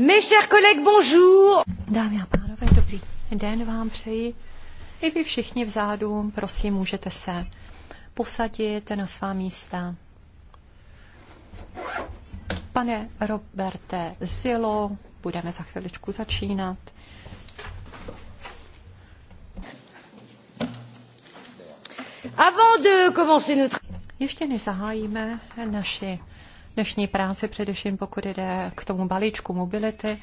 Mes chers collègues, bonjour. Dámy a pánové, dobrý den vám přeji. I vy všichni vzadu, prosím, můžete se posadit na svá místa. Pane Roberte Zilo, budeme za chviličku začínat. Avant de commencer notre... Ještě než zahájíme naši dnešní práci, především pokud jde k tomu balíčku mobility.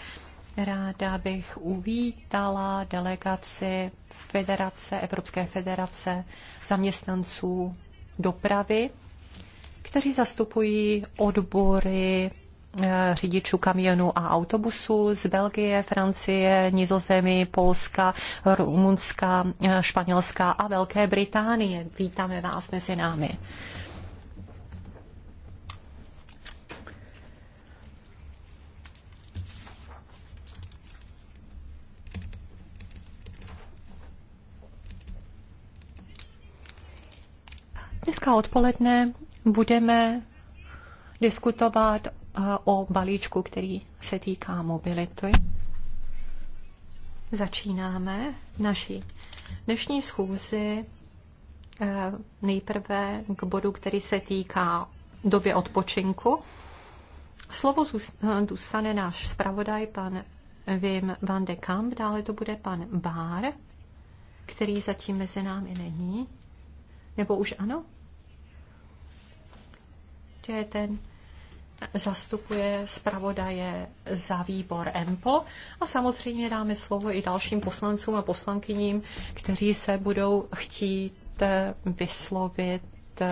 Ráda bych uvítala delegaci Federace, Evropské federace zaměstnanců dopravy, kteří zastupují odbory eh, řidičů kamionů a autobusů z Belgie, Francie, Nizozemí, Polska, Rumunska, eh, Španělska a Velké Británie. Vítáme vás mezi námi. Dneska odpoledne budeme diskutovat eh, o balíčku, který se týká mobility. Začínáme naší dnešní schůzi eh, nejprve k bodu, který se týká doby odpočinku. Slovo eh, zůstane náš zpravodaj, pan Vim van de Kamp, dále to bude pan Bár, který zatím mezi námi není. Nebo už ano? že ten zastupuje zpravodaje za výbor EMPO a samozřejmě dáme slovo i dalším poslancům a poslankyním, kteří se budou chtít eh, vyslovit eh,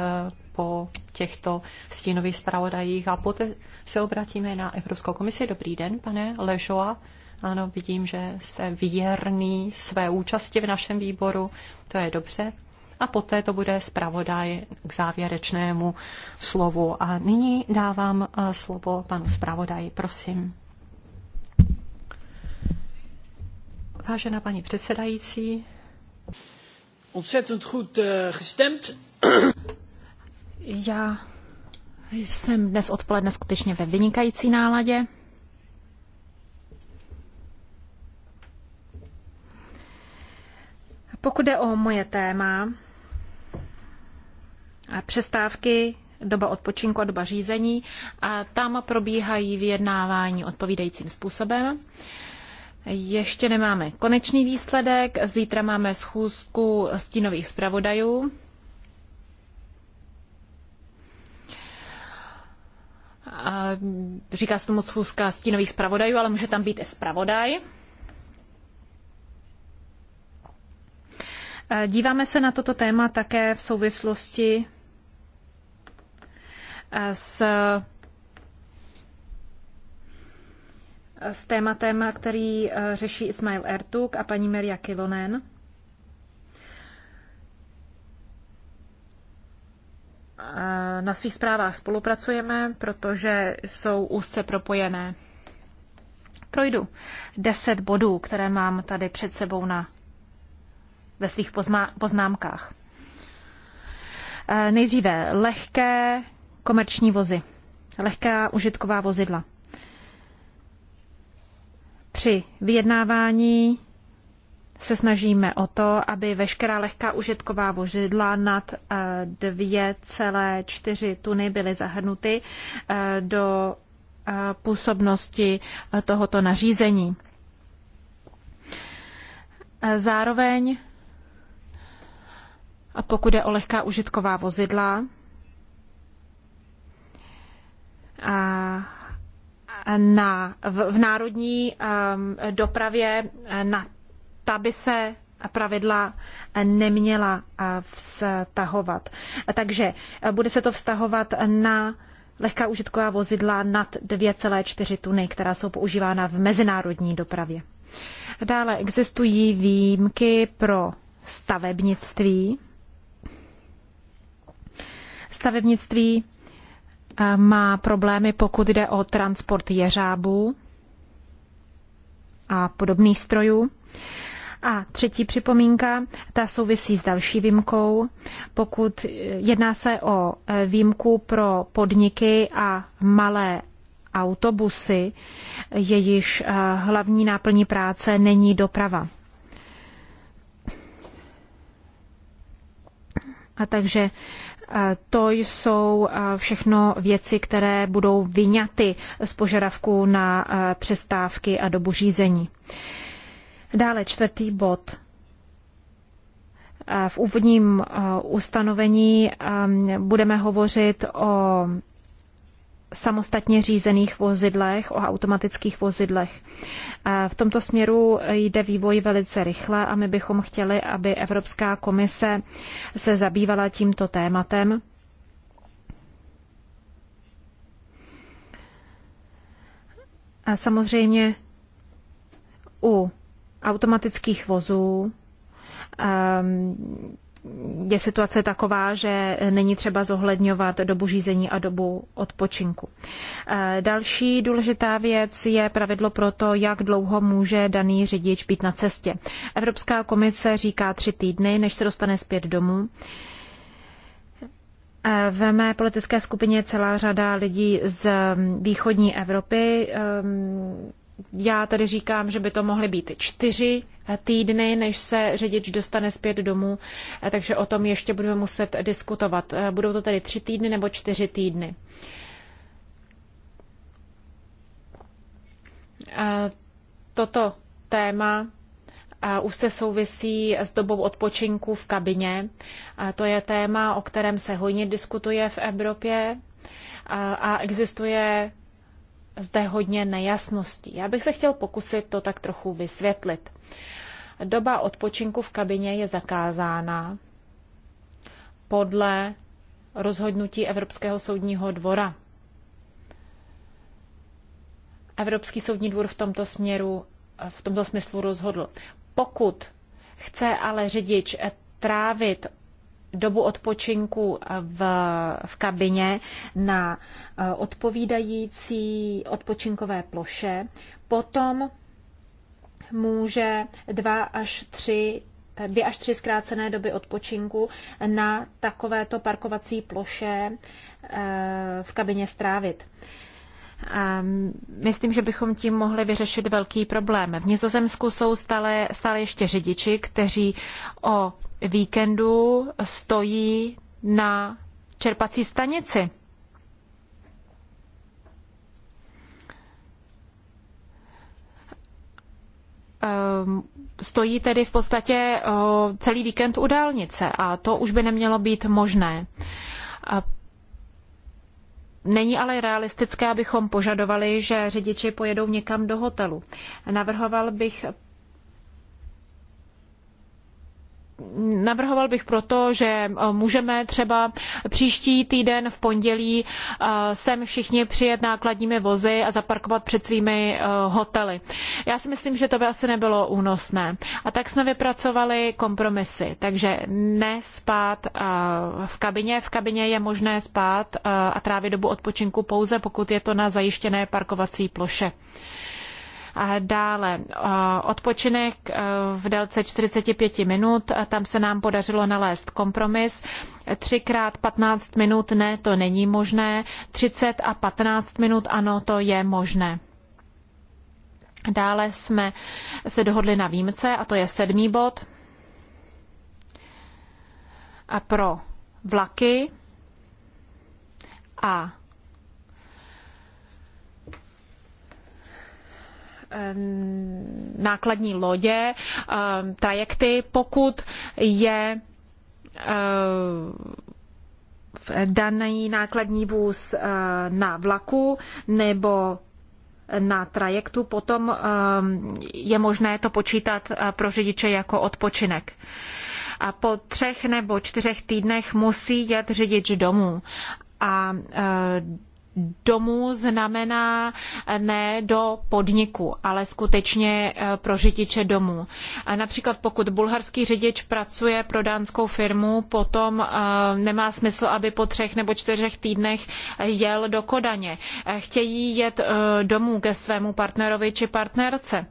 po těchto stínových zpravodajích a poté se obratíme na Evropskou komisi. Dobrý den, pane Ležoa. Ano, vidím, že jste věrný své účasti v našem výboru. To je dobře a poté to bude zpravodaj k závěrečnému slovu. A nyní dávám eh, slovo panu zpravodaji, prosím. Vážená paní předsedající, ontzettend goed eh, gestemd. Já jsem dnes odpoledne skutečně ve vynikající náladě. Pokud jde o moje téma, přestávky, doba odpočinku a doba řízení. A tam probíhají vyjednávání odpovídajícím způsobem. Ještě nemáme konečný výsledek. Zítra máme schůzku stínových zpravodajů. A říká se tomu schůzka stínových zpravodajů, ale může tam být i zpravodaj. Díváme se na toto téma také v souvislosti s, s tématem, který eh, řeší Ismail Ertuk a paní Maria Kilonen. Na svých zprávách spolupracujeme, protože jsou úzce propojené. Projdu deset bodů, které mám tady před sebou na, ve svých pozma, poznámkách. Eh, nejdříve lehké komerční vozy, lehká užitková vozidla. Při vyjednávání se snažíme o to, aby veškerá lehká užitková vozidla nad 2,4 eh, tuny byly zahrnuty eh, do eh, působnosti tohoto nařízení. Zároveň, pokud je o lehká užitková vozidla, na, v, v národní um, dopravě na ta by se pravidla neměla vztahovat. Takže e, bude se to vztahovat na lehká užitková vozidla nad 2,4 tuny, která jsou používána v mezinárodní dopravě. Dále existují výjimky pro stavebnictví. Stavebnictví má problémy, pokud jde o transport jeřábů a podobných strojů. A třetí připomínka, ta souvisí s další výjimkou. Pokud eh, jedná se o eh, výjimku pro podniky a malé autobusy, jejíž eh, hlavní náplní práce není doprava. A takže to jsou všechno věci, které budou vyňaty z požadavku na přestávky a dobu řízení. Dále čtvrtý bod. V úvodním ustanovení budeme hovořit o samostatně řízených vozidlech, o automatických vozidlech. V tomto směru jde vývoj velice rychle a my bychom chtěli, aby Evropská komise se zabývala tímto tématem. A samozřejmě u automatických vozů um, je situace taková, že není třeba zohledňovat dobu řízení a dobu odpočinku. Eh, další důležitá věc je pravidlo pro to, jak dlouho může daný řidič být na cestě. Evropská komise říká tři týdny, než se dostane zpět domů. Eh, v mé politické skupině celá řada lidí z východní Evropy ehm, já tady říkám, že by to mohly být čtyři týdny, než se řidič dostane zpět domů, eh, takže o tom ještě budeme muset diskutovat. Eh, budou to tedy tři týdny nebo čtyři týdny. Eh, toto téma už se souvisí s dobou odpočinku v kabině. To je téma, o kterém se hojně diskutuje v Evropě a existuje zde hodně nejasností. Já bych se chtěl pokusit to tak trochu vysvětlit. Doba odpočinku v kabině je zakázána podle rozhodnutí Evropského soudního dvora. Evropský soudní dvůr v tomto směru, v tomto smyslu rozhodl. Pokud chce ale řidič trávit dobu odpočinku v, v kabině na eh, odpovídající odpočinkové ploše, potom může dva až tři dvě až tři zkrácené doby odpočinku na takovéto parkovací ploše eh, v kabině strávit. Ehm, myslím, že bychom tím mohli vyřešit velký problém. V Nizozemsku jsou stále, stále ještě řidiči, kteří o víkendu stojí na čerpací stanici. Ehm, stojí tedy v podstatě eh, celý víkend u dálnice a to už by nemělo být možné. Není ale realistické, abychom požadovali, že řidiči pojedou někam do hotelu. Navrhoval bych navrhoval bych proto, že eh, můžeme třeba příští týden v pondělí eh, sem všichni přijet nákladními vozy a zaparkovat před svými eh, hotely. Já si myslím, že to by asi nebylo únosné. A tak jsme vypracovali kompromisy. Takže ne spát v kabině. V kabině je možné spát a trávit dobu odpočinku pouze, pokud je to na zajištěné parkovací ploše. Dále odpočinek e, v délce 45 minut, tam se nám podařilo nalézt kompromis. Třikrát 15 minut ne, to není možné. 30 a 15 minut ano, to je možné. Dále jsme se dohodli na výjimce, a to je sedmý bod. A pro vlaky a nákladní lodě, trajekty, pokud je daný nákladní vůz na vlaku nebo na trajektu, potom je možné to počítat eh, pro řidiče jako odpočinek. A po třech nebo čtyřech týdnech musí jet řidič domů. A eh, domů znamená eh, ne do podniku, ale skutečně eh, pro řidiče domů. Například pokud bulharský řidič pracuje pro dánskou firmu, potom eh, nemá smysl, aby po třech nebo čtyřech týdnech jel do Kodaně. Chtějí jet domů ke svému partnerovi či partnerce.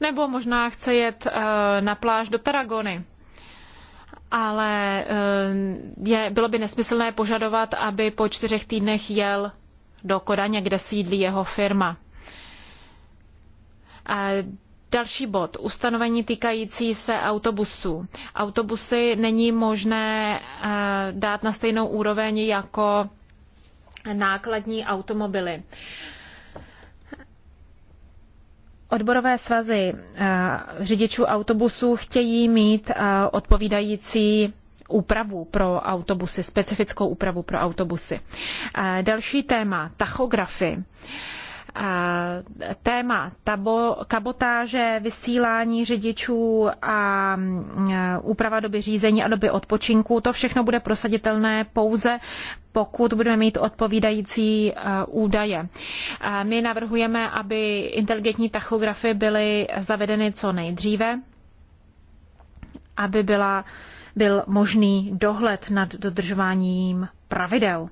Nebo možná chce jet na pláž do Taragony ale eh, je, bylo by nesmyslné požadovat, aby po čtyřech týdnech jel do Kodaně, kde sídlí jeho firma. A Další bod, ustanovení týkající se autobusů. Autobusy není možné eh, dát na stejnou úroveň jako nákladní automobily. Odborové svazy eh, řidičů autobusů chtějí mít eh, odpovídající úpravu pro autobusy, specifickou úpravu pro autobusy. Eh, další téma, tachografy téma tabo, kabotáže, vysílání řidičů a e, úprava doby řízení a doby odpočinku, to všechno bude prosaditelné pouze pokud budeme mít odpovídající e, údaje. My navrhujeme, aby inteligentní tachografy byly zavedeny co nejdříve, aby byla, byl možný dohled nad dodržováním pravidel.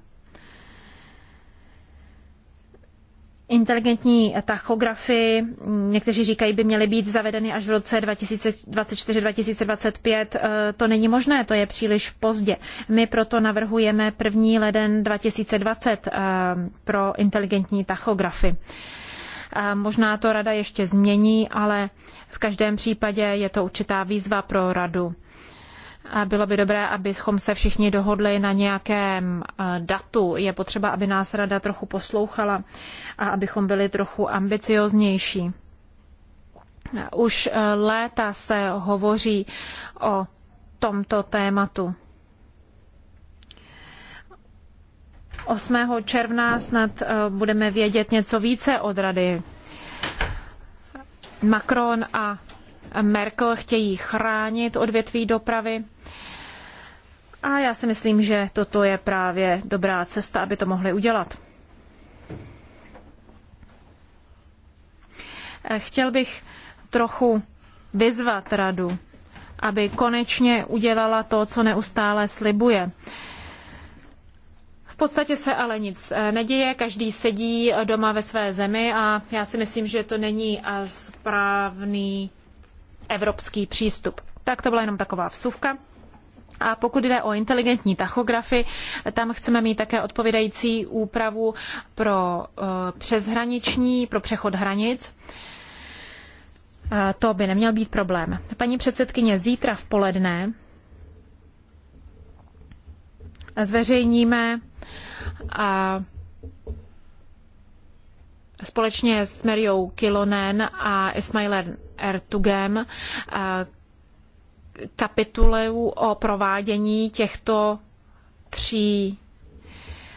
inteligentní tachografy, někteří říkají, by měly být zavedeny až v roce 2024-2025. Eh, to není možné, to je příliš pozdě. My proto navrhujeme 1. leden 2020 eh, pro inteligentní tachografy. Eh, možná to rada ještě změní, ale v každém případě je to určitá výzva pro radu. Bylo by dobré, abychom se všichni dohodli na nějakém eh, datu. Je potřeba, aby nás rada trochu poslouchala a abychom byli trochu ambicioznější. Už eh, léta se hovoří o tomto tématu. 8. června snad eh, budeme vědět něco více od rady. Macron a Merkel chtějí chránit odvětví dopravy. A já si myslím, že toto je právě dobrá cesta, aby to mohli udělat. Chtěl bych trochu vyzvat radu, aby konečně udělala to, co neustále slibuje. V podstatě se ale nic eh, neděje, každý sedí eh, doma ve své zemi a já si myslím, že to není eh, správný evropský přístup. Tak to byla jenom taková vsuvka. A pokud jde o inteligentní tachografy, tam chceme mít také odpovídající úpravu pro eh, přeshraniční, pro přechod hranic. Eh, to by neměl být problém. Paní předsedkyně, zítra v poledne zveřejníme a společně s Meriou Kilonen a Ismailem Ertugem eh, kapitulu o provádění těchto tří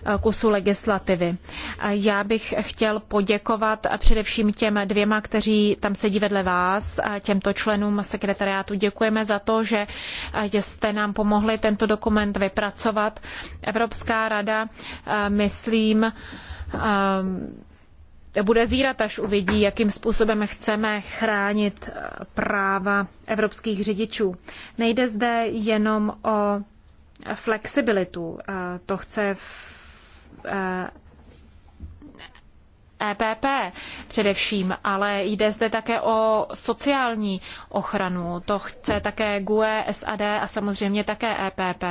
eh, kusu legislativy. Eh, já bych chtěl poděkovat především těm dvěma, kteří tam sedí vedle vás, těmto členům sekretariátu. Děkujeme za to, že jste nám pomohli tento dokument vypracovat. Evropská rada, myslím, bude zírat, až uvidí, jakým způsobem chceme chránit eh, práva evropských řidičů. Nejde zde jenom o flexibilitu. Eh, to chce EPP eh, e především, ale jde zde také o sociální ochranu. To chce také GUE, SAD a samozřejmě také EPP.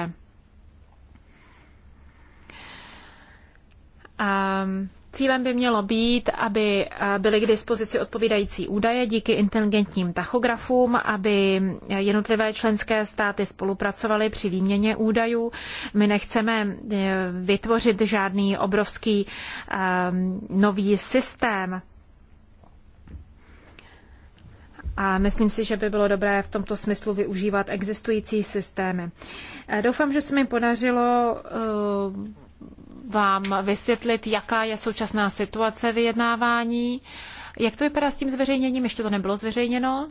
Um, Cílem by mělo být, aby eh, byly k dispozici odpovídající údaje díky inteligentním tachografům, aby eh, jednotlivé členské státy spolupracovaly při výměně údajů. My nechceme eh, vytvořit žádný obrovský ehm, nový systém. A myslím si, že by bylo dobré v tomto smyslu využívat existující systémy. Doufám, že se mi podařilo vám vysvětlit, jaká je současná situace vyjednávání. Jak to vypadá s tím zveřejněním? Ještě to nebylo zveřejněno?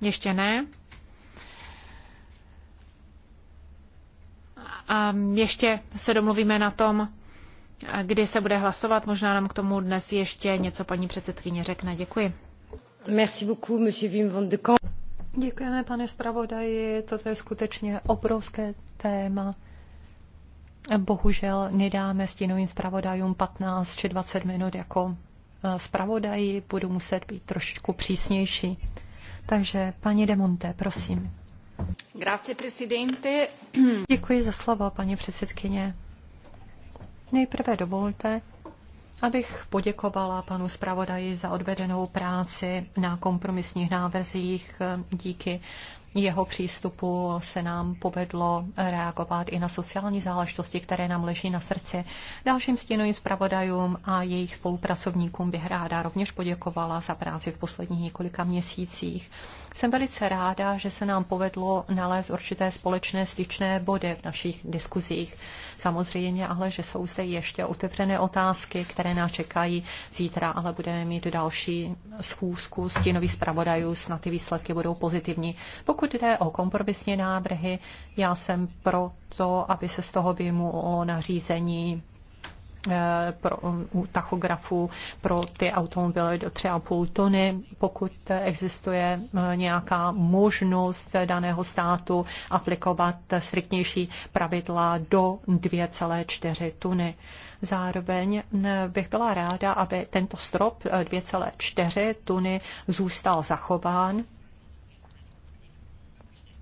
Ještě ne. A ještě se domluvíme na tom, kdy se bude hlasovat. Možná nám k tomu dnes ještě něco paní předsedkyně řekne. Děkuji. Merci beaucoup, monsieur Wim van de Kamp. Děkujeme, pane zpravodaji. Toto je skutečně obrovské téma bohužel nedáme stínovým zpravodajům 15 či 20 minut jako eh, zpravodaji, budu muset být trošičku přísnější. Takže paní Demonte, prosím. Grazie, presidente. Děkuji za slovo, paní předsedkyně. Nejprve dovolte, abych poděkovala panu zpravodaji za odvedenou práci na kompromisních návrzích. Eh, díky jeho přístupu se nám povedlo reagovat i na sociální záležitosti, které nám leží na srdci. Dalším stěnovým zpravodajům a jejich spolupracovníkům bych ráda rovněž poděkovala za práci v posledních několika měsících. Jsem velice ráda, že se nám povedlo nalézt určité společné styčné body v našich diskuzích. Samozřejmě ale, že jsou zde ještě otevřené otázky, které nás čekají zítra, ale budeme mít další schůzku stínových zpravodajů, snad ty výsledky budou pozitivní. Pokud jde o kompromisní návrhy, já jsem pro to, aby se z toho vyjmulo nařízení Eh, pro, um, u tachografu pro ty automobily do 3,5 tony, pokud existuje eh, nějaká možnost daného státu aplikovat striktnější pravidla do 2,4 tuny. Zároveň eh, bych byla ráda, aby tento strop 2,4 tuny zůstal zachován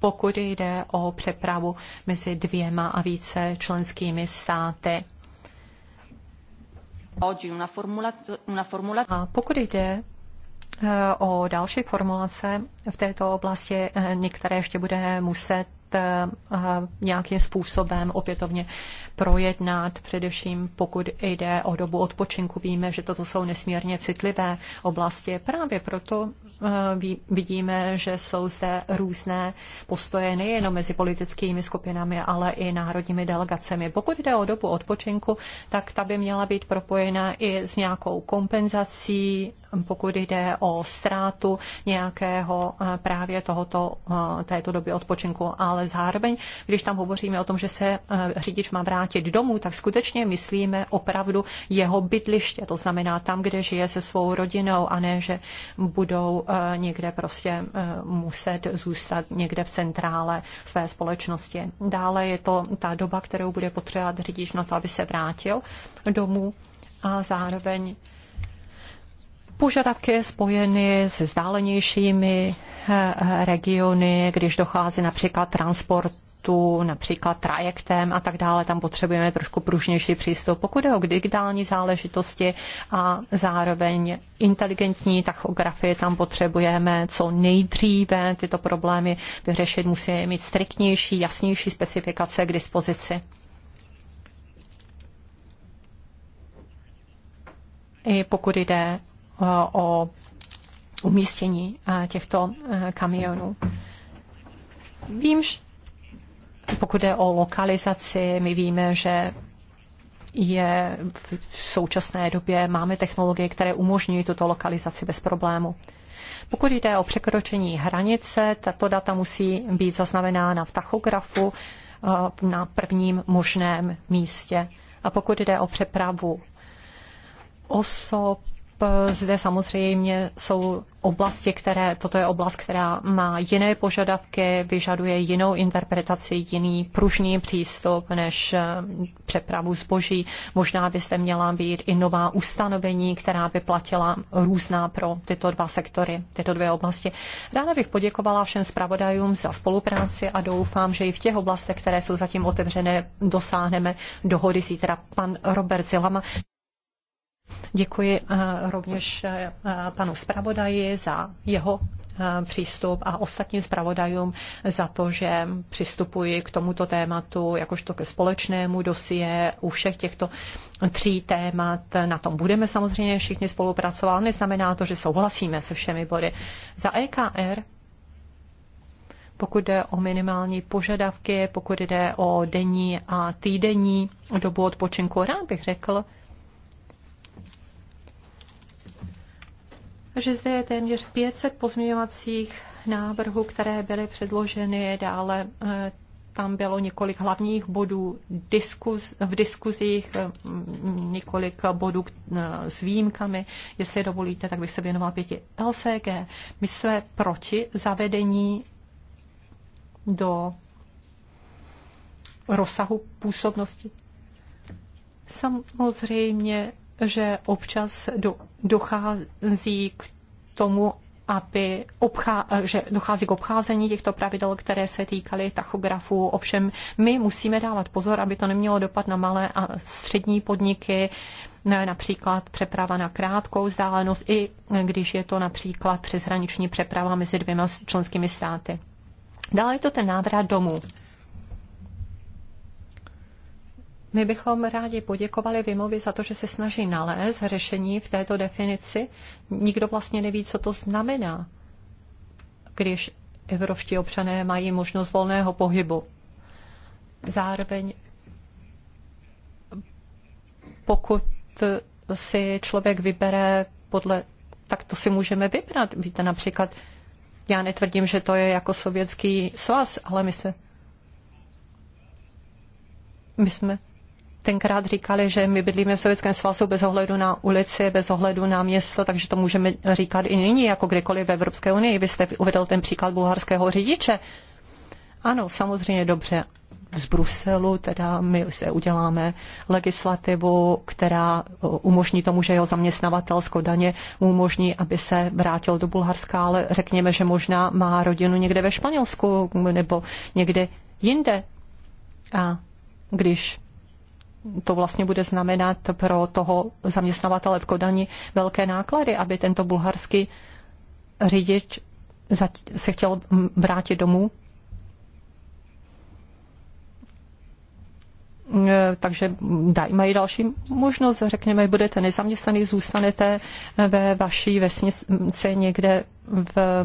pokud jde o přepravu mezi dvěma a více členskými státy. A pokud jde eh, o další formulace v této oblasti, eh, některé ještě bude muset Eh, eh, nějakým způsobem opětovně projednat, především pokud jde o dobu odpočinku. Víme, že toto jsou nesmírně citlivé oblasti. Právě proto eh, vidíme, že jsou zde různé postoje nejenom mezi politickými skupinami, ale i národními delegacemi. Pokud jde o dobu odpočinku, tak ta by měla být propojena i s nějakou kompenzací pokud jde o ztrátu nějakého eh, právě tohoto, eh, této doby odpočinku, ale zároveň, když tam hovoříme o tom, že se eh, řidič má vrátit domů, tak skutečně myslíme opravdu jeho bydliště, to znamená tam, kde žije se svou rodinou a ne, že budou někde prostě muset zůstat někde v centrále své společnosti. Dále je to ta doba, kterou bude potřebovat řidič na to, aby se vrátil domů a zároveň požadavky spojeny s vzdálenějšími eh, eh, regiony, když dochází například transport tu například trajektem a tak dále, tam potřebujeme trošku pružnější přístup. Pokud je o digitální záležitosti a zároveň inteligentní tachografie, tam potřebujeme co nejdříve tyto problémy vyřešit, musíme mít striktnější, jasnější specifikace k dispozici. I pokud jde o umístění těchto kamionů. Vím, že pokud je o lokalizaci, my víme, že je v současné době máme technologie, které umožňují tuto lokalizaci bez problému. Pokud jde o překročení hranice, tato data musí být zaznamenána v tachografu na prvním možném místě. A pokud jde o přepravu osob, Eh, zde samozřejmě jsou oblasti, které, toto je oblast, která má jiné požadavky, vyžaduje jinou interpretaci, jiný pružný přístup než eh, přepravu zboží. Možná byste měla být i nová ustanovení, která by platila různá pro tyto dva sektory, tyto dvě oblasti. Ráda bych poděkovala všem zpravodajům za spolupráci a doufám, že i v těch oblastech, které jsou zatím otevřené, dosáhneme dohody zítra. Pan Robert Zilama Děkuji eh, rovněž eh, panu zpravodaji za jeho eh, přístup a ostatním zpravodajům za to, že přistupuji k tomuto tématu jakožto ke společnému dosie u všech těchto tří témat. Na tom budeme samozřejmě všichni spolupracovat, ale neznamená to, že souhlasíme se všemi body. Za EKR pokud jde o minimální požadavky, pokud jde o denní a týdenní dobu odpočinku, rád bych řekl, že zde je téměř 500 pozměňovacích návrhů, které byly předloženy. Dále eh, tam bylo několik hlavních bodů diskuz, v diskuzích, mm, několik bodů eh, s výjimkami. Jestli dovolíte, tak bych se věnoval pěti LCG. My jsme proti zavedení do rozsahu působnosti. Samozřejmě že občas do, dochází k tomu, aby obchá, že dochází k obcházení těchto pravidel, které se týkaly tachografů. Ovšem my musíme dávat pozor, aby to nemělo dopad na malé a střední podniky, například přeprava na krátkou vzdálenost, i když je to například přeshraniční přeprava mezi dvěma členskými státy. Dále je to ten návrat domů. My bychom rádi poděkovali Vimovi za to, že se snaží nalézt řešení v této definici. Nikdo vlastně neví, co to znamená, když evropští občané mají možnost volného pohybu. Zároveň pokud si člověk vybere podle, tak to si můžeme vybrat. Víte, například, já netvrdím, že to je jako sovětský svaz, ale my se my jsme tenkrát říkali, že my bydlíme v Sovětském svazu bez ohledu na ulici, bez ohledu na město, takže to můžeme říkat i nyní, jako kdykoliv v Evropské unii. Vy jste uvedl ten příklad bulharského řidiče. Ano, samozřejmě dobře. Z Bruselu teda my se uděláme legislativu, která e, umožní tomu, že jeho zaměstnavatel z umožní, aby se vrátil do Bulharska, ale řekněme, že možná má rodinu někde ve Španělsku nebo někde jinde. A když to vlastně bude znamenat pro toho zaměstnavatele v Kodani velké náklady, aby tento bulharský řidič se chtěl vrátit domů E, takže daj, mají další možnost, řekněme, budete nezaměstnaný, zůstanete e, ve vaší vesnici někde v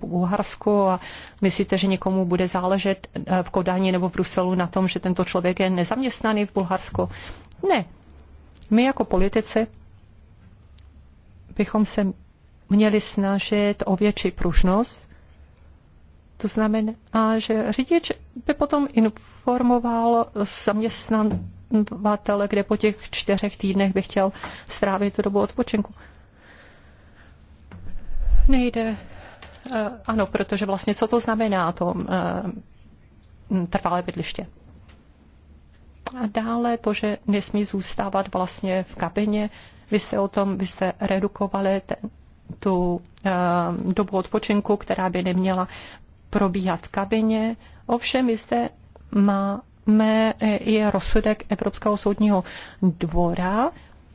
Bulharsku a myslíte, že někomu bude záležet e, v Kodani nebo v Bruselu na tom, že tento člověk je nezaměstnaný v Bulharsku? Ne. My jako politici bychom se měli snažit o větší pružnost to znamená, že řidič by potom informoval zaměstnavatele, kde po těch čtyřech týdnech by chtěl strávit tu dobu odpočinku. Nejde. Eh, ano, protože vlastně co to znamená to eh, trvalé bydliště? A dále to, že nesmí zůstávat vlastně v kabině. Vy jste o tom, vy jste redukovali ten, tu uh, dobu odpočinku, která by neměla probíhat v kabině. Ovšem, vy zde máme i e, rozsudek Evropského soudního dvora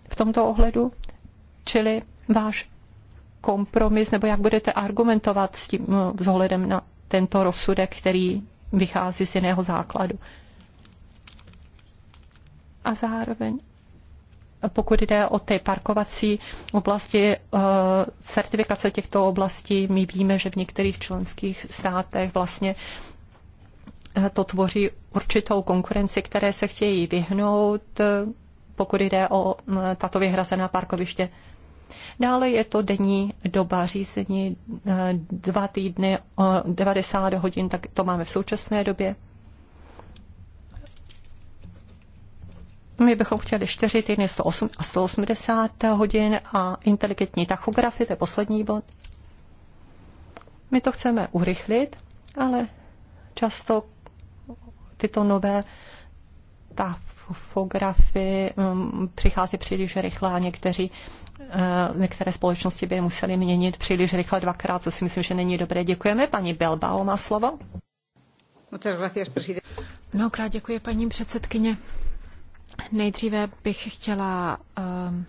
v tomto ohledu, čili váš kompromis, nebo jak budete argumentovat s tím vzhledem e, na tento rozsudek, který vychází z jiného základu. A zároveň pokud jde o ty parkovací oblasti, eh, certifikace těchto oblastí, my víme, že v některých členských státech vlastně eh, to tvoří určitou konkurenci, které se chtějí vyhnout, eh, pokud jde o mm, tato vyhrazená parkoviště. Dále je to denní doba řízení dva týdny, 90 hodin, tak to máme v současné době. My bychom chtěli 4 týdny 108 a 180 hodin a inteligentní tachografy, to je poslední bod. My to chceme urychlit, ale často tyto nové tachografy mm, přichází příliš rychle a někteří eh, některé společnosti by je museli měnit příliš rychle dvakrát, co si myslím, že není dobré. Děkujeme. Paní Belbao má slovo. Mnohokrát děkuji, paní předsedkyně. Nejdříve bych chtěla um,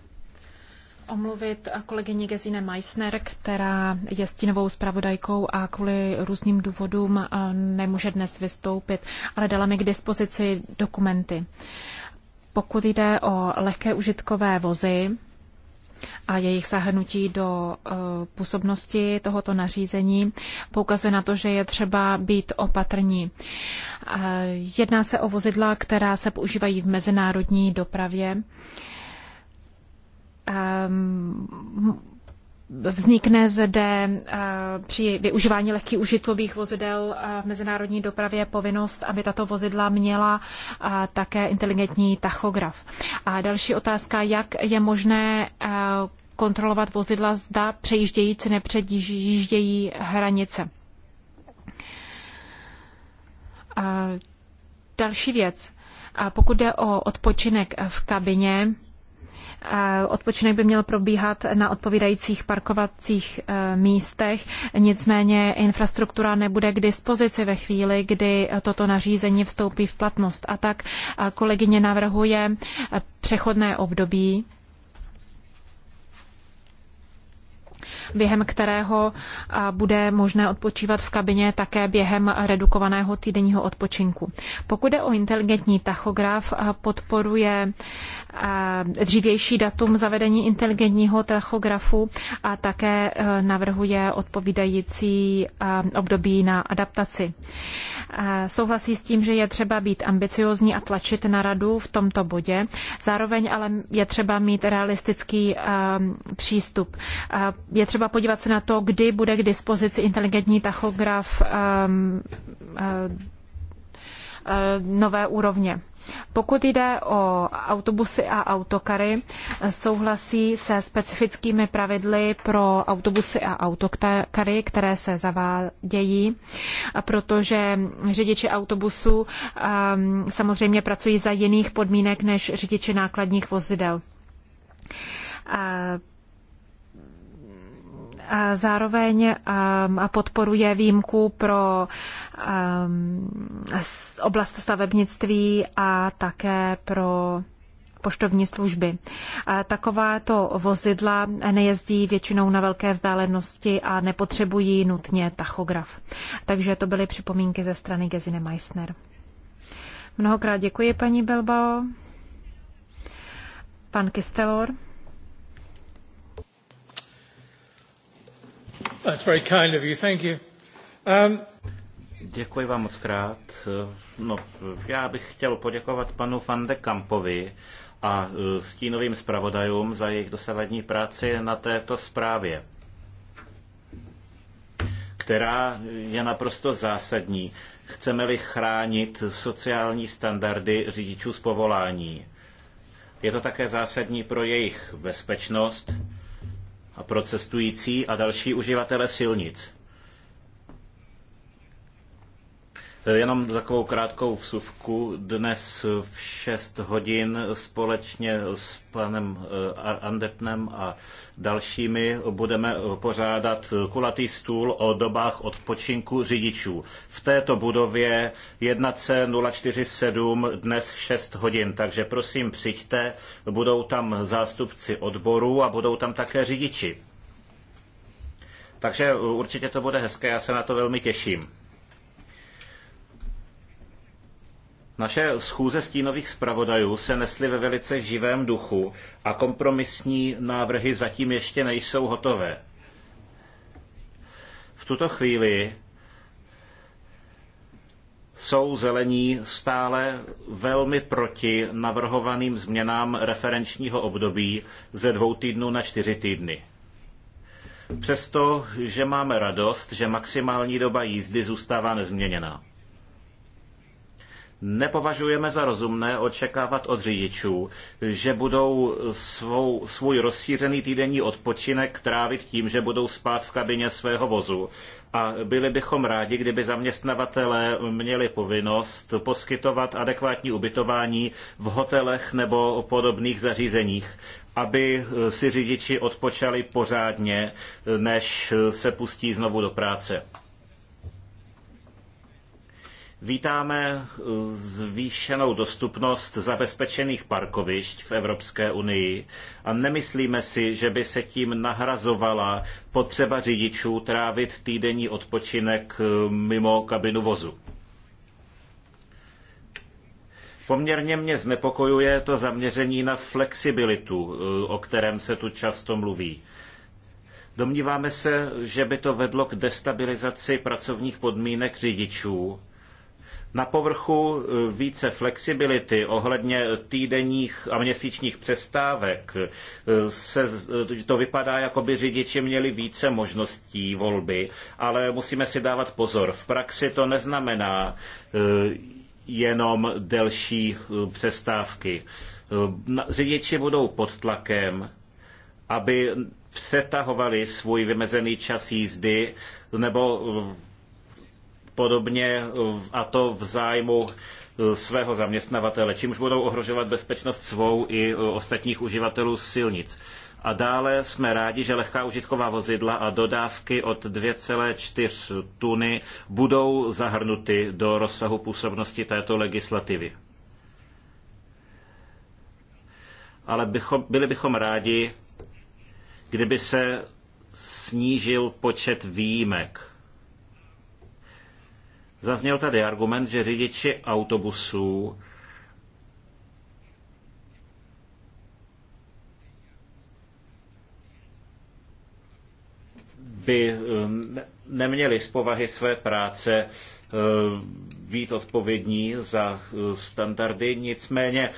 omluvit kolegyni Gesine Meissner, která je stínovou zpravodajkou a kvůli různým důvodům eh, nemůže dnes vystoupit, ale dala mi k dispozici dokumenty. Pokud jde o lehké užitkové vozy, a jejich zahrnutí do eh, působnosti tohoto nařízení poukazuje na to, že je třeba být opatrní. Eh, jedná se o vozidla, která se používají v mezinárodní dopravě. Ehm, Vznikne zde eh, při využívání lehkých užitkových vozidel eh, v mezinárodní dopravě povinnost, aby tato vozidla měla eh, také inteligentní tachograf. A další otázka, jak je možné kontrolovat vozidla, zda přejíždějí či nepřejíždějí hranice. A další věc. A pokud jde o odpočinek v kabině, Odpočinek by měl probíhat na odpovídajících parkovacích eh, místech, nicméně infrastruktura nebude k dispozici ve chvíli, kdy eh, toto nařízení vstoupí v platnost. A tak eh, kolegyně navrhuje přechodné období během kterého bude možné odpočívat v kabině také během redukovaného týdenního odpočinku. Pokud je o inteligentní tachograf, podporuje dřívější datum zavedení inteligentního tachografu a také e, navrhuje odpovídající období na adaptaci souhlasí s tím, že je třeba být ambiciozní a tlačit na radu v tomto bodě. Zároveň ale je třeba mít realistický ehm, přístup. Je třeba podívat se na to, kdy bude k dispozici inteligentní tachograf ehm, ehm, Eh, nové úrovně. Pokud jde o autobusy a autokary, souhlasí se specifickými pravidly pro autobusy a autokary, které se zavádějí, protože řidiči autobusů eh, samozřejmě pracují za jiných podmínek než řidiči nákladních vozidel. Eh, zároveň um, a podporuje výjimku pro um, oblast stavebnictví a také pro poštovní služby. Takováto vozidla nejezdí většinou na velké vzdálenosti a nepotřebují nutně tachograf. Takže to byly připomínky ze strany Gezine Meissner. Mnohokrát děkuji, paní Belbao. Pan Kistelor. Um, Děkuji vám moc krát. No, já bych chtěl poděkovat panu Van de Kampovi a e, stínovým zpravodajům za jejich dosavadní práci na této zprávě která je naprosto zásadní. Chceme-li chránit sociální standardy řidičů z povolání. Je to také zásadní pro jejich bezpečnost a pro cestující a další uživatele silnic. Eh, jenom takovou krátkou vsuvku. Dnes v 6 hodin společně s panem eh, Andetnem a dalšími budeme eh, pořádat kulatý stůl o dobách odpočinku řidičů. V této budově 1C047 dnes v 6 hodin, takže prosím přijďte, budou tam zástupci odborů a budou tam také řidiči. Takže určitě to bude hezké, já se na to velmi těším. Naše schůze stínových zpravodajů se nesly ve velice živém duchu a kompromisní návrhy zatím ještě nejsou hotové. V tuto chvíli jsou zelení stále velmi proti navrhovaným změnám referenčního období ze dvou týdnů na čtyři týdny. Přesto, že máme radost, že maximální doba jízdy zůstává nezměněná. Nepovažujeme za rozumné očekávat od řidičů, že budou svou, svůj rozšířený týdenní odpočinek trávit tím, že budou spát v kabině svého vozu. A byli bychom rádi, kdyby zaměstnavatelé měli povinnost poskytovat adekvátní ubytování v hotelech nebo podobných zařízeních aby si řidiči odpočali pořádně, než se pustí znovu do práce. Vítáme eh, zvýšenou dostupnost zabezpečených parkovišť v Evropské unii a nemyslíme si, že by se tím nahrazovala potřeba řidičů trávit týdenní odpočinek eh, mimo kabinu vozu. Poměrně mě znepokojuje to zaměření na flexibilitu, eh, o kterém se tu často mluví. Domníváme se, že by to vedlo k destabilizaci pracovních podmínek řidičů na povrchu eh, více flexibility ohledně týdenních a měsíčních přestávek. Eh, se, eh, to vypadá, jako by řidiči měli více možností volby, ale musíme si dávat pozor. V praxi to neznamená jenom delší přestávky. Řidiči budou pod tlakem, aby přetahovali svůj vymezený čas jízdy nebo podobně a to v zájmu eh, svého zaměstnavatele, čímž budou ohrožovat bezpečnost svou i eh, ostatních uživatelů silnic. A dále jsme rádi, že lehká užitková vozidla a dodávky od 2,4 tuny budou zahrnuty do rozsahu působnosti této legislativy. Ale bychom, byli bychom rádi, kdyby se snížil počet výjimek Zazněl tady argument, že řidiči autobusů by eh, neměli z povahy své práce Eh, být odpovědní za eh, standardy, nicméně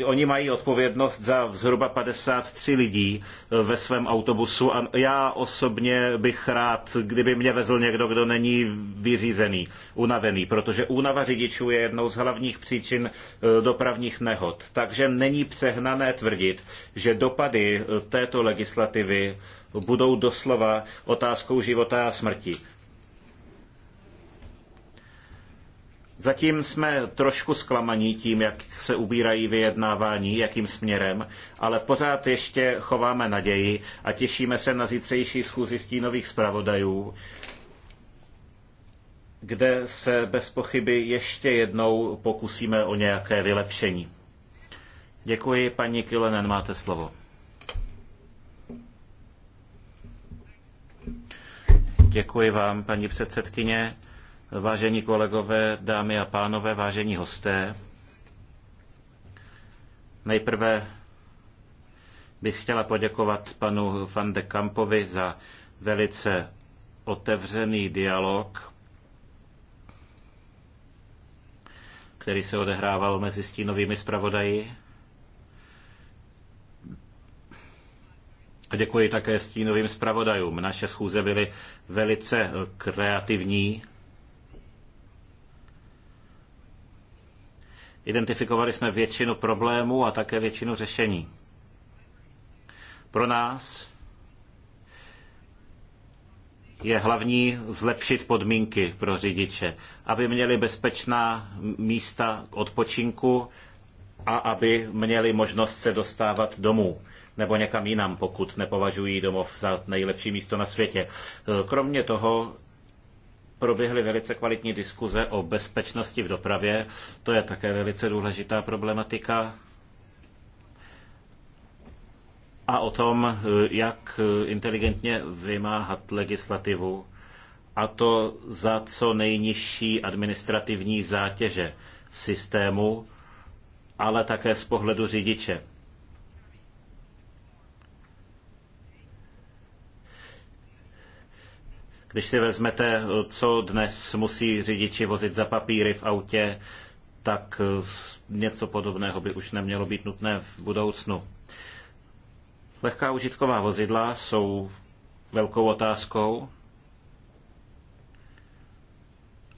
eh, oni mají odpovědnost za zhruba 53 lidí ve svém autobusu a já osobně bych rád, kdyby mě vezl někdo, kdo není vyřízený, unavený, protože únava řidičů je jednou z hlavních příčin dopravních nehod. Takže není přehnané tvrdit, že dopady této legislativy budou doslova otázkou života a smrti. Zatím jsme trošku zklamaní tím, jak se ubírají vyjednávání, jakým směrem, ale pořád ještě chováme naději a těšíme se na zítřejší schůzi stínových zpravodajů, kde se bez pochyby ještě jednou pokusíme o nějaké vylepšení. Děkuji, paní Kilenen, máte slovo. Děkuji vám, paní předsedkyně. Vážení kolegové, dámy a pánové, vážení hosté, nejprve bych chtěla poděkovat panu Van de Kampovi za velice otevřený dialog, který se odehrával mezi stínovými zpravodaji. A děkuji také stínovým zpravodajům. Naše schůze byly velice kreativní. Identifikovali jsme většinu problémů a také většinu řešení. Pro nás je hlavní zlepšit podmínky pro řidiče, aby měli bezpečná místa k odpočinku a aby měli možnost se dostávat domů nebo někam jinam, pokud nepovažují domov za nejlepší místo na světě. Kromě toho proběhly velice kvalitní diskuze o bezpečnosti v dopravě. To je také velice důležitá problematika. A o tom, jak inteligentně vymáhat legislativu, a to za co nejnižší administrativní zátěže systému, ale také z pohledu řidiče. Když si vezmete, co dnes musí řidiči vozit za papíry v autě, tak eh, něco podobného by už nemělo být nutné v budoucnu. Lehká užitková vozidla jsou velkou otázkou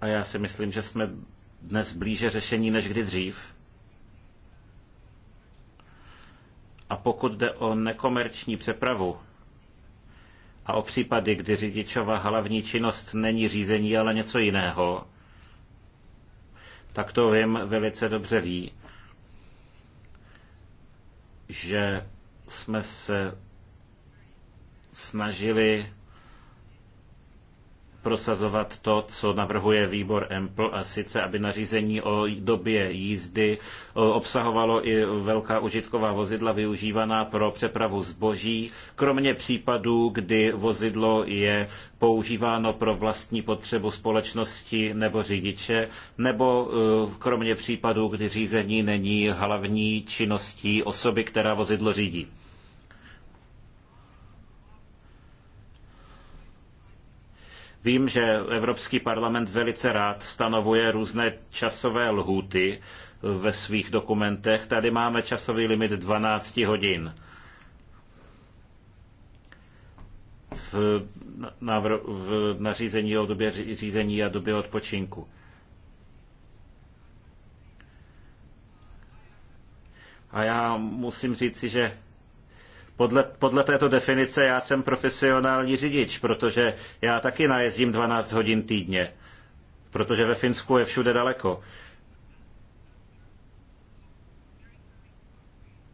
a já si myslím, že jsme dnes blíže řešení než kdy dřív. A pokud jde o nekomerční přepravu, a o případy, kdy řidičova hlavní činnost není řízení, ale něco jiného, tak to vím velice dobře ví, že jsme se snažili prosazovat to, co navrhuje výbor EMPL, a sice, aby nařízení o době jízdy obsahovalo i velká užitková vozidla využívaná pro přepravu zboží, kromě případů, kdy vozidlo je používáno pro vlastní potřebu společnosti nebo řidiče, nebo e, kromě případů, kdy řízení není hlavní činností osoby, která vozidlo řídí. Vím, že Evropský parlament velice rád stanovuje různé časové lhůty ve svých dokumentech. Tady máme časový limit 12 hodin. v, v nařízení o době řízení a době odpočinku. A já musím říci, že podle, podle této definice já jsem profesionální řidič, protože já taky najezdím 12 hodin týdně, protože ve Finsku je všude daleko.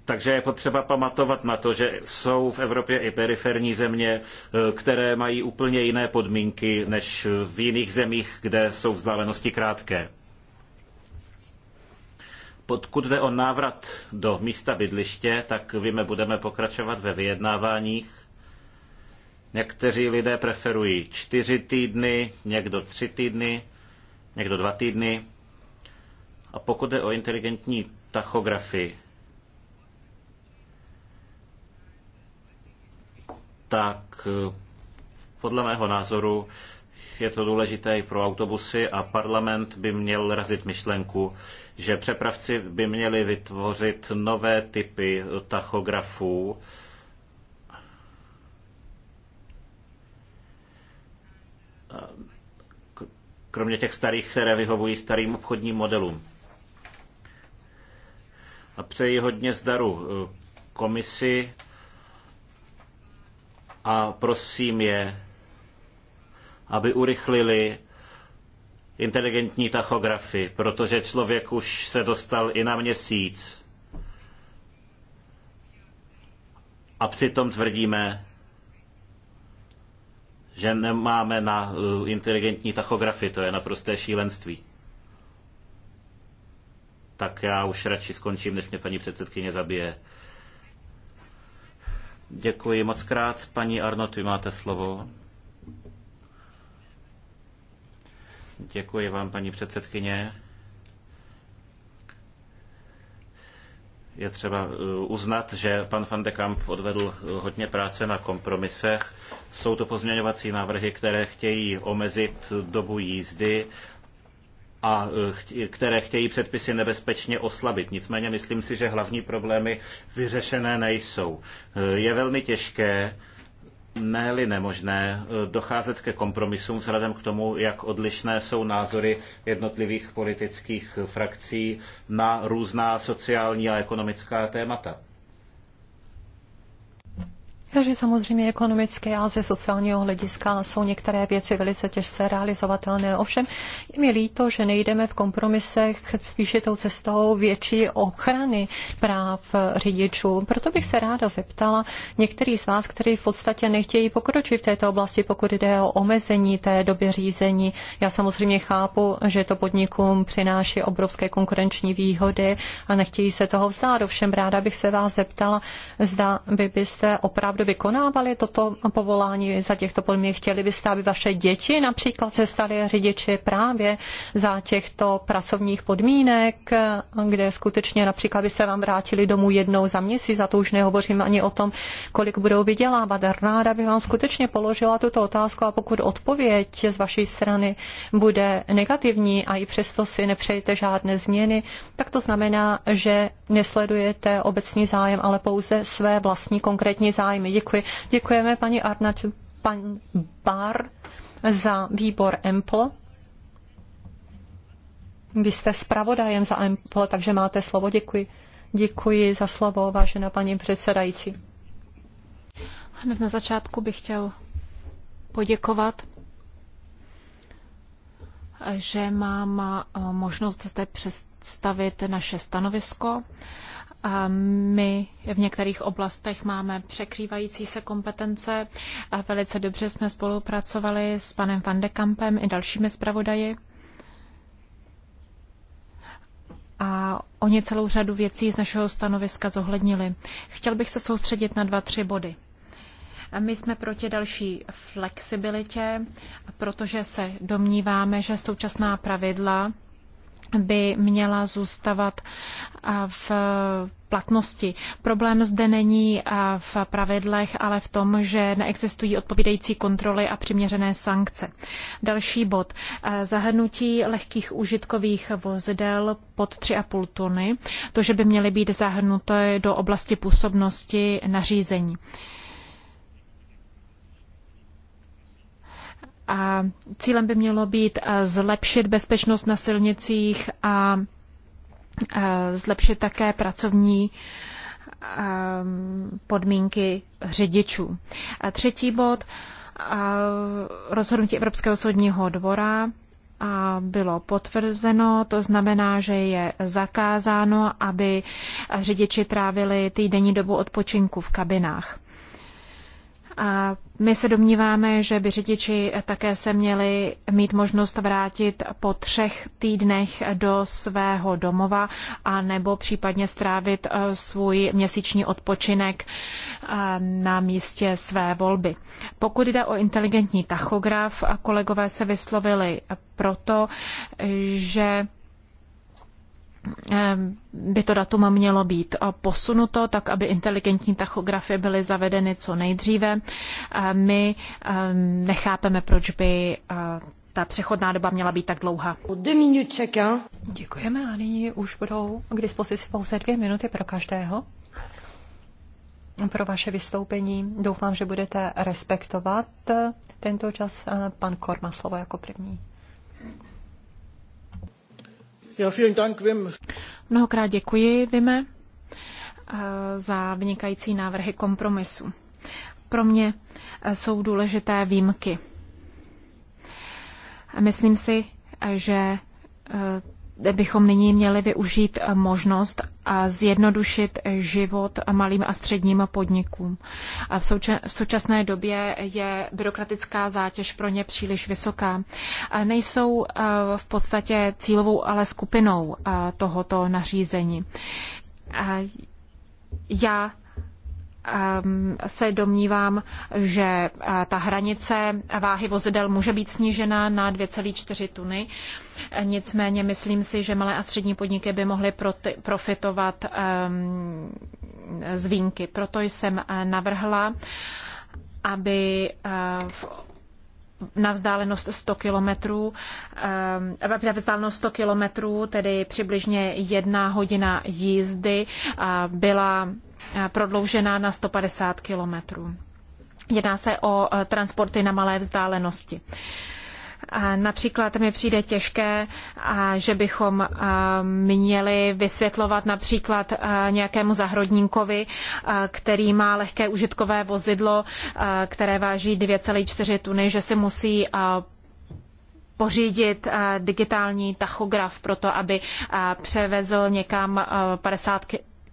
Takže je potřeba pamatovat na to, že jsou v Evropě i periferní země, eh, které mají úplně jiné podmínky než v jiných zemích, kde jsou vzdálenosti krátké. Pokud jde o návrat do místa bydliště, tak víme, budeme pokračovat ve vyjednáváních. Někteří lidé preferují čtyři týdny, někdo tři týdny, někdo dva týdny. A pokud jde o inteligentní tachografii, tak eh, podle mého názoru je to důležité i pro autobusy a parlament by měl razit myšlenku, že přepravci by měli vytvořit nové typy tachografů, kromě těch starých, které vyhovují starým obchodním modelům. A přeji hodně zdaru eh, komisi a prosím je, aby urychlili inteligentní tachografy, protože člověk už se dostal i na měsíc. A přitom tvrdíme, že nemáme na uh, inteligentní tachografy, to je naprosté šílenství. Tak já už radši skončím, než mě paní předsedkyně zabije. Děkuji moc krát. Paní Arno, ty máte slovo. Děkuji vám, paní předsedkyně. Je třeba uh, uznat, že pan van de Kamp odvedl uh, hodně práce na kompromisech. Jsou to pozměňovací návrhy, které chtějí omezit dobu jízdy a uh, které chtějí předpisy nebezpečně oslabit. Nicméně myslím si, že hlavní problémy vyřešené nejsou. Je velmi těžké ne-li nemožné eh, docházet ke kompromisům vzhledem k tomu, jak odlišné jsou názory jednotlivých politických frakcí na různá sociální a ekonomická témata. Takže samozřejmě ekonomické a ze sociálního hlediska jsou některé věci velice těžce realizovatelné. Ovšem je mi líto, že nejdeme v kompromisech spíše tou cestou větší ochrany práv řidičů. Proto bych se ráda zeptala některý z vás, kteří v podstatě nechtějí pokročit v této oblasti, pokud jde o omezení té doby řízení. Já samozřejmě chápu, že to podnikům přináší obrovské konkurenční výhody a nechtějí se toho vzdát. Ovšem ráda bych se vás zeptala, zda by byste opravdu vykonávali toto povolání za těchto podmínek? Chtěli byste, aby vaše děti například se staly řidiči právě za těchto pracovních podmínek, kde skutečně například by se vám vrátili domů jednou za měsíc, za to už nehovořím ani o tom, kolik budou vydělávat. Ráda bych vám skutečně položila tuto otázku a pokud odpověď z vaší strany bude negativní a i přesto si nepřejete žádné změny, tak to znamená, že nesledujete obecný zájem, ale pouze své vlastní konkrétní zájmy. Děkuji. Děkujeme paní Arnač, pan Bar za výbor EMPL. Vy jste zpravodajem za EMPL, takže máte slovo. Děkuji. Děkuji za slovo, vážená paní předsedající. Hned na začátku bych chtěl poděkovat, že mám eh, možnost zde představit naše stanovisko. My v některých oblastech máme překrývající se kompetence. Velice dobře jsme spolupracovali s panem Van de Kampem i dalšími zpravodaji. A oni celou řadu věcí z našeho stanoviska zohlednili. Chtěl bych se soustředit na dva, tři body. My jsme proti další flexibilitě, protože se domníváme, že současná pravidla by měla zůstat v platnosti. Problém zde není v pravidlech, ale v tom, že neexistují odpovídající kontroly a přiměřené sankce. Další bod. Zahrnutí lehkých užitkových vozidel pod 3,5 tuny, to, že by měly být zahrnuté do oblasti působnosti nařízení. A cílem by mělo být eh, zlepšit bezpečnost na silnicích a eh, zlepšit také pracovní ehm, podmínky řidičů. A třetí bod, eh, rozhodnutí Evropského soudního dvora a bylo potvrzeno, to znamená, že je zakázáno, aby řidiči trávili týdenní dobu odpočinku v kabinách. A my se domníváme, že by řidiči také se měli mít možnost vrátit po třech týdnech do svého domova a nebo případně strávit eh, svůj měsíční odpočinek eh, na místě své volby. Pokud jde o inteligentní tachograf, kolegové se vyslovili proto, že Ehm, by to datum mělo být eh, posunuto, tak aby inteligentní tachografy byly zavedeny co nejdříve. Eh, my ehm, nechápeme, proč by eh, ta přechodná doba měla být tak dlouhá. Děkujeme a nyní už budou k dispozici pouze dvě minuty pro každého. Pro vaše vystoupení doufám, že budete respektovat tento čas. Pan Korma slovo jako první. Ja, vielen Dank, Wim. Mnohokrát děkuji, Vime, eh, za vynikající návrhy kompromisu. Pro mě eh, jsou důležité výjimky. Myslím si, eh, že bychom nyní měli využít možnost a zjednodušit život malým a středním podnikům. V, souča- v současné době je byrokratická zátěž pro ně příliš vysoká. Nejsou eh, v podstatě cílovou, ale skupinou eh, tohoto nařízení. Já Ehm, se domnívám, že eh, ta hranice váhy vozidel může být snížena na 2,4 tuny. Nicméně myslím si, že malé a střední podniky by mohly profitovat ehm, z výjimky. Proto jsem eh, navrhla, aby eh, v na vzdálenost 100 kilometrů, ehm, na vzdálenost 100 kilometrů, tedy přibližně jedna hodina jízdy, byla Eh, prodloužená na 150 kilometrů. Jedná se o eh, transporty na malé vzdálenosti. Například mi přijde těžké, že bychom eh, měli vysvětlovat například nějakému zahrodníkovi, který má lehké užitkové vozidlo, které váží 2,4 tuny, že si musí pořídit digitální tachograf pro to, aby převezl někam 50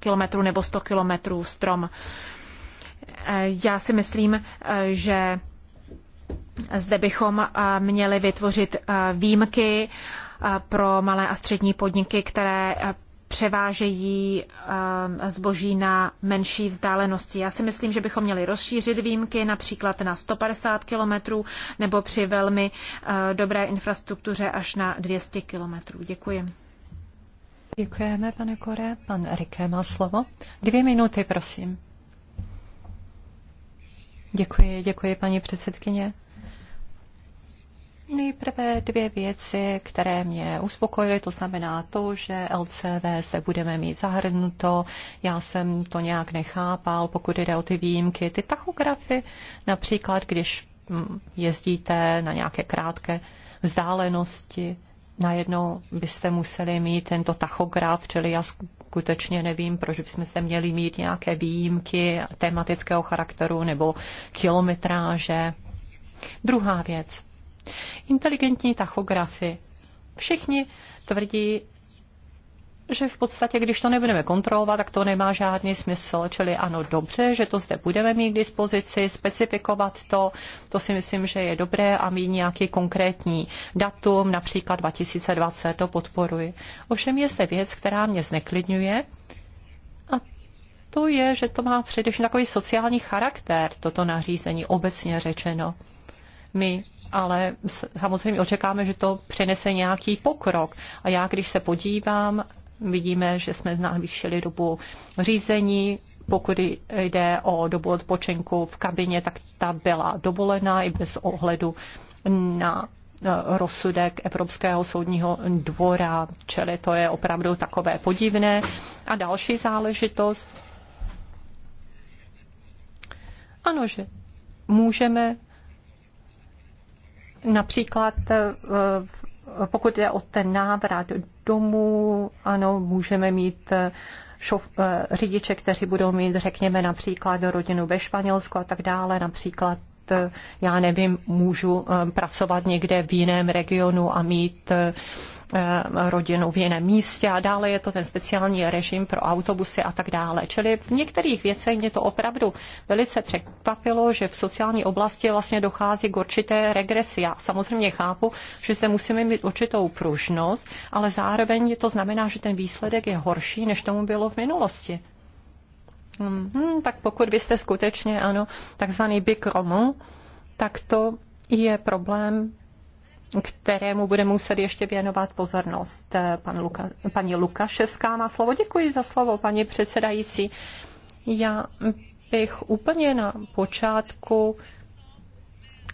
kilometrů nebo 100 kilometrů strom. Eh, já si myslím, eh, že zde bychom eh, měli vytvořit výjimky pro malé a střední podniky, které převážejí zboží na menší vzdálenosti. Já si myslím, že bychom měli rozšířit výjimky například na 150 kilometrů nebo při velmi dobré infrastruktuře až na 200 kilometrů. Děkuji. Děkujeme, pane Kore. Pan Rike má slovo. Dvě minuty, prosím. Děkuji, děkuji, paní předsedkyně. Nejprve dvě věci, které mě uspokojily, to znamená to, že LCV zde budeme mít zahrnuto. Já jsem to nějak nechápal, pokud jde o ty výjimky, ty tachografy, například když mm, jezdíte na nějaké krátké vzdálenosti, najednou byste museli mít tento tachograf, čili já skutečně nevím, proč bychom se měli mít nějaké výjimky tematického charakteru nebo kilometráže. Druhá věc. Inteligentní tachografy. Všichni tvrdí, že v podstatě, když to nebudeme kontrolovat, tak to nemá žádný smysl. Čili ano, dobře, že to zde budeme mít k dispozici, specifikovat to, to si myslím, že je dobré a mít nějaký konkrétní datum, například 2020, to podporuji. Ovšem je zde věc, která mě zneklidňuje, a to je, že to má především takový sociální charakter, toto nařízení obecně řečeno. My ale samozřejmě očekáme, že to přinese nějaký pokrok. A já, když se podívám Vidíme, že jsme navýšili dobu řízení, pokud jde o dobu odpočinku v kabině, tak ta byla dovolená i bez ohledu na e, rozsudek Evropského soudního dvora, čili to je opravdu takové podivné. A další záležitost. Ano, že můžeme například, e, pokud jde o ten návrat domů, ano, můžeme mít eh, šof, eh, řidiče, kteří budou mít, řekněme, například rodinu ve Španělsku a tak dále, například eh, já nevím, můžu pracovat někde v jiném regionu a mít Eh, rodinu v jiném místě a dále je to ten speciální režim pro autobusy a tak dále. Čili v některých věcech mě to opravdu velice překvapilo, že v sociální oblasti vlastně dochází k určité regresi. Já samozřejmě chápu, že zde musíme mít určitou pružnost, ale zároveň to znamená, že ten výsledek je horší, než tomu bylo v minulosti. Hmm, tak pokud byste skutečně, ano, takzvaný big tak to je problém kterému bude muset ještě věnovat pozornost. Eh, pan Luka, paní Lukaševská má slovo. Děkuji za slovo, paní předsedající. Já bych úplně na počátku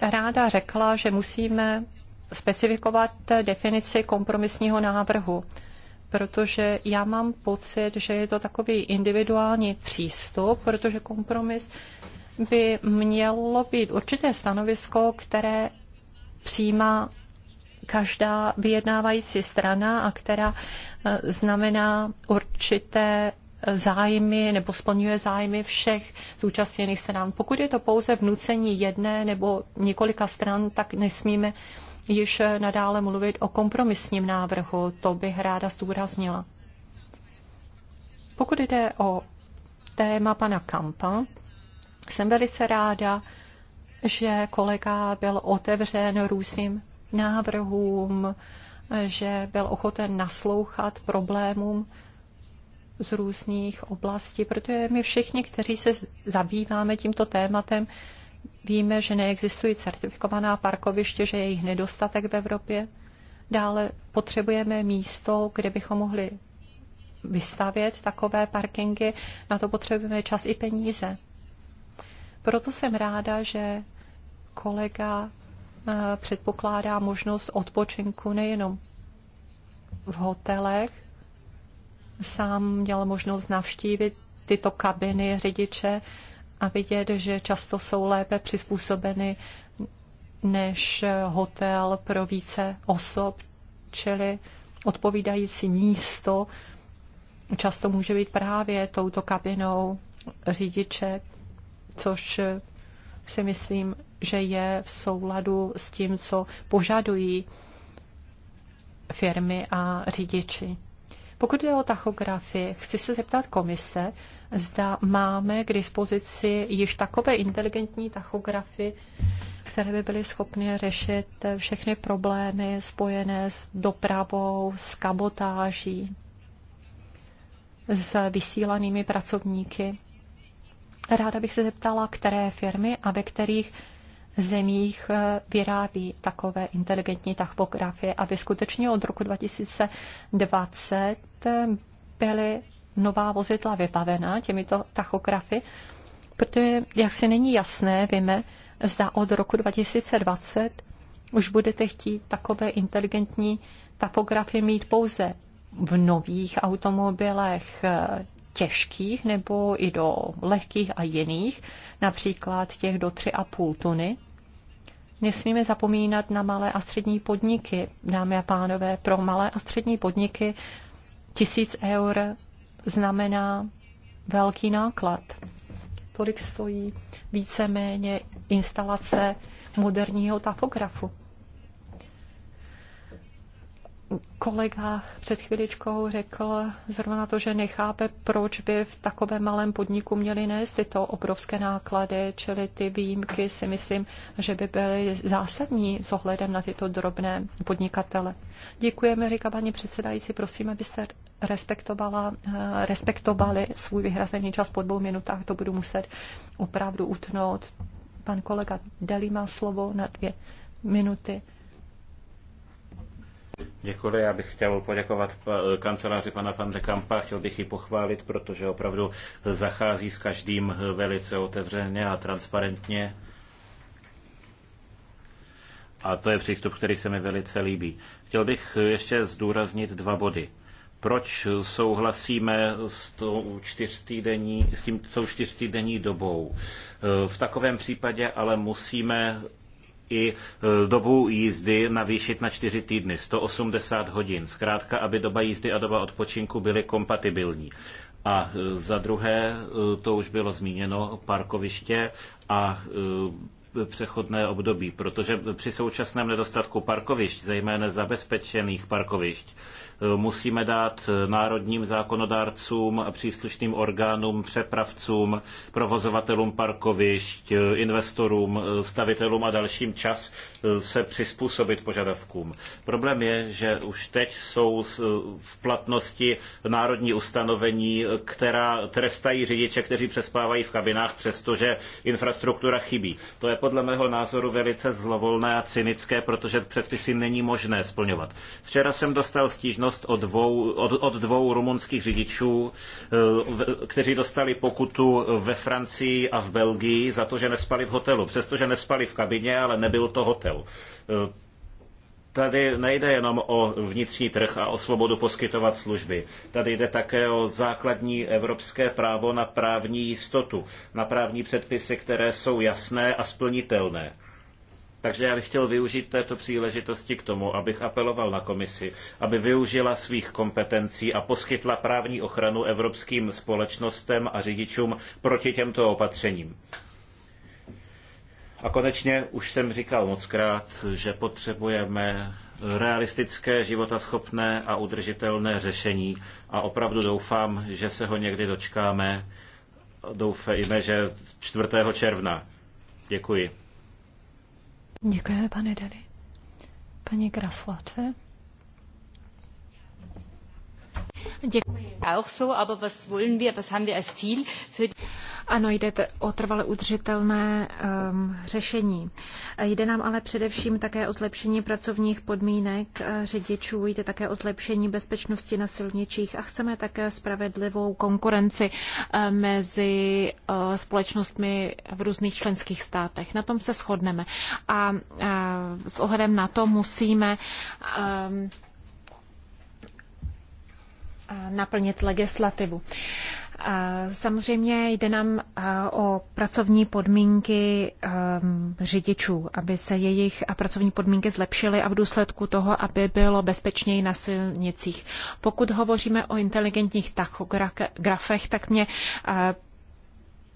ráda řekla, že musíme specifikovat definici kompromisního návrhu, protože já mám pocit, že je to takový individuální přístup, protože kompromis by mělo být určité stanovisko, které přijímá každá vyjednávající strana a která e, znamená určité zájmy nebo splňuje zájmy všech zúčastněných stran. Pokud je to pouze vnucení jedné nebo několika stran, tak nesmíme již nadále mluvit o kompromisním návrhu. To bych ráda zdůraznila. Pokud jde o téma pana Kampa, jsem velice ráda, že kolega byl otevřen různým návrhům, že byl ochoten naslouchat problémům z různých oblastí, protože my všichni, kteří se zabýváme tímto tématem, víme, že neexistují certifikovaná parkoviště, že je jich nedostatek v Evropě. Dále potřebujeme místo, kde bychom mohli vystavět takové parkingy. Na to potřebujeme čas i peníze. Proto jsem ráda, že kolega Eh, předpokládá možnost odpočinku nejenom v hotelech. Sám měl možnost navštívit tyto kabiny řidiče a vidět, že často jsou lépe přizpůsobeny než hotel pro více osob, čili odpovídající místo často může být právě touto kabinou řidiče, což si myslím, že je v souladu s tím, co požadují firmy a řidiči. Pokud jde o tachografii, chci se zeptat komise, zda máme k dispozici již takové inteligentní tachografy, které by byly schopny řešit všechny problémy spojené s dopravou, s kabotáží, s vysílanými pracovníky. Ráda bych se zeptala, které firmy a ve kterých zemích eh, vyrábí takové inteligentní tachografie, aby skutečně od roku 2020 eh, byly nová vozidla vybavená těmito tachografy, protože jak si není jasné, víme, zda od roku 2020 už budete chtít takové inteligentní tachografy mít pouze v nových automobilech eh, těžkých nebo i do lehkých a jiných, například těch do 3,5 tuny. Nesmíme zapomínat na malé a střední podniky, dámy a pánové. Pro malé a střední podniky tisíc eur znamená velký náklad. Tolik stojí víceméně instalace moderního tafografu kolega před chviličkou řekl zrovna to, že nechápe, proč by v takovém malém podniku měli nést tyto obrovské náklady, čili ty výjimky si myslím, že by byly zásadní s ohledem na tyto drobné podnikatele. Děkujeme, říká paní předsedající, prosím, abyste respektovala, eh, respektovali svůj vyhrazený čas po dvou minutách, to budu muset opravdu utnout. Pan kolega Deli má slovo na dvě minuty. Děkuji, já bych chtěl poděkovat kanceláři pana van de Kampa, chtěl bych ji pochválit, protože opravdu zachází s každým velice otevřeně a transparentně. A to je přístup, který se mi velice líbí. Chtěl bych ještě zdůraznit dva body proč souhlasíme s, tou čtyřtýdenní, s tím co čtyřtýdenní dobou. V takovém případě ale musíme i e, dobu jízdy navýšit na 4 týdny, 180 hodin. Zkrátka, aby doba jízdy a doba odpočinku byly kompatibilní. A e, za druhé, e, to už bylo zmíněno, parkoviště a přechodné období, protože při současném nedostatku parkovišť, zejména zabezpečených parkovišť, musíme dát národním zákonodárcům a příslušným orgánům, přepravcům, provozovatelům parkovišť, investorům, stavitelům a dalším čas eh, se přizpůsobit požadavkům. Problém je, že už teď jsou eh, v platnosti národní ustanovení, která trestají řidiče, kteří přespávají v kabinách, přestože infrastruktura chybí. To je podle mého názoru velice zlovolné a cynické, protože předpisy není možné splňovat. Včera jsem dostal stížnost stížnost od dvou, od, od dvou rumunských řidičů, eh, kteří dostali pokutu ve Francii a v Belgii za to, že nespali v hotelu. Přestože nespali v kabině, ale nebyl to hotel eh, tady nejde jenom o vnitřní trh a o svobodu poskytovat služby. Tady jde také o základní evropské právo na právní jistotu, na právní předpisy, které jsou jasné a splnitelné. Takže já bych chtěl využít této příležitosti k tomu, abych apeloval na komisi, aby využila svých kompetencí a poskytla právní ochranu evropským společnostem a řidičům proti těmto opatřením. A konečně už jsem říkal mockrát, že potřebujeme realistické, životaschopné a udržitelné řešení a opravdu doufám, že se ho někdy dočkáme. Doufejme, že 4. června. Děkuji. Děkujeme, pane Deli. Paní Graswate. Děkuji. Auch so, aber was wollen wir, was haben wir als Ziel für ano, jde o trvale udržitelné um, řešení. Jde nám ale především také o zlepšení pracovních podmínek eh, řidičů, jde také o zlepšení bezpečnosti na silničích a chceme také spravedlivou konkurenci eh, mezi eh, společnostmi v různých členských státech. Na tom se shodneme. A, s ohledem na to musíme um, naplnit legislativu. Uh, Samozřejmě jde nám o pracovní podmínky řidičů, aby se jejich pracovní podmínky zlepšily a v důsledku toho, aby bylo bezpečněji na silnicích. Pokud hovoříme o inteligentních tachografech, tak mě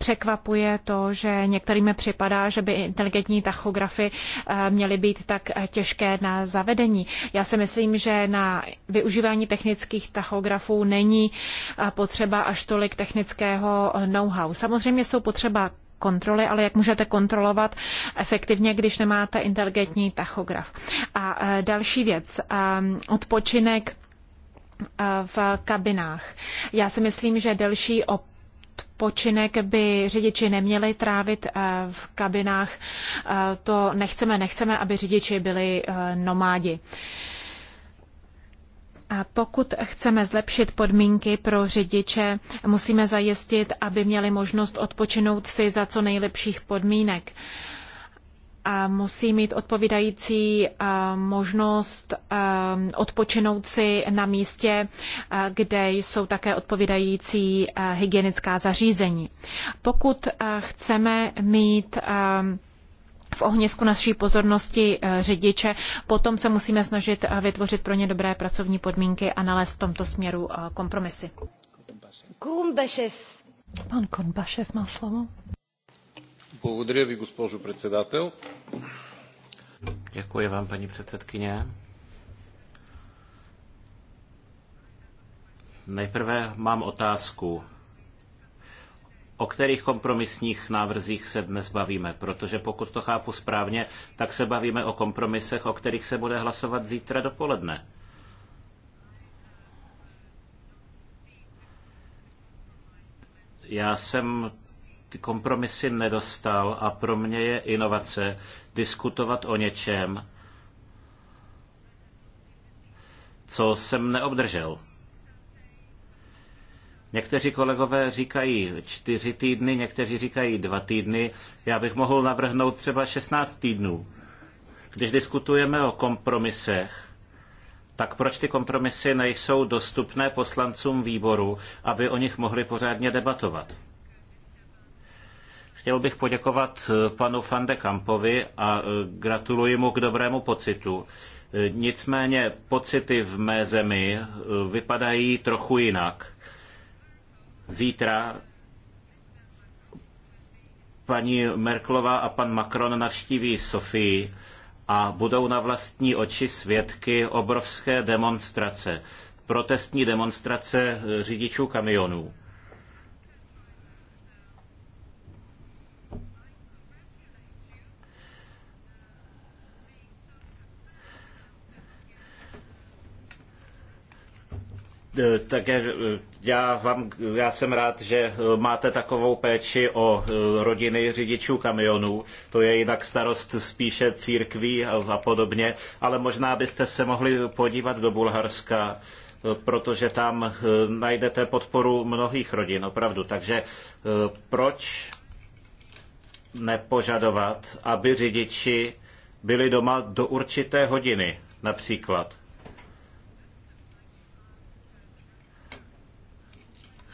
Překvapuje to, že některým připadá, že by inteligentní tachografy eh, měly být tak eh, těžké na zavedení. Já si myslím, že na využívání technických tachografů není eh, potřeba až tolik technického know-how. Samozřejmě jsou potřeba kontroly, ale jak můžete kontrolovat efektivně, když nemáte inteligentní tachograf. A další věc, odpočinek v kabinách. Já si myslím, že delší op odpočinek by řidiči neměli trávit eh, v kabinách. Eh, to nechceme, nechceme, aby řidiči byli eh, nomádi. A pokud chceme zlepšit podmínky pro řidiče, musíme zajistit, aby měli možnost odpočinout si za co nejlepších podmínek a musí mít odpovídající eh, možnost eh, odpočinout si na místě, eh, kde jsou také odpovídající hygienická zařízení. Pokud chceme mít v ohnisku naší pozornosti řidiče, potom se musíme snažit vytvořit pro ně dobré pracovní podmínky a nalézt v tomto směru kompromisy. Pan Konbašev má slovo. Děkuji vám, paní předsedkyně. Nejprve mám otázku. O kterých kompromisních návrzích se dnes bavíme? Protože pokud to chápu správně, tak se bavíme o kompromisech, o kterých se bude hlasovat zítra dopoledne. Já jsem ty kompromisy nedostal a pro mě je inovace diskutovat o něčem, co jsem neobdržel. Někteří kolegové říkají čtyři týdny, někteří říkají dva týdny. Já bych mohl navrhnout třeba 16 týdnů. Když diskutujeme o kompromisech, tak proč ty kompromisy nejsou dostupné poslancům výboru, aby o nich mohli pořádně debatovat? Chtěl bych poděkovat eh, panu Van de Kampovi a eh, gratuluji mu k dobrému pocitu. Eh, nicméně pocity v mé zemi vypadají trochu jinak. Zítra paní Merklová a pan Macron navštíví Sofii a budou na vlastní oči svědky obrovské demonstrace. Protestní demonstrace řidičů kamionů. Eh, také eh, já, vám, já jsem rád, že eh, máte takovou péči o rodiny řidičů kamionů. To je jinak starost spíše církví a, a podobně, ale možná byste se mohli podívat do Bulharska, protože tam najdete podporu mnohých rodin, opravdu. Takže proč nepožadovat, aby řidiči byli doma do určité hodiny například?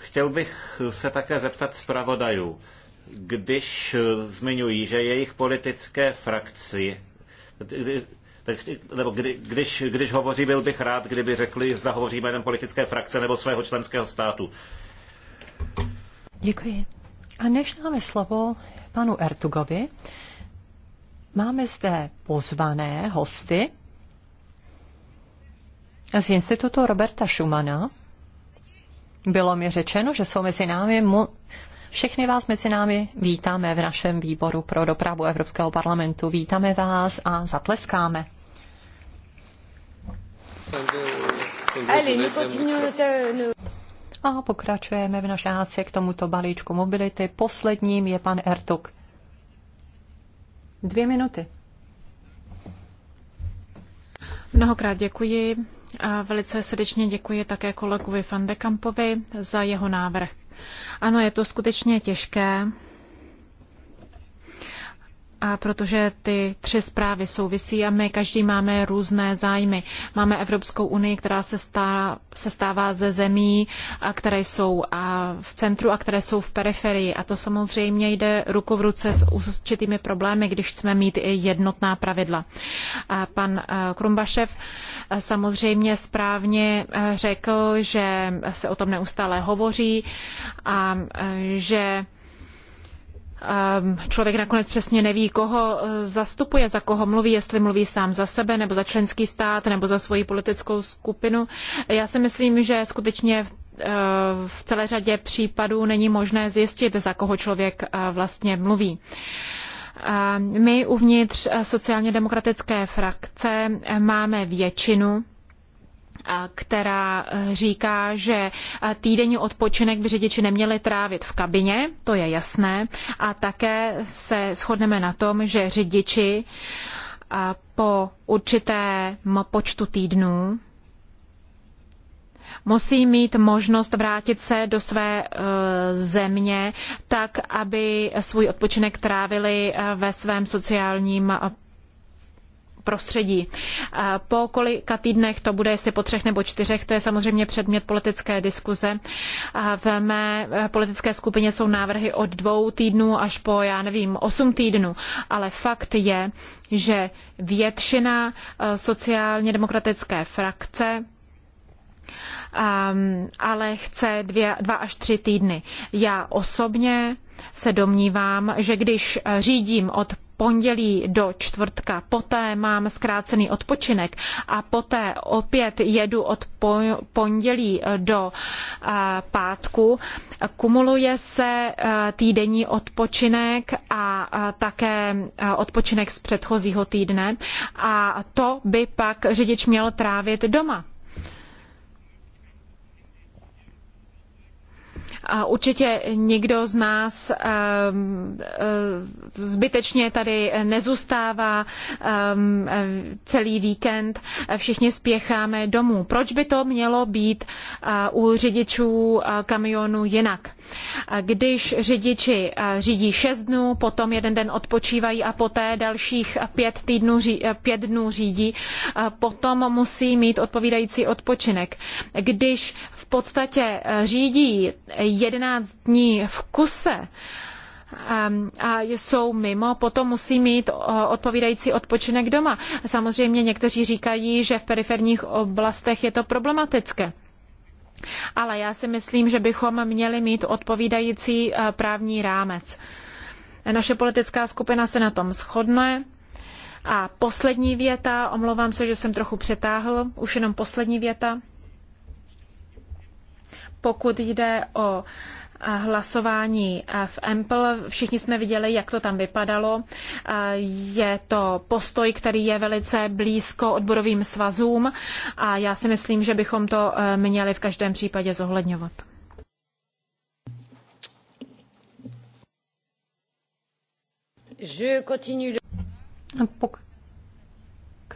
Chtěl bych se také zeptat zpravodajů, když eh, zmiňují, že jejich politické frakci, eh, nebo kdy, když, když hovoří, byl bych rád, kdyby řekli, zda hovoří jménem politické frakce nebo svého členského státu. Děkuji. A než dáme slovo panu Ertugovi, máme zde pozvané hosty z Institutu Roberta Schumana, bylo mi řečeno, že jsou mezi námi mu... Všechny vás mezi námi vítáme v našem výboru pro dopravu Evropského parlamentu. Vítáme vás a zatleskáme. A pokračujeme v naší akci k tomuto balíčku mobility. Posledním je pan Ertuk. Dvě minuty. Mnohokrát děkuji. A velice srdečně děkuji také kolegovi Fandekampovi za jeho návrh. Ano, je to skutečně těžké a protože ty tři zprávy souvisí a my každý máme různé zájmy. Máme Evropskou unii, která se, stá, se stává ze zemí, a které jsou a v centru a které jsou v periferii. A to samozřejmě jde ruku v ruce s určitými problémy, když chceme mít i jednotná pravidla. A pan eh, Krumbašev eh, samozřejmě správně eh, řekl, že se o tom neustále hovoří a že Ehm, člověk nakonec přesně neví, koho eh, zastupuje, za koho mluví, jestli mluví sám za sebe, nebo za členský stát, nebo za svoji politickou skupinu. Já si myslím, že skutečně v eh, celé řadě případů není možné zjistit, za koho člověk eh, vlastně mluví. Ehm, my uvnitř sociálně demokratické frakce máme většinu která eh, říká, že eh, týdenní odpočinek by řidiči neměli trávit v kabině, to je jasné, a také se shodneme na tom, že řidiči eh, po určitém počtu týdnů musí mít možnost vrátit se do své země tak, aby svůj odpočinek trávili ve svém sociálním prostředí. Po kolika týdnech to bude, jestli po třech nebo čtyřech, to je samozřejmě předmět politické diskuze. V mé eh, politické skupině jsou návrhy od dvou týdnů až po, já nevím, osm týdnů, ale fakt je, že většina eh, sociálně demokratické frakce um, ale chce dvě, dva až tři týdny. Já osobně se domnívám, že když eh, řídím od pondělí do čtvrtka, poté mám zkrácený odpočinek a poté opět jedu od pondělí eh, do eh, pátku, kumuluje se týdenní odpočinek a také odpočinek z předchozího týdne a to by pak řidič měl trávit doma. A určitě nikdo z nás ehm, ehm, zbytečně tady nezůstává ehm, celý víkend, všichni spěcháme domů. Proč by to mělo být eh, u řidičů eh, kamionů jinak? Když řidiči eh, řídí šest dnů, potom jeden den odpočívají a poté dalších pět, týdnů, pět dnů řídí, potom musí mít odpovídající odpočinek. Když podstatě eh, řídí 11 dní v kuse a jsou mimo, potom musí mít odpovídající odpočinek doma. Samozřejmě někteří říkají, že v periferních oblastech je to problematické. Ale já si myslím, že bychom měli mít odpovídající eh, právní rámec. Naše politická skupina se na tom shodne. A poslední věta, omlouvám se, že jsem trochu přetáhl, už jenom poslední věta. Pokud jde o eh, hlasování eh, v Empl, Všichni jsme viděli, jak to tam vypadalo. Eh, je to postoj, který je velice blízko odborovým svazům a já si myslím, že bychom to měli v každém případě zohledňovat.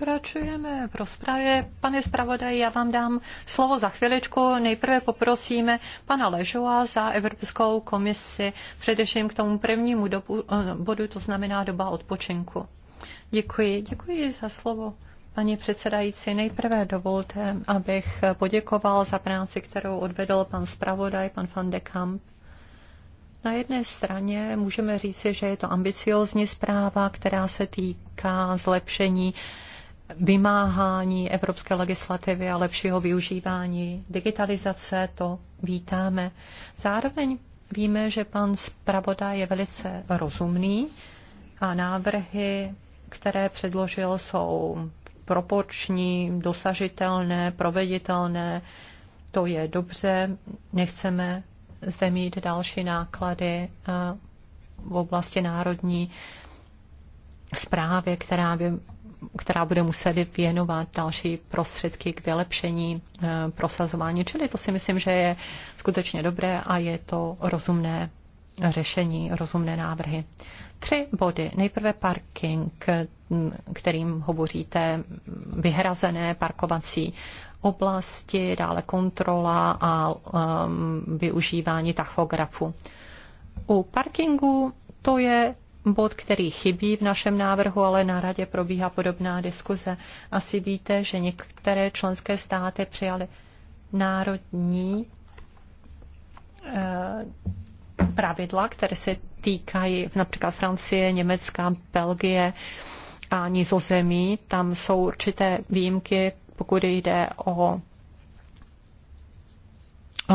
Pokračujeme v rozpravě. Pane zpravodaji, já vám dám slovo za chviličku. Nejprve poprosíme pana Ležova za Evropskou komisi, především k tomu prvnímu dobu, eh, bodu, to znamená doba odpočinku. Děkuji, děkuji za slovo. Paní předsedající, nejprve dovolte, abych poděkoval za práci, kterou odvedl pan zpravodaj, pan van de Kamp. Na jedné straně můžeme říci, že je to ambiciózní zpráva, která se týká zlepšení uh, vymáhání evropské legislativy a lepšího využívání digitalizace, to vítáme. Zároveň víme, že pan Spravoda je velice rozumný a návrhy, které předložil, jsou proporční, dosažitelné, proveditelné. To je dobře, nechceme zde mít další náklady eh, v oblasti národní zprávy, která by která bude muset věnovat další prostředky k vylepšení eh, prosazování. Čili to si myslím, že je skutečně dobré a je to rozumné řešení, rozumné návrhy. Tři body. Nejprve parking, kterým hovoříte, vyhrazené parkovací oblasti, dále kontrola a um, využívání tachografu. U parkingu to je bod, který chybí v našem návrhu, ale na radě probíhá podobná diskuze. Asi víte, že některé členské státy přijaly národní eh, pravidla, které se týkají například Francie, Německa, Belgie a Nizozemí. Tam jsou určité výjimky, pokud jde o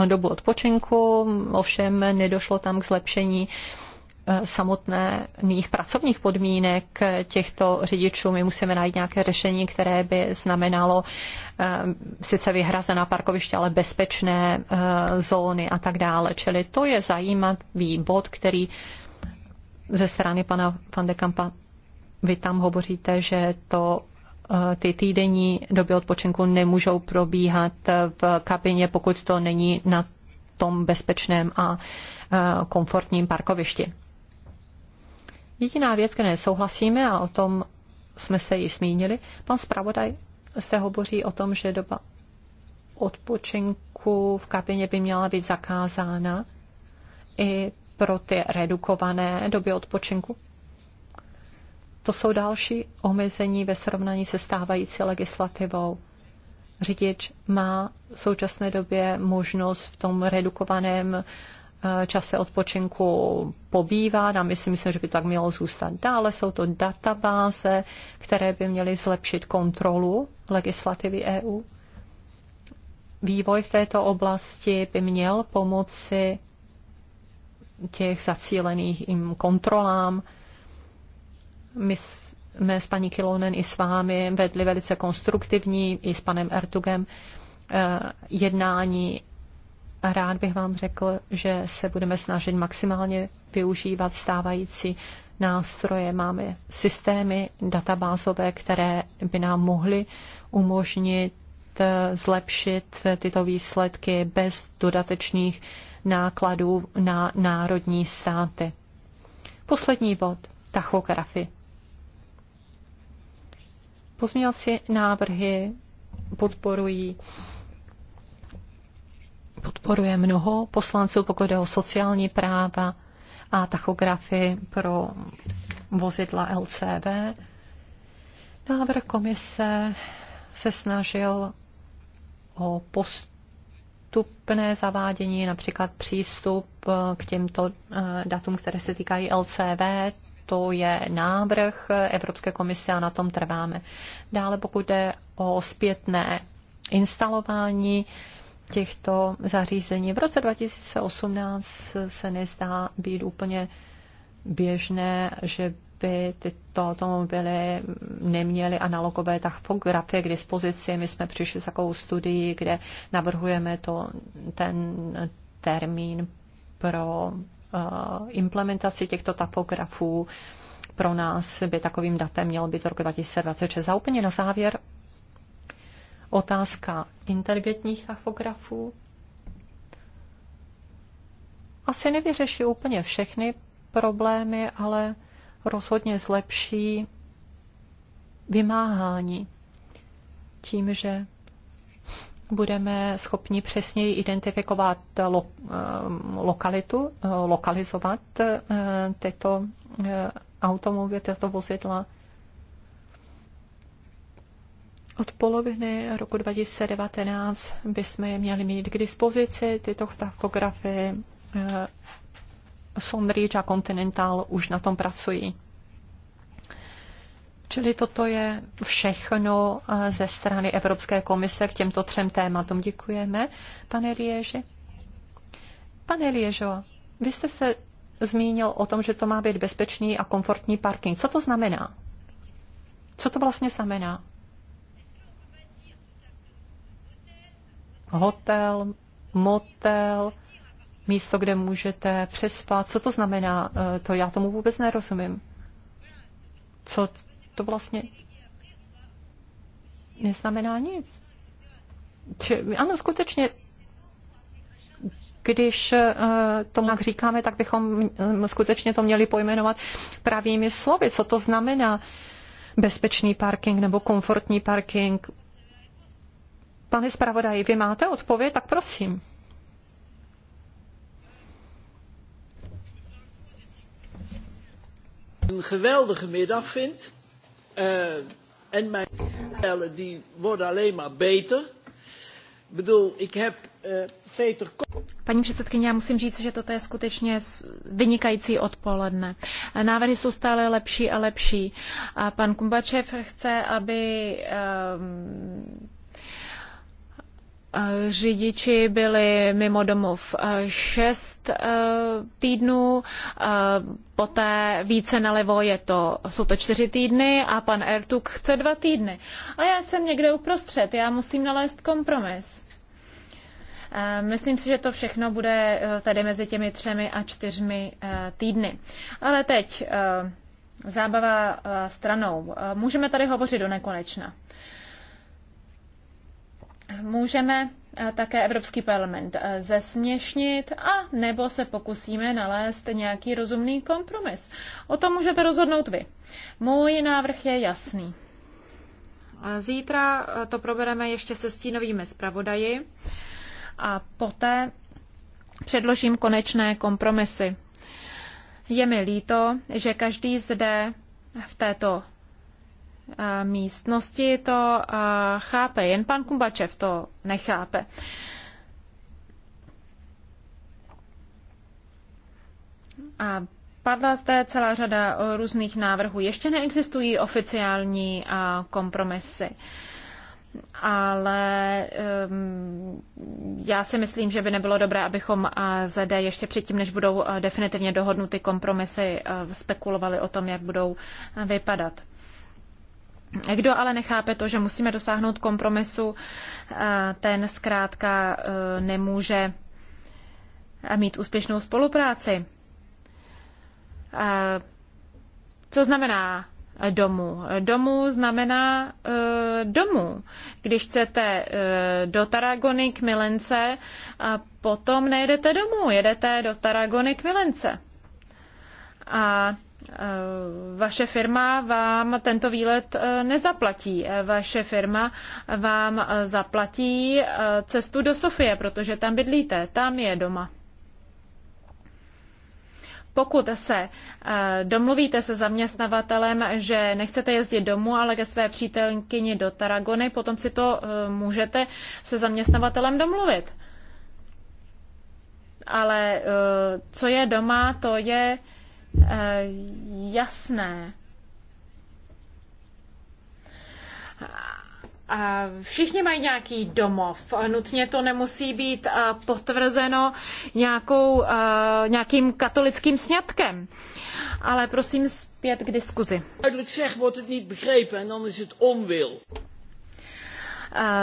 dobu odpočinku, ovšem nedošlo tam k zlepšení Eh, samotných pracovních podmínek těchto řidičů. My musíme najít nějaké řešení, které by znamenalo eh, sice vyhrazená parkoviště, ale bezpečné eh, zóny a tak dále. Čili to je zajímavý bod, který ze strany pana Van de Kampa vy tam hovoříte, že to ty týdenní doby odpočinku nemůžou probíhat v kabině, pokud to není na tom bezpečném a komfortním parkovišti. Jediná věc, které nesouhlasíme, a o tom jsme se již zmínili, pan zpravodaj zde hovoří o tom, že doba odpočinku v kabině by měla být zakázána i pro ty redukované doby odpočinku. To jsou další omezení ve srovnání se stávající legislativou. Řidič má v současné době možnost v tom redukovaném uh, Eh, čase odpočinku pobývat a my si myslím, že by to tak mělo zůstat dále. Jsou to databáze, které by měly zlepšit kontrolu legislativy EU. Vývoj v této oblasti by měl pomoci těch zacílených jim kontrolám. My jsme s paní Kilonen i s vámi vedli velice konstruktivní, i s panem Ertugem, eh, jednání a rád bych vám řekl, že se budeme snažit maximálně využívat stávající nástroje. Máme systémy databázové, které by nám mohly umožnit eh, zlepšit eh, tyto výsledky bez dodatečných nákladů na národní státy. Poslední bod. Tachografy. Pozměňovací návrhy podporují podporuje mnoho poslanců, pokud jde o sociální práva a tachografy pro vozidla LCV. Návrh komise se snažil o postupné zavádění, například přístup eh, k těmto eh, datům, které se týkají LCV. To je návrh Evropské komise a na tom trváme. Dále pokud jde o zpětné instalování, těchto zařízení. V roce 2018 se nezdá být úplně běžné, že by tyto automobily neměly analogové tachografie k dispozici. My jsme přišli s takovou studií, kde navrhujeme to, ten termín pro uh, implementaci těchto tachografů. Pro nás by takovým datem měl být rok 2026. A úplně na závěr otázka inteligentních tachografů asi nevyřeší úplně všechny problémy, ale rozhodně zlepší vymáhání tím, že budeme schopni přesněji identifikovat lo, eh, lokalitu, eh, lokalizovat eh, tyto automobily, tyto vozidla. Od poloviny roku 2019 bychom je měli mít k dispozici, tyto tachografy. Eh, Sonrich a Continental už na tom pracují. Čili toto je všechno eh, ze strany Evropské komise k těmto třem tématům. Děkujeme, pane Lieži. Pane Liežo, vy jste se zmínil o tom, že to má být bezpečný a komfortní parking. Co to znamená? Co to vlastně znamená? hotel, motel, místo, kde můžete přespat. Co to znamená? E, to já tomu vůbec nerozumím. Co to vlastně neznamená nic. Či, ano, skutečně, když e, tomu tak říkáme, tak bychom skutečně to měli pojmenovat pravými slovy. Co to znamená bezpečný parking nebo komfortní parking? Pane zpravodaji, vy máte odpověď, tak prosím. Een geweldige middag vindt. Uh, en mijn modellen die worden alleen maar beter. Ik bedoel, ik heb uh, Peter Paní předsedkyně, já musím říct, že toto je skutečně vynikající odpoledne. Eh, návrhy jsou stále lepší a lepší. A pan Kumbačev chce, aby um, Eh, řidiči byli mimo domov eh, šest eh, týdnů, poté více nalevo je to, jsou to čtyři týdny a pan Ertuk chce dva týdny. A já jsem někde uprostřed, já musím nalézt kompromis. Myslím si, že to všechno bude tady mezi těmi třemi a čtyřmi týdny. Ale teď zábava stranou. Můžeme tady hovořit do nekonečna můžeme eh, také Evropský parlament eh, zesměšnit a nebo se pokusíme nalézt nějaký rozumný kompromis. O tom můžete rozhodnout vy. Můj návrh je jasný. Zítra eh, to probereme ještě se stínovými zpravodaji a poté předložím konečné kompromisy. Je mi líto, že každý zde v této místnosti to chápe, jen pan Kumbačev to nechápe. A padla zde celá řada různých návrhů. Ještě neexistují oficiální kompromisy. Ale um, já si myslím, že by nebylo dobré, abychom zde ještě předtím, než budou definitivně dohodnuty kompromisy, spekulovali o tom, jak budou vypadat. Kdo ale nechápe to, že musíme dosáhnout kompromisu, eh, ten zkrátka eh, nemůže eh, mít úspěšnou spolupráci. Co znamená domů. Domů znamená domů. Když chcete do Taragony k Milence, a potom nejedete domů, jedete do Taragony k Milence. A Eh, vaše firma vám tento výlet eh, nezaplatí. Eh, vaše firma vám zaplatí cestu do Sofie, protože tam bydlíte, tam je doma. Pokud se domluvíte se zaměstnavatelem, že nechcete jezdit domů, ale ke své přítelkyni do Taragony, potom si to můžete se zaměstnavatelem domluvit. Ale co je doma, to je Eh, jasné. Všichni mají nějaký domov. Nutně to nemusí být eh, potvrzeno nějakou, eh, nějakým katolickým sňatkem. Ale prosím zpět k diskuzi.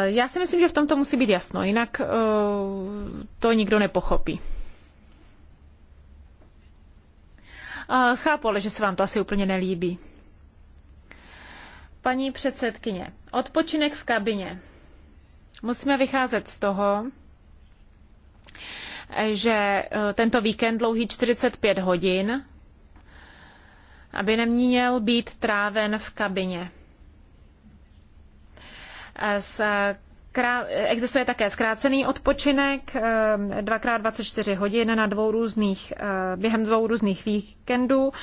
Já si myslím, že v tomto musí být jasno, jinak to nikdo nepochopí. Chápu, ale že se vám to asi úplně nelíbí. Paní předsedkyně, odpočinek v kabině. Musíme vycházet z toho, že e, tento víkend dlouhý 45 hodin, aby neměl být tráven v kabině. E, s Existuje také zkrácený odpočinek eh, dvakrát 24 hodin na dvou různých, eh, během dvou různých víkendů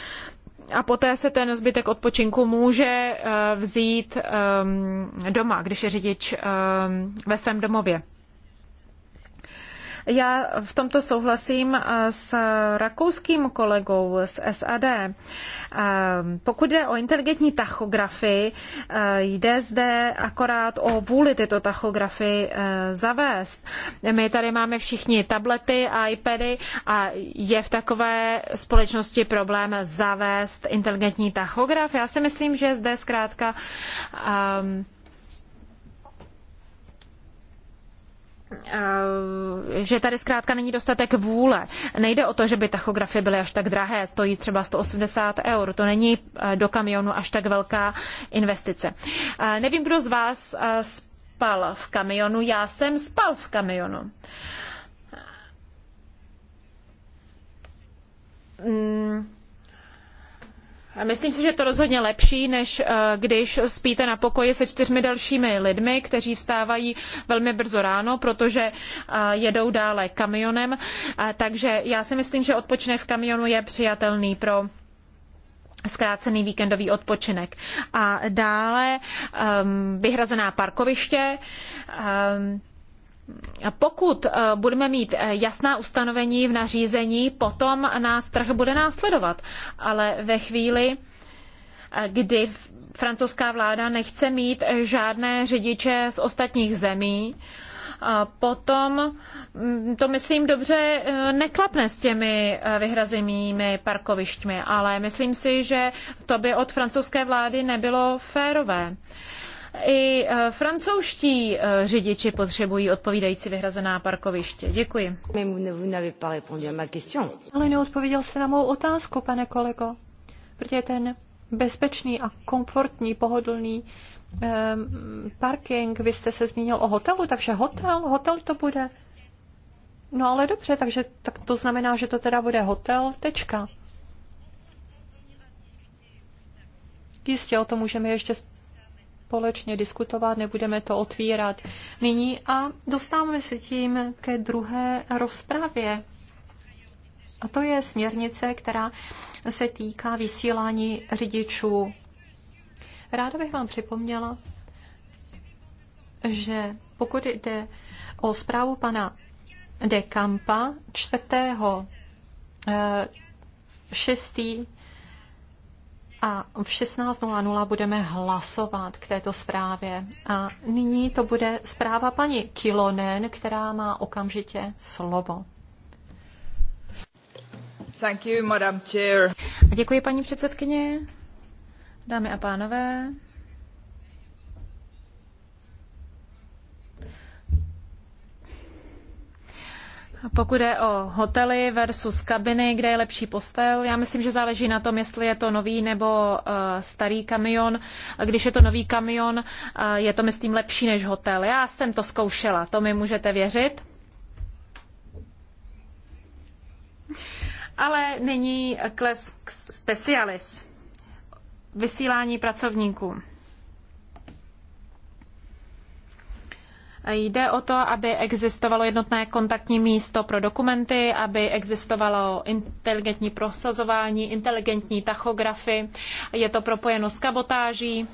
a poté se ten zbytek odpočinku může eh, vzít ehm, doma, když je řidič ehm, ve svém domově. Já v tomto souhlasím eh, s rakouským kolegou z SAD. Eh, pokud jde o inteligentní tachografy, eh, jde zde akorát o vůli tyto tachografy zavést. My tady máme všichni tablety, iPady a je v takové společnosti problém zavést inteligentní tachograf. Já si myslím, že zde zkrátka um, Eh, že tady zkrátka není dostatek vůle. Nejde o to, že by tachografy byly až tak drahé, stojí třeba 180 eur, to není eh, do kamionu až tak velká investice. Eh, nevím, kdo z vás spal v kamionu, já jsem spal v kamionu. Mm Myslím si, že je to rozhodně lepší, než eh, když spíte na pokoji se čtyřmi dalšími lidmi, kteří vstávají velmi brzo ráno, protože eh, jedou dále kamionem. Eh, takže já si myslím, že odpočinek v kamionu je přijatelný pro zkrácený víkendový odpočinek. A dále um, vyhrazená parkoviště. Um, pokud eh, budeme mít eh, jasná ustanovení v nařízení, potom nás trh bude následovat. Ale ve chvíli, eh, kdy francouzská vláda nechce mít žádné řidiče z ostatních zemí, potom mm, to myslím dobře neklapne s těmi vyhrazenými parkovišťmi, ale myslím si, že to by od francouzské vlády nebylo férové. I e, francouzští e, řidiči potřebují odpovídající vyhrazená parkoviště. Děkuji. Ale neodpověděl jste na mou otázku, pane kolego, protože ten bezpečný a komfortní, pohodlný e, parking, vy jste se zmínil o hotelu, takže hotel, hotel to bude. No ale dobře, takže tak to znamená, že to teda bude hotel, tečka. Jistě o tom můžeme ještě společně diskutovat, nebudeme to otvírat nyní a dostáváme se tím ke druhé rozpravě. A to je směrnice, která se týká vysílání řidičů. Ráda bych vám připomněla, že pokud jde o zprávu pana De Campa 4. 6. Eh, a v 16.00 budeme hlasovat k této zprávě. A nyní to bude zpráva paní Kilonen, která má okamžitě slovo. Thank you, Madam Chair. A děkuji, paní předsedkyně. Dámy a pánové, Pokud je o hotely versus kabiny, kde je lepší postel, já myslím, že záleží na tom, jestli je to nový nebo eh, starý kamion. Když je to nový kamion, eh, je to, myslím, lepší než hotel. Já jsem to zkoušela, to mi můžete věřit. Ale není kles specialis, vysílání pracovníků. Jde o to, aby existovalo jednotné kontaktní místo pro dokumenty, aby existovalo inteligentní prosazování, inteligentní tachografy, je to propojeno s kabotáží.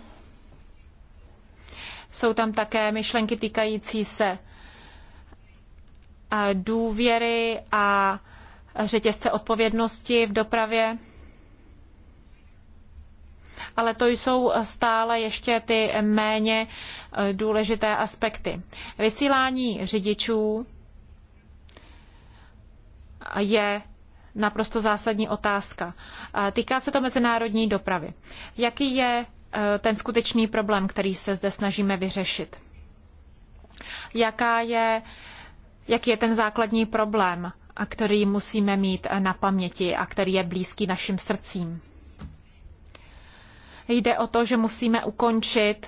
Jsou tam také myšlenky týkající se eh, důvěry a řetězce odpovědnosti v dopravě ale to jsou stále ještě ty méně eh, důležité aspekty. Vysílání řidičů je naprosto zásadní otázka. Týká se to mezinárodní dopravy. Jaký je eh, ten skutečný problém, který se zde snažíme vyřešit? Jaká je, jaký je ten základní problém, a který musíme mít eh, na paměti a který je blízký našim srdcím? Jde o to, že musíme ukončit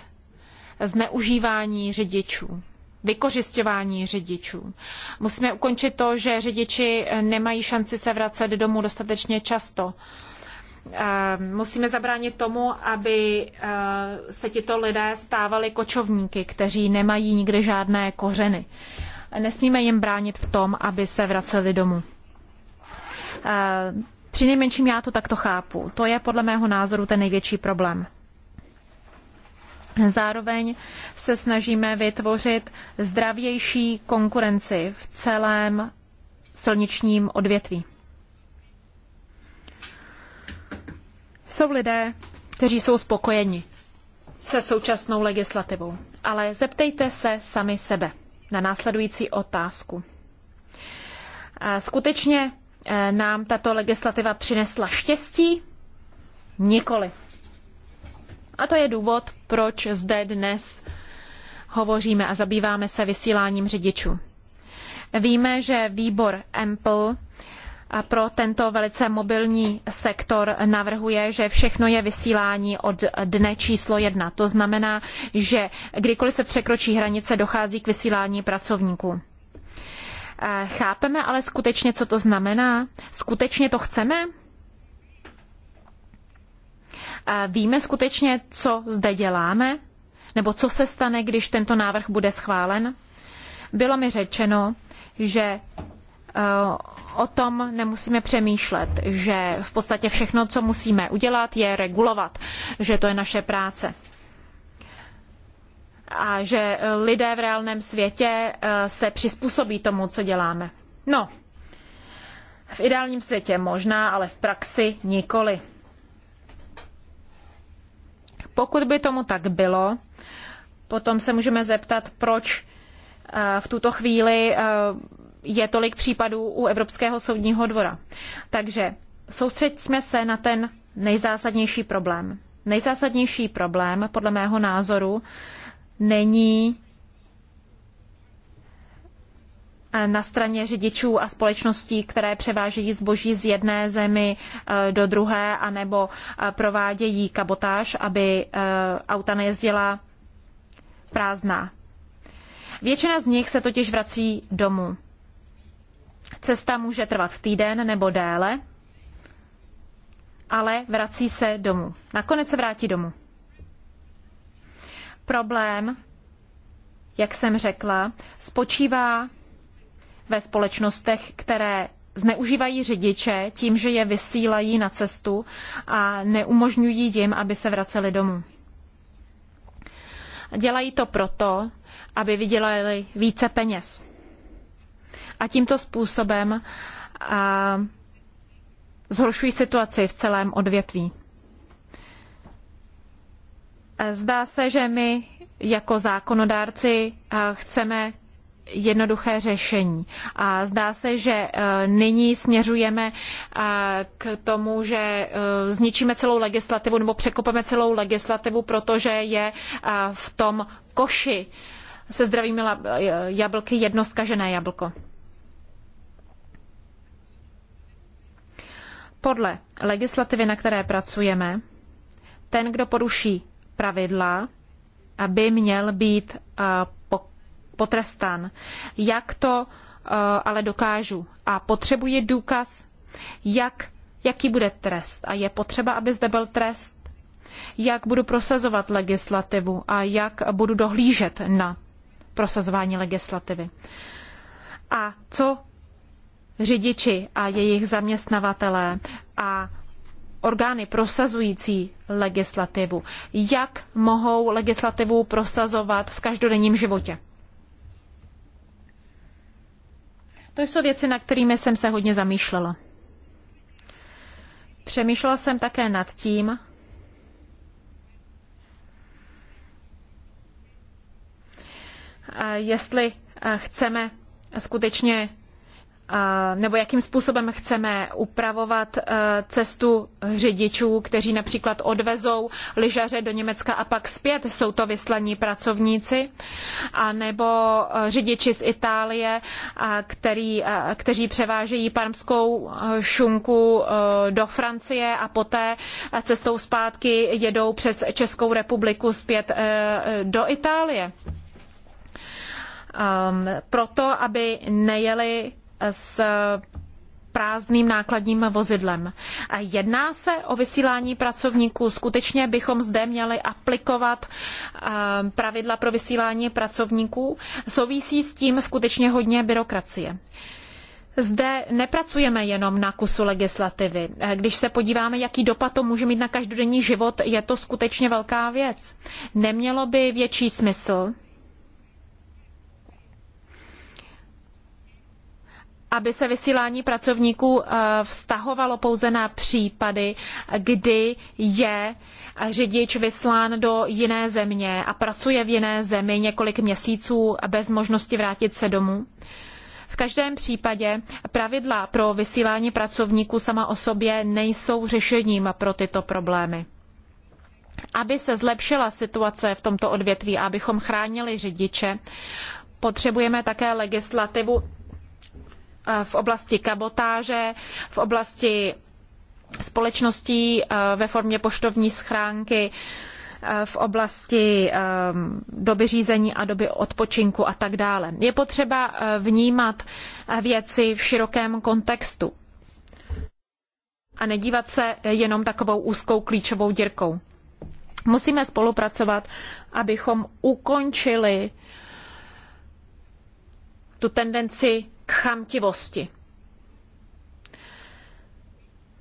zneužívání řidičů vykořišťování řidičů. Musíme ukončit to, že řidiči nemají šanci se vracet domů dostatečně často. Eh, musíme zabránit tomu, aby eh, se tito lidé stávali kočovníky, kteří nemají nikde žádné kořeny. Nesmíme jim bránit v tom, aby se vraceli domů. Eh, Přinejmenším já to takto chápu. To je podle mého názoru ten největší problém. Zároveň se snažíme vytvořit zdravější konkurenci v celém silničním odvětví. Jsou lidé, kteří jsou spokojeni se současnou legislativou, ale zeptejte se sami sebe na následující otázku. Skutečně Eh, nám tato legislativa přinesla štěstí? Nikoli. A to je důvod, proč zde dnes hovoříme a zabýváme se vysíláním řidičů. Víme, že výbor EMPL pro tento velice mobilní sektor navrhuje, že všechno je vysílání od dne číslo jedna. To znamená, že kdykoliv se překročí hranice, dochází k vysílání pracovníků. Eh, chápeme ale skutečně, co to znamená? Skutečně to chceme? Eh, víme skutečně, co zde děláme? Nebo co se stane, když tento návrh bude schválen? Bylo mi řečeno, že eh, o tom nemusíme přemýšlet, že v podstatě všechno, co musíme udělat, je regulovat, že to je naše práce a že eh, lidé v reálném světě eh, se přizpůsobí tomu, co děláme. No, v ideálním světě možná, ale v praxi nikoli. Pokud by tomu tak bylo, potom se můžeme zeptat, proč eh, v tuto chvíli je tolik případů u Evropského soudního dvora. Takže soustřeďme se na ten nejzásadnější problém. Nejzásadnější problém, podle mého názoru, není eh, na straně řidičů a společností, které převážejí zboží z jedné zemi eh, do druhé, anebo eh, provádějí kabotáž, aby auta nejezdila prázdná. Většina z nich se totiž vrací domů. Cesta může trvat týden nebo déle, ale vrací se domů. Nakonec se vrátí domů. Problém, jak jsem řekla, spočívá ve společnostech, které zneužívají řidiče tím, že je vysílají na cestu a neumožňují jim, aby se vraceli domů. Dělají to proto, aby vydělali více peněz. A tímto způsobem a, zhoršují situaci v celém odvětví. Zdá se, že my jako zákonodárci eh, chceme jednoduché řešení. A zdá se, že eh, nyní směřujeme eh, k tomu, že zničíme celou legislativu nebo překopeme celou legislativu, protože je v tom koši se zdravými jablky jedno zkažené jablko. Podle legislativy, na které pracujeme, ten, kdo poruší pravidla, aby měl být eh, potrestán. Jak to eh, ale dokážu? A potřebuji důkaz, jak, jaký bude trest. A je potřeba, aby zde byl trest. Jak budu prosazovat legislativu a jak budu dohlížet na prosazování legislativy. A co řidiči a jejich zaměstnavatelé a orgány prosazující legislativu, jak mohou legislativu prosazovat v každodenním životě. To jsou věci, na kterými jsem se hodně zamýšlela. Přemýšlela jsem také nad tím, jestli chceme skutečně nebo jakým způsobem chceme upravovat e, cestu řidičů, kteří například odvezou lyžaře do Německa a pak zpět, jsou to vyslaní pracovníci, a nebo e, řidiči z Itálie, e, který, kteří převážejí parmskou šunku do Francie a poté cestou zpátky jedou přes Českou republiku zpět do Itálie. Ehm, proto, aby nejeli s prázdným nákladním vozidlem. jedná se o vysílání pracovníků. Skutečně bychom zde měli aplikovat eh, pravidla pro vysílání pracovníků. Souvisí s tím skutečně hodně byrokracie. Zde nepracujeme jenom na kusu legislativy. Eh, když se podíváme, jaký dopad to může mít na každodenní život, je to skutečně velká věc. Nemělo by větší smysl aby se vysílání pracovníků eh, vztahovalo pouze na případy, kdy je řidič vyslán do jiné země a pracuje v jiné zemi několik měsíců bez možnosti vrátit se domů? V každém případě pravidla pro vysílání pracovníků sama o sobě nejsou řešením pro tyto problémy. Aby se zlepšila situace v tomto odvětví a abychom chránili řidiče, potřebujeme také legislativu Eh, v oblasti kabotáže, v oblasti společností eh, ve formě poštovní schránky, eh, v oblasti doby řízení a doby odpočinku a tak dále. Je potřeba vnímat věci v širokém kontextu a nedívat se jenom takovou úzkou klíčovou dírkou. Musíme spolupracovat, abychom ukončili tu tendenci chamtivosti.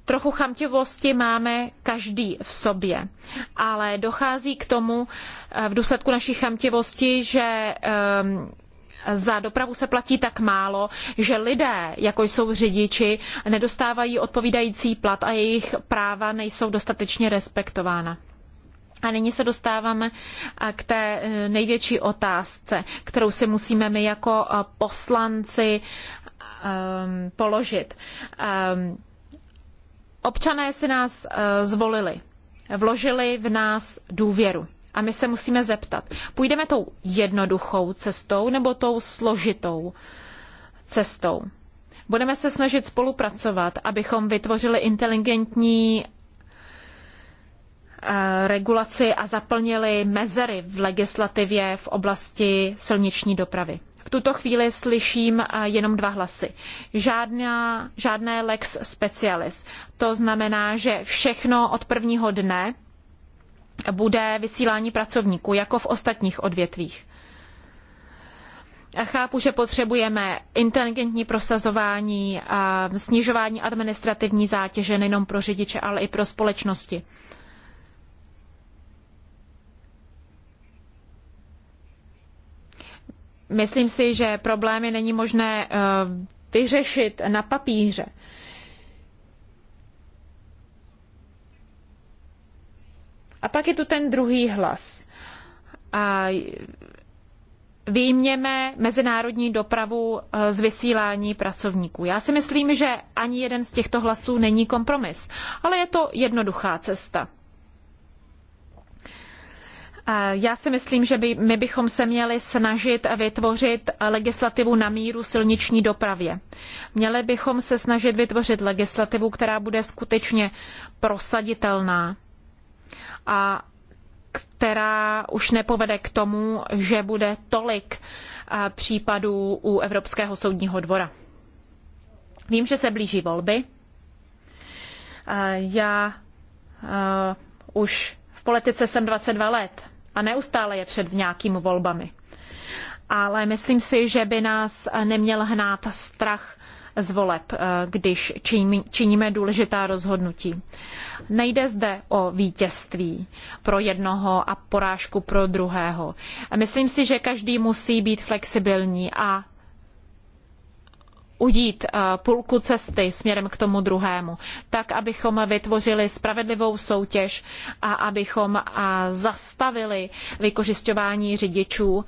Trochu chamtivosti máme každý v sobě, ale dochází k tomu eh, v důsledku naší chamtivosti, že ehm, za dopravu se platí tak málo, že lidé, jako jsou řidiči, nedostávají odpovídající plat a jejich práva nejsou dostatečně respektována. A nyní se dostáváme eh, k té eh, největší otázce, kterou si musíme my jako eh, poslanci ehm, položit. Ehm, občané si nás zvolili, vložili v nás důvěru. A my se musíme zeptat, půjdeme tou jednoduchou cestou nebo tou složitou cestou? Budeme se snažit spolupracovat, abychom vytvořili inteligentní Eh, regulaci a zaplnili mezery v legislativě v oblasti silniční dopravy. V tuto chvíli slyším eh, jenom dva hlasy. Žádná, žádné lex specialis. To znamená, že všechno od prvního dne bude vysílání pracovníků, jako v ostatních odvětvích. chápu, že potřebujeme inteligentní prosazování, a snižování administrativní zátěže nejenom pro řidiče, ale i pro společnosti. Myslím si, že problémy není možné eh, vyřešit na papíře. A pak je tu ten druhý hlas. A výjměme mezinárodní dopravu eh, z vysílání pracovníků. Já si myslím, že ani jeden z těchto hlasů není kompromis, ale je to jednoduchá cesta. Já si myslím, že by, my bychom se měli snažit vytvořit legislativu na míru silniční dopravě. Měli bychom se snažit vytvořit legislativu, která bude skutečně prosaditelná a která už nepovede k tomu, že bude tolik případů u Evropského soudního dvora. Vím, že se blíží volby. Já už v politice jsem 22 let a neustále je před nějakými volbami. Ale myslím si, že by nás neměl hnát strach z voleb, eh, když činíme důležitá rozhodnutí. Nejde zde o vítězství pro jednoho a porážku pro druhého. Myslím si, že každý musí být flexibilní a ujít eh, půlku cesty směrem k tomu druhému, tak abychom vytvořili spravedlivou soutěž a abychom eh, zastavili vykořišťování řidičů.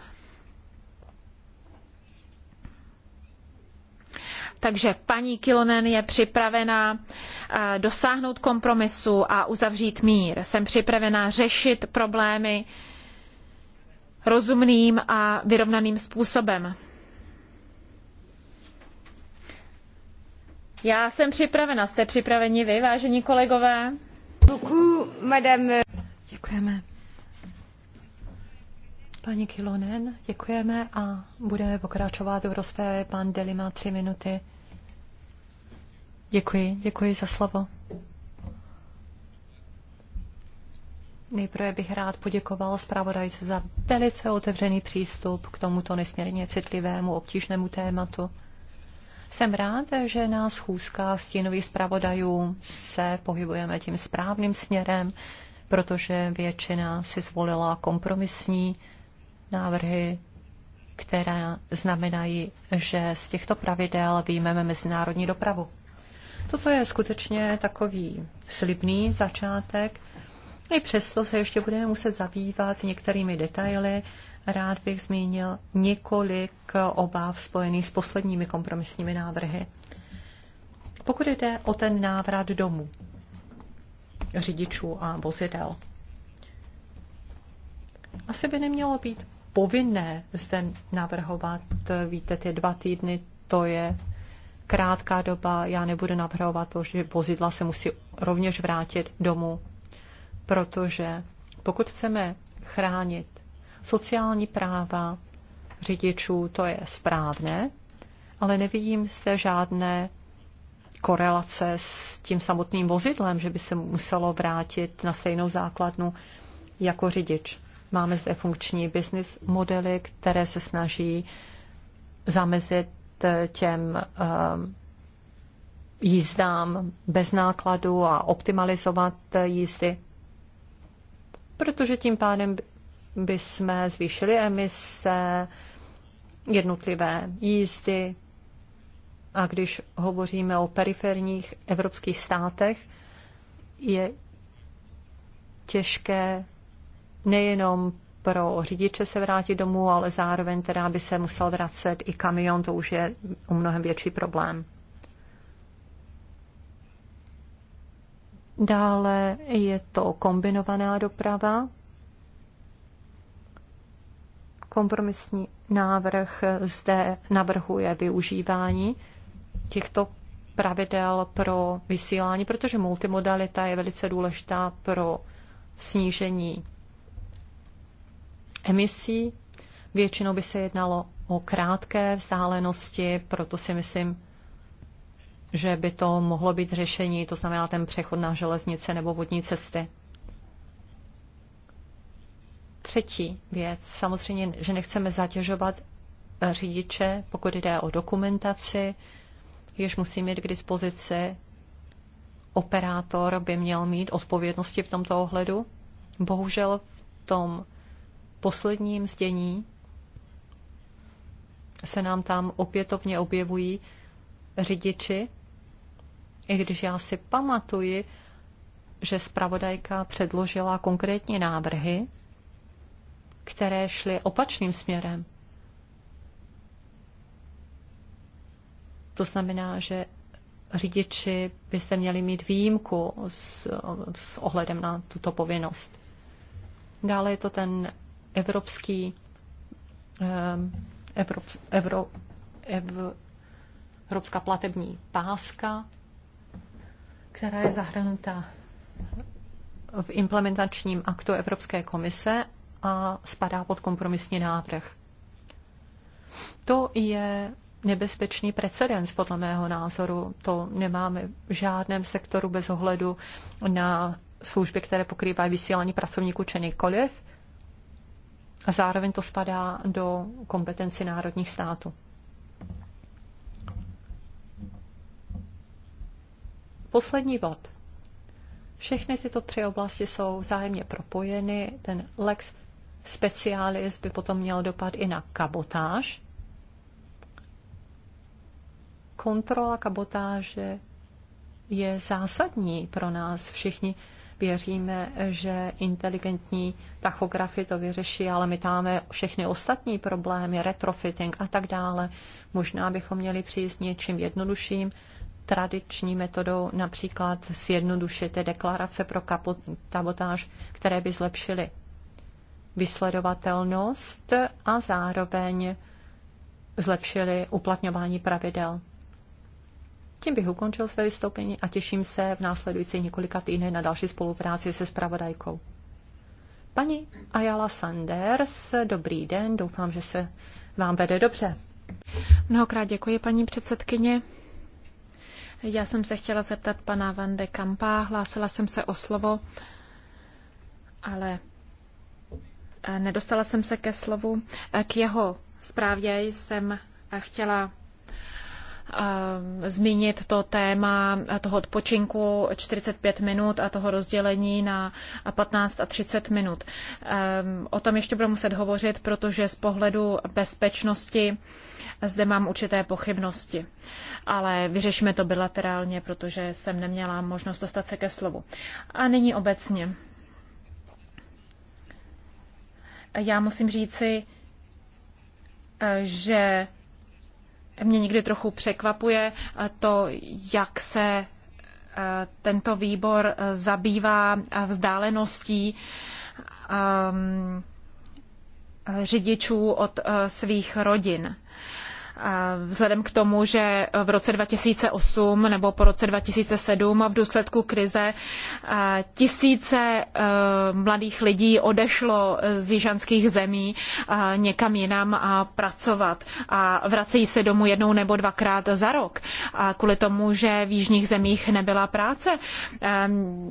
Takže paní Kilonen je připravená eh, dosáhnout kompromisu a uzavřít mír. Jsem připravená řešit problémy rozumným a vyrovnaným způsobem. Já jsem připravena. Jste připraveni vy, vážení kolegové? Děkujeme. Paní Kilonen, děkujeme a budeme pokračovat v rozpravě. Pan Deli má tři minuty. Děkuji, děkuji za slovo. Nejprve bych rád poděkoval zpravodajce za velice otevřený přístup k tomuto nesmírně citlivému, obtížnému tématu. Jsem rád, že na schůzkách stínových zpravodajů se pohybujeme tím správným směrem, protože většina si zvolila kompromisní návrhy, které znamenají, že z těchto pravidel výjmeme mezinárodní dopravu. Toto je skutečně takový slibný začátek. I přesto se ještě budeme muset zabývat některými detaily, Rád bych zmínil několik obav spojených s posledními kompromisními návrhy. Pokud jde o ten návrat domů řidičů a vozidel, asi by nemělo být povinné zde navrhovat, víte, ty dva týdny, to je krátká doba, já nebudu navrhovat to, že vozidla se musí rovněž vrátit domů, protože pokud chceme chránit sociální práva řidičů, to je správné, ale nevidím zde žádné korelace s tím samotným vozidlem, že by se muselo vrátit na stejnou základnu jako řidič. Máme zde funkční business modely, které se snaží zamezit eh, těm eh, jízdám bez nákladu a optimalizovat eh, jízdy, protože tím pádem by jsme zvýšili emise, jednotlivé jízdy. A když hovoříme o periferních evropských státech, je těžké nejenom pro řidiče se vrátit domů, ale zároveň teda by se musel vracet i kamion, to už je o mnohem větší problém. Dále je to kombinovaná doprava, Kompromisní návrh zde navrhuje využívání těchto pravidel pro vysílání, protože multimodalita je velice důležitá pro snížení emisí. Většinou by se jednalo o krátké vzdálenosti, proto si myslím, že by to mohlo být řešení, to znamená ten přechod na železnice nebo vodní cesty. Třetí věc, samozřejmě, že nechceme zatěžovat eh, řidiče, pokud jde o dokumentaci, jež musí mít k dispozici. Operátor by měl mít odpovědnosti v tomto ohledu. Bohužel v tom posledním zdění se nám tam opětovně objevují řidiči, i když já si pamatuji, že zpravodajka předložila konkrétní návrhy, které šly opačným směrem. To znamená, že řidiči byste měli mít výjimku s, s ohledem na tuto povinnost. Dále je to ten evropský ehm, Evrop, Evro, Ev, Evropská platební páska, která je zahrnuta v implementačním aktu Evropské komise a spadá pod kompromisní návrh. To je nebezpečný precedens, podle mého názoru. To nemáme v žádném sektoru bez ohledu na služby, které pokrývají vysílání pracovníků či nikoliv. A zároveň to spadá do kompetenci národních států. Poslední bod. Všechny tyto tři oblasti jsou vzájemně propojeny. Ten lex specialis by potom měl dopad i na kabotáž. Kontrola kabotáže je zásadní pro nás všichni. Věříme, že inteligentní tachografy to vyřeší, ale my máme všechny ostatní problémy, retrofitting a tak dále. Možná bychom měli přijít s něčím jednodušším, tradiční metodou, například zjednodušit deklarace pro kabotáž, které by zlepšily vysledovatelnost a zároveň zlepšili uplatňování pravidel. Tím bych ukončil své vystoupení a těším se v následující několika týdnech na další spolupráci se spravodajkou. Paní Ayala Sanders, dobrý den, doufám, že se vám vede dobře. Mnohokrát děkuji, paní předsedkyně. Já jsem se chtěla zeptat pana Van de Kampa, hlásila jsem se o slovo, ale Eh, nedostala jsem se ke slovu. Eh, k jeho zprávě jsem eh, chtěla zmínit to téma toho odpočinku 45 minut a toho rozdělení na 15 a 30 minut. O tom ještě budu muset hovořit, protože z pohledu bezpečnosti zde mám určité pochybnosti. Ale vyřešíme to bilaterálně, protože jsem neměla možnost dostat se ke slovu. A nyní obecně. Já musím říci, eh, že mě někdy trochu překvapuje eh, to, jak se eh, tento výbor zabývá vzdáleností ehm, řidičů od svých rodin. Vzhledem k tomu, že v roce 2008 nebo po roce 2007 v důsledku krize tisíce e, mladých lidí odešlo z jižanských zemí někam jinam a pracovat a vracejí se domů jednou nebo dvakrát za rok a kvůli tomu, že v jižních zemích nebyla práce.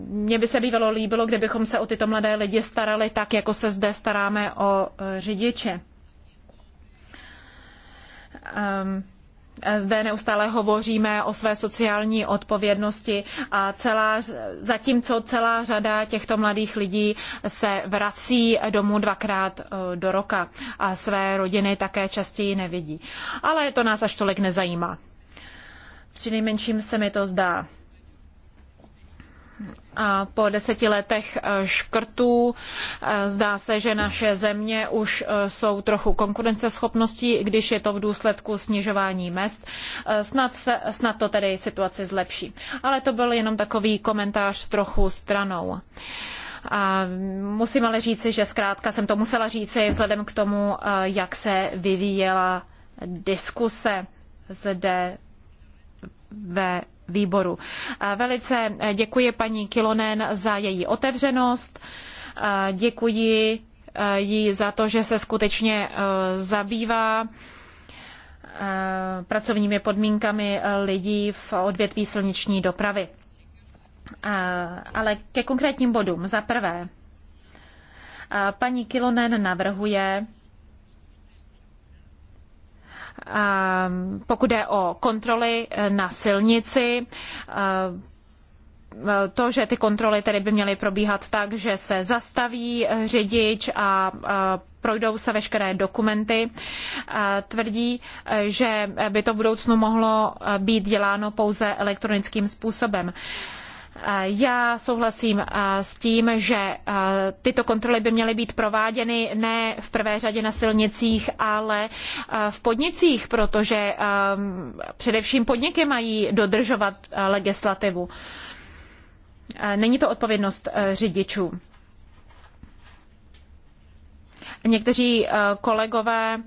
Mně by se bývalo líbilo, kdybychom se o tyto mladé lidi starali tak, jako se zde staráme o e, řidiče. Ehm, zde neustále hovoříme o své sociální odpovědnosti a celá, zatímco celá řada těchto mladých lidí se vrací domů dvakrát eh, do roka a své rodiny také častěji nevidí. Ale to nás až tolik nezajímá. Přinejmenším se mi to zdá. A po deseti letech eh, škrtů eh, zdá se, že naše země už eh, jsou trochu konkurenceschopností, když je to v důsledku snižování mest. Snad, se, snad to tedy situaci zlepší. Ale to byl jenom takový komentář trochu stranou. A musím ale říci, že zkrátka jsem to musela říci vzhledem k tomu, jak se vyvíjela diskuse zde ve výboru. Velice děkuji paní Kilonen za její otevřenost. Děkuji e, jí za to, že se skutečně e, zabývá e, pracovními podmínkami lidí v odvětví silniční dopravy. Ale ke konkrétním bodům. Za prvé, paní Kilonen navrhuje Ehm, pokud jde o kontroly eh, na silnici, ehm, to, že ty kontroly tedy by měly probíhat tak, že se zastaví řidič a eh, projdou se veškeré dokumenty, eh, tvrdí, že by to v budoucnu mohlo být děláno pouze elektronickým způsobem. Já souhlasím s tím, že tyto kontroly by měly být prováděny ne v prvé řadě na silnicích, ale v podnicích, protože především podniky mají dodržovat legislativu. Není to odpovědnost řidičů. Někteří kolegové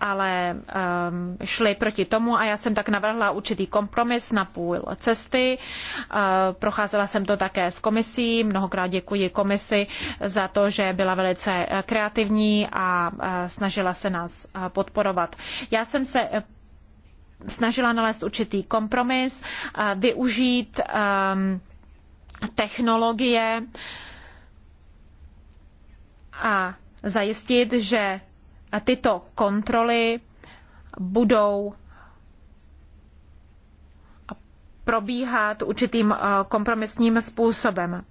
ale um, šli proti tomu a já jsem tak navrhla určitý kompromis na půl cesty. Uh, procházela jsem to také s komisí, mnohokrát děkuji komisi za to, že byla velice eh, kreativní a uh, snažila se nás uh, podporovat. Já jsem se snažila nalézt určitý kompromis, uh, využít um, technologie a zajistit, že tyto kontroly budou probíhat určitým eh, kompromisním způsobem.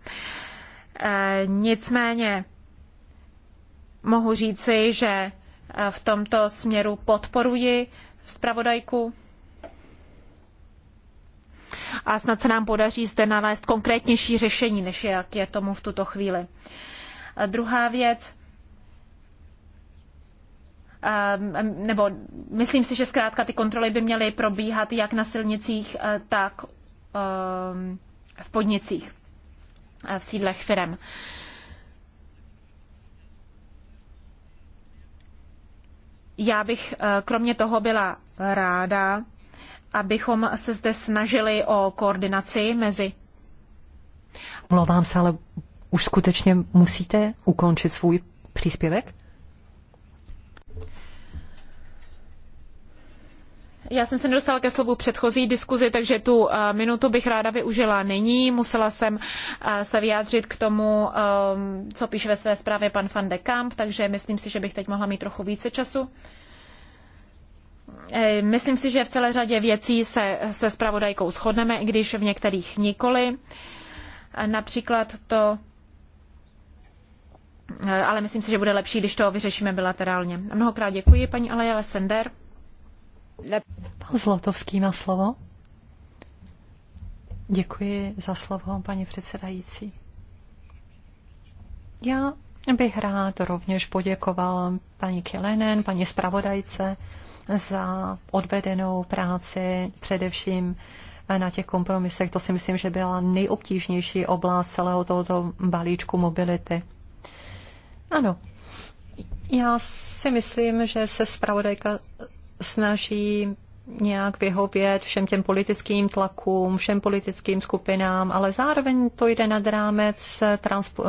Eh, nicméně mohu říci, že eh, v tomto směru podporuji zpravodajku a snad se nám podaří zde nalézt konkrétnější řešení, než jak je tomu v tuto chvíli. Druhá věc, Ehm, nebo myslím si, že zkrátka ty kontroly by měly probíhat jak na silnicích, eh, tak ehm, v podnicích, eh, v sídlech firem. Já bych eh, kromě toho byla ráda, abychom se zde snažili o koordinaci mezi. Mluvám se, ale už skutečně musíte ukončit svůj příspěvek? Já jsem se nedostala ke slovu předchozí diskuzi, takže tu eh, minutu bych ráda využila nyní. Musela jsem eh, se vyjádřit k tomu, eh, co píše ve své zprávě pan van de Kamp, takže myslím si, že bych teď mohla mít trochu více času. Myslím si, že v celé řadě věcí se se zpravodajkou shodneme, i když v některých nikoli. Například to, ale myslím si, že bude lepší, když to vyřešíme bilaterálně. Mnohokrát děkuji, paní Alejale Sender. Pan Zlotovský má slovo. Děkuji za slovo, paní předsedající. Já bych rád rovněž poděkoval paní Kilenen, paní zpravodajce za odvedenou práci, především na těch kompromisech. To si myslím, že byla nejobtížnější oblast celého tohoto balíčku mobility. Ano, já si myslím, že se zpravodajka snaží nějak vyhovět všem těm politickým tlakům, všem politickým skupinám, ale zároveň to jde nad rámec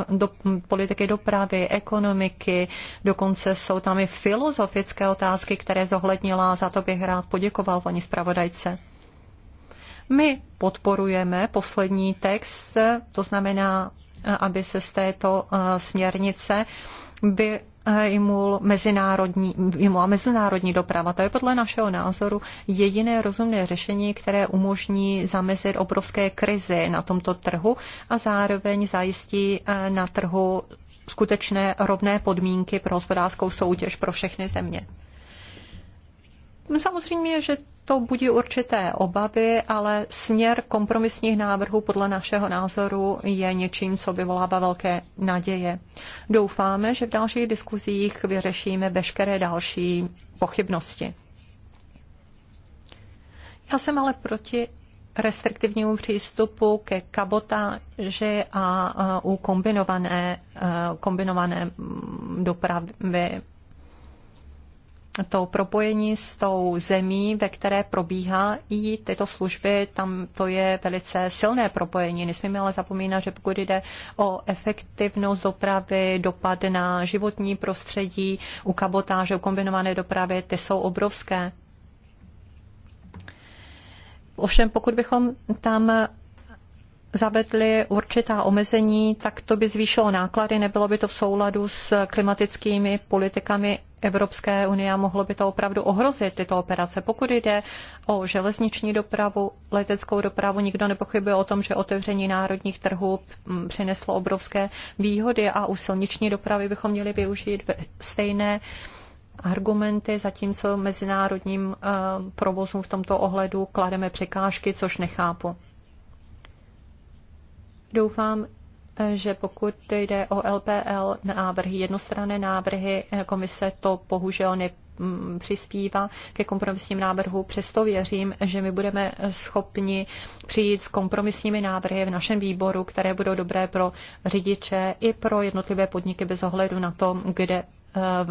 do, politiky dopravy, ekonomiky, dokonce jsou tam i filozofické otázky, které zohlednila, za to bych rád poděkoval paní zpravodajce. My podporujeme poslední text, to znamená, aby se z této eh, směrnice by IMUL, mezinárodní, IMUL a mezinárodní doprava. To je podle našeho názoru jediné rozumné řešení, které umožní zamezit obrovské krizi na tomto trhu a zároveň zajistí eh, na trhu skutečné rovné podmínky pro hospodářskou soutěž pro všechny země. Samozřejmě, že to budí určité obavy, ale směr kompromisních návrhů podle našeho názoru je něčím, co vyvolává velké naděje. Doufáme, že v dalších diskuzích vyřešíme veškeré další pochybnosti. Já jsem ale proti restriktivnímu přístupu ke kabotáži a u kombinované, kombinované dopravy to propojení s tou zemí, ve které probíhá i tyto služby, tam to je velice silné propojení. Nesmíme ale zapomínat, že pokud jde o efektivnost dopravy, dopad na životní prostředí, u kabotáže, u kombinované dopravy, ty jsou obrovské. Ovšem, pokud bychom tam zavedli určitá omezení, tak to by zvýšilo náklady, nebylo by to v souladu s klimatickými politikami Evropské unie a mohlo by to opravdu ohrozit tyto operace. Pokud jde o železniční dopravu, leteckou dopravu, nikdo nepochybuje o tom, že otevření národních trhů mm, přineslo obrovské výhody a u silniční dopravy bychom měli využít stejné argumenty, zatímco mezinárodním eh, provozům v tomto ohledu klademe překážky, což nechápu. Doufám, že pokud jde o LPL návrhy, jednostranné návrhy eh, komise, to bohužel ne mm, přispívá ke kompromisním návrhu. Přesto věřím, že my budeme schopni přijít s kompromisními návrhy v našem výboru, které budou dobré pro řidiče i pro jednotlivé podniky bez ohledu na to, kde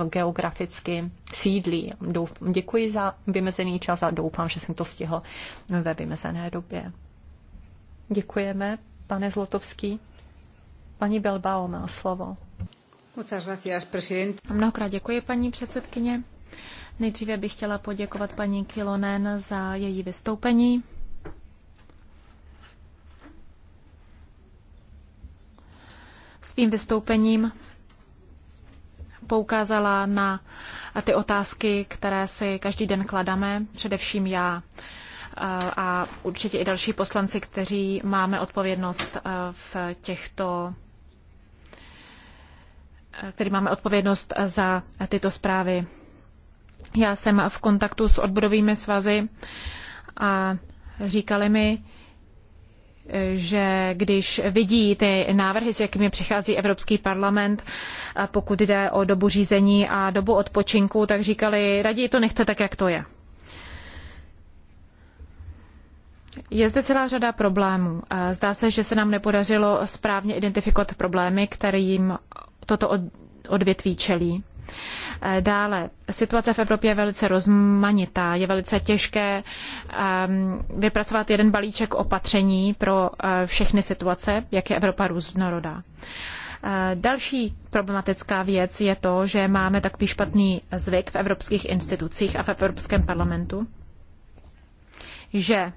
eh, geograficky sídlí. Děkuji za vymezený čas a doufám, že jsem to stihl ve vymezené době. Děkujeme, pane Zlotovský. Paní Bilbao má slovo. Mnohokrát děkuji, paní předsedkyně. Nejdříve bych chtěla poděkovat paní Kilonen za její vystoupení. Svým vystoupením poukázala na ty otázky, které si každý den klademe, především já a určitě i další poslanci, kteří máme odpovědnost eh, v těchto eh, který máme odpovědnost za tyto zprávy. Já jsem v kontaktu s odborovými svazy a říkali mi, že když vidí ty návrhy, s jakými přichází Evropský parlament, pokud jde o dobu řízení a dobu odpočinku, tak říkali, raději to nechte tak, jak to je. Je zde celá řada problémů. Zdá se, že se nám nepodařilo správně identifikovat problémy, kterým toto odvětví čelí. Dále, situace v Evropě je velice rozmanitá, je velice těžké ehm, vypracovat jeden balíček opatření pro e, všechny situace, jak je Evropa různorodá. E, další problematická věc je to, že máme takový špatný zvyk v evropských institucích a v Evropském parlamentu, že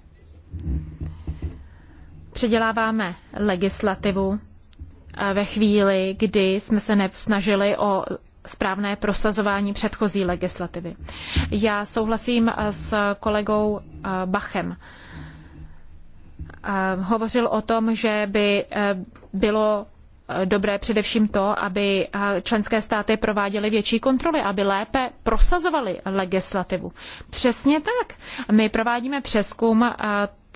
Předěláváme legislativu eh, ve chvíli, kdy jsme se nesnažili o správné prosazování předchozí legislativy. Já souhlasím eh, s kolegou eh, Bachem. Hovořil o tom, že by bylo dobré především to, aby členské státy prováděly větší kontroly, aby lépe prosazovaly legislativu. Přesně tak. My provádíme přeskum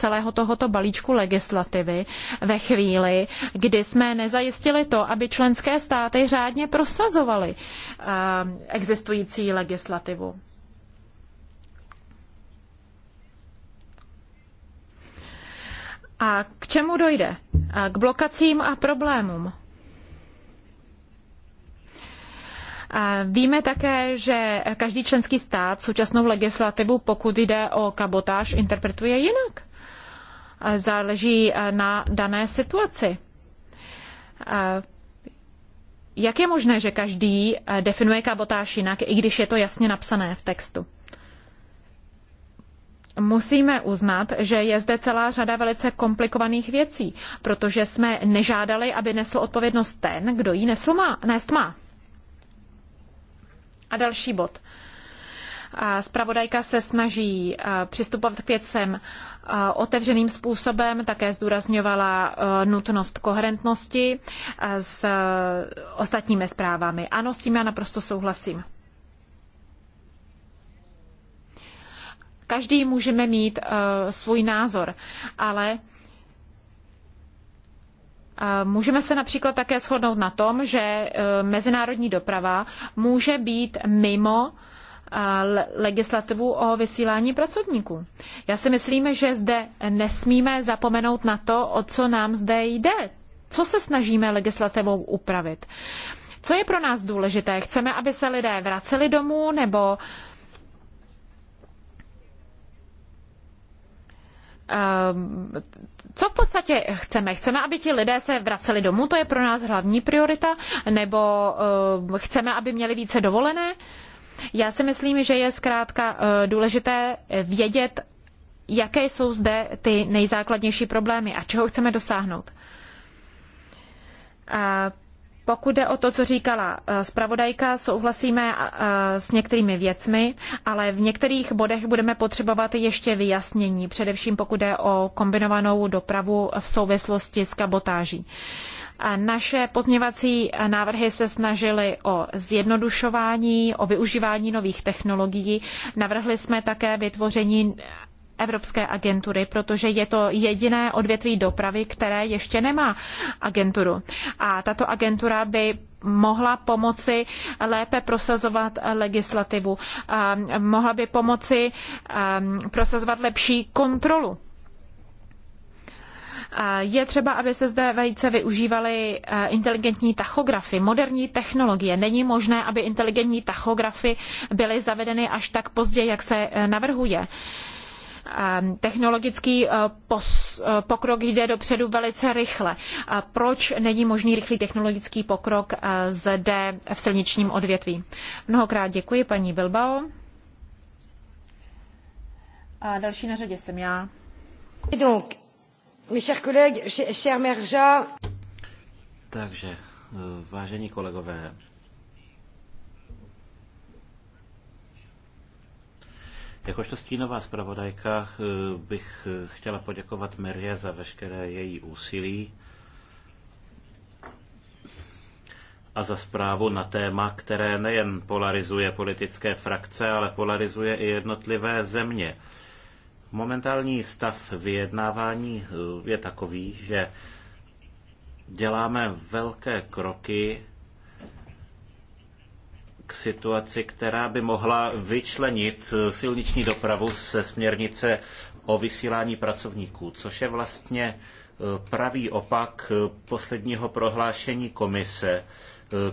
celého tohoto balíčku legislativy ve chvíli, kdy jsme nezajistili to, aby členské státy řádně prosazovaly eh, existující legislativu. A k čemu dojde? K blokacím a problémům. víme také, že každý členský stát současnou legislativu, pokud jde o kabotáž, interpretuje jinak. Eh, záleží eh, na dané situaci. Eh, jak je možné, že každý definuje kabotáž jinak, i když je to jasně napsané v textu? Musíme uznat, že je zde celá řada velice komplikovaných věcí, protože jsme nežádali, aby nesl odpovědnost ten, kdo ji nesl má, nést má. A další bod. Spravodajka se snaží přistupovat k věcem otevřeným způsobem, také zdůrazňovala e, nutnost koherentnosti e, s e, ostatními zprávami. Ano, s tím já naprosto souhlasím. Každý můžeme mít svůj názor, ale Můžeme se například také shodnout na tom, že mezinárodní doprava může být mimo legislativu o vysílání pracovníků. Já si myslím, že zde nesmíme zapomenout na to, o co nám zde jde. Co se snažíme legislativou upravit? Co je pro nás důležité? Chceme, aby se lidé vraceli domů nebo ehm, co v podstatě chceme? Chceme, aby ti lidé se vraceli domů, to je pro nás hlavní priorita, nebo ehm, chceme, aby měli více dovolené? Já si myslím, že je zkrátka eh, důležité eh, vědět, jaké jsou zde ty nejzákladnější problémy a čeho chceme dosáhnout. A pokud jde o to, co říkala eh, zpravodajka, souhlasíme s některými věcmi, ale v některých bodech budeme potřebovat ještě vyjasnění, především pokud jde o kombinovanou dopravu v souvislosti s kabotáží. Naše pozměvací návrhy se snažily o zjednodušování, o využívání nových technologií. Navrhli jsme také vytvoření Evropské agentury, protože je to jediné odvětví dopravy, které ještě nemá agenturu. A tato agentura by mohla pomoci lépe prosazovat legislativu, mohla by pomoci prosazovat lepší kontrolu je třeba, aby se zde vejce využívaly eh, inteligentní tachografy, moderní technologie. Není možné, aby inteligentní tachografy byly zavedeny až tak pozdě, jak se eh, navrhuje ehm, technologický eh, pokrok jde dopředu velice rychle. A proč není možný rychlý technologický pokrok zde v silničním odvětví? Mnohokrát děkuji, paní Bilbao. A další na řadě jsem já. Donc, takže, eh, vážení kolegové, Jakožto stínová zpravodajka eh, bych eh, chtěla poděkovat Mirje za veškeré její úsilí a za zprávu na téma, které nejen polarizuje politické frakce, ale polarizuje i jednotlivé země Momentální stav vyjednávání eh, je takový, že děláme velké kroky k situaci, která by mohla vyčlenit eh, silniční dopravu ze směrnice o vysílání pracovníků, což je vlastně eh, pravý opak posledního prohlášení komise,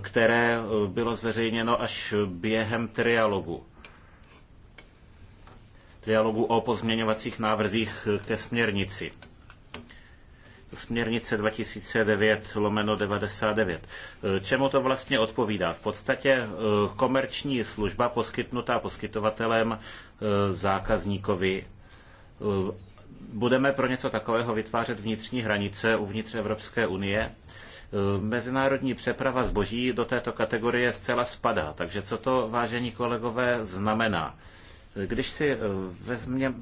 které bylo zveřejněno až během trialogu dialogu o pozměňovacích návrzích ke směrnici. Směrnice 2009 lomeno 99. Čemu to vlastně odpovídá? V podstatě e, komerční služba poskytnutá poskytovatelem e, zákazníkovi e, budeme pro něco takového vytvářet vnitřní hranice uvnitř Evropské unie. Mezinárodní přeprava zboží do této kategorie zcela spadá. Takže co to, vážení kolegové, znamená? Když si, eh,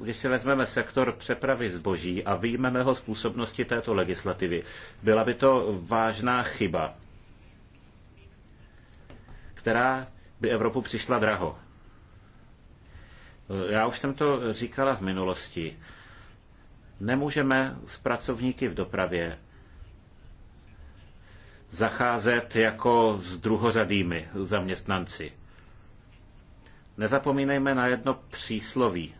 když si vezmeme sektor přepravy zboží a výjmeme ho z působnosti této legislativy, byla by to vážná chyba, která by Evropu přišla draho. Eh, já už jsem to říkala v minulosti. Nemůžeme s pracovníky v dopravě zacházet jako s druhořadými zaměstnanci. Nezapomínejme na jedno přísloví,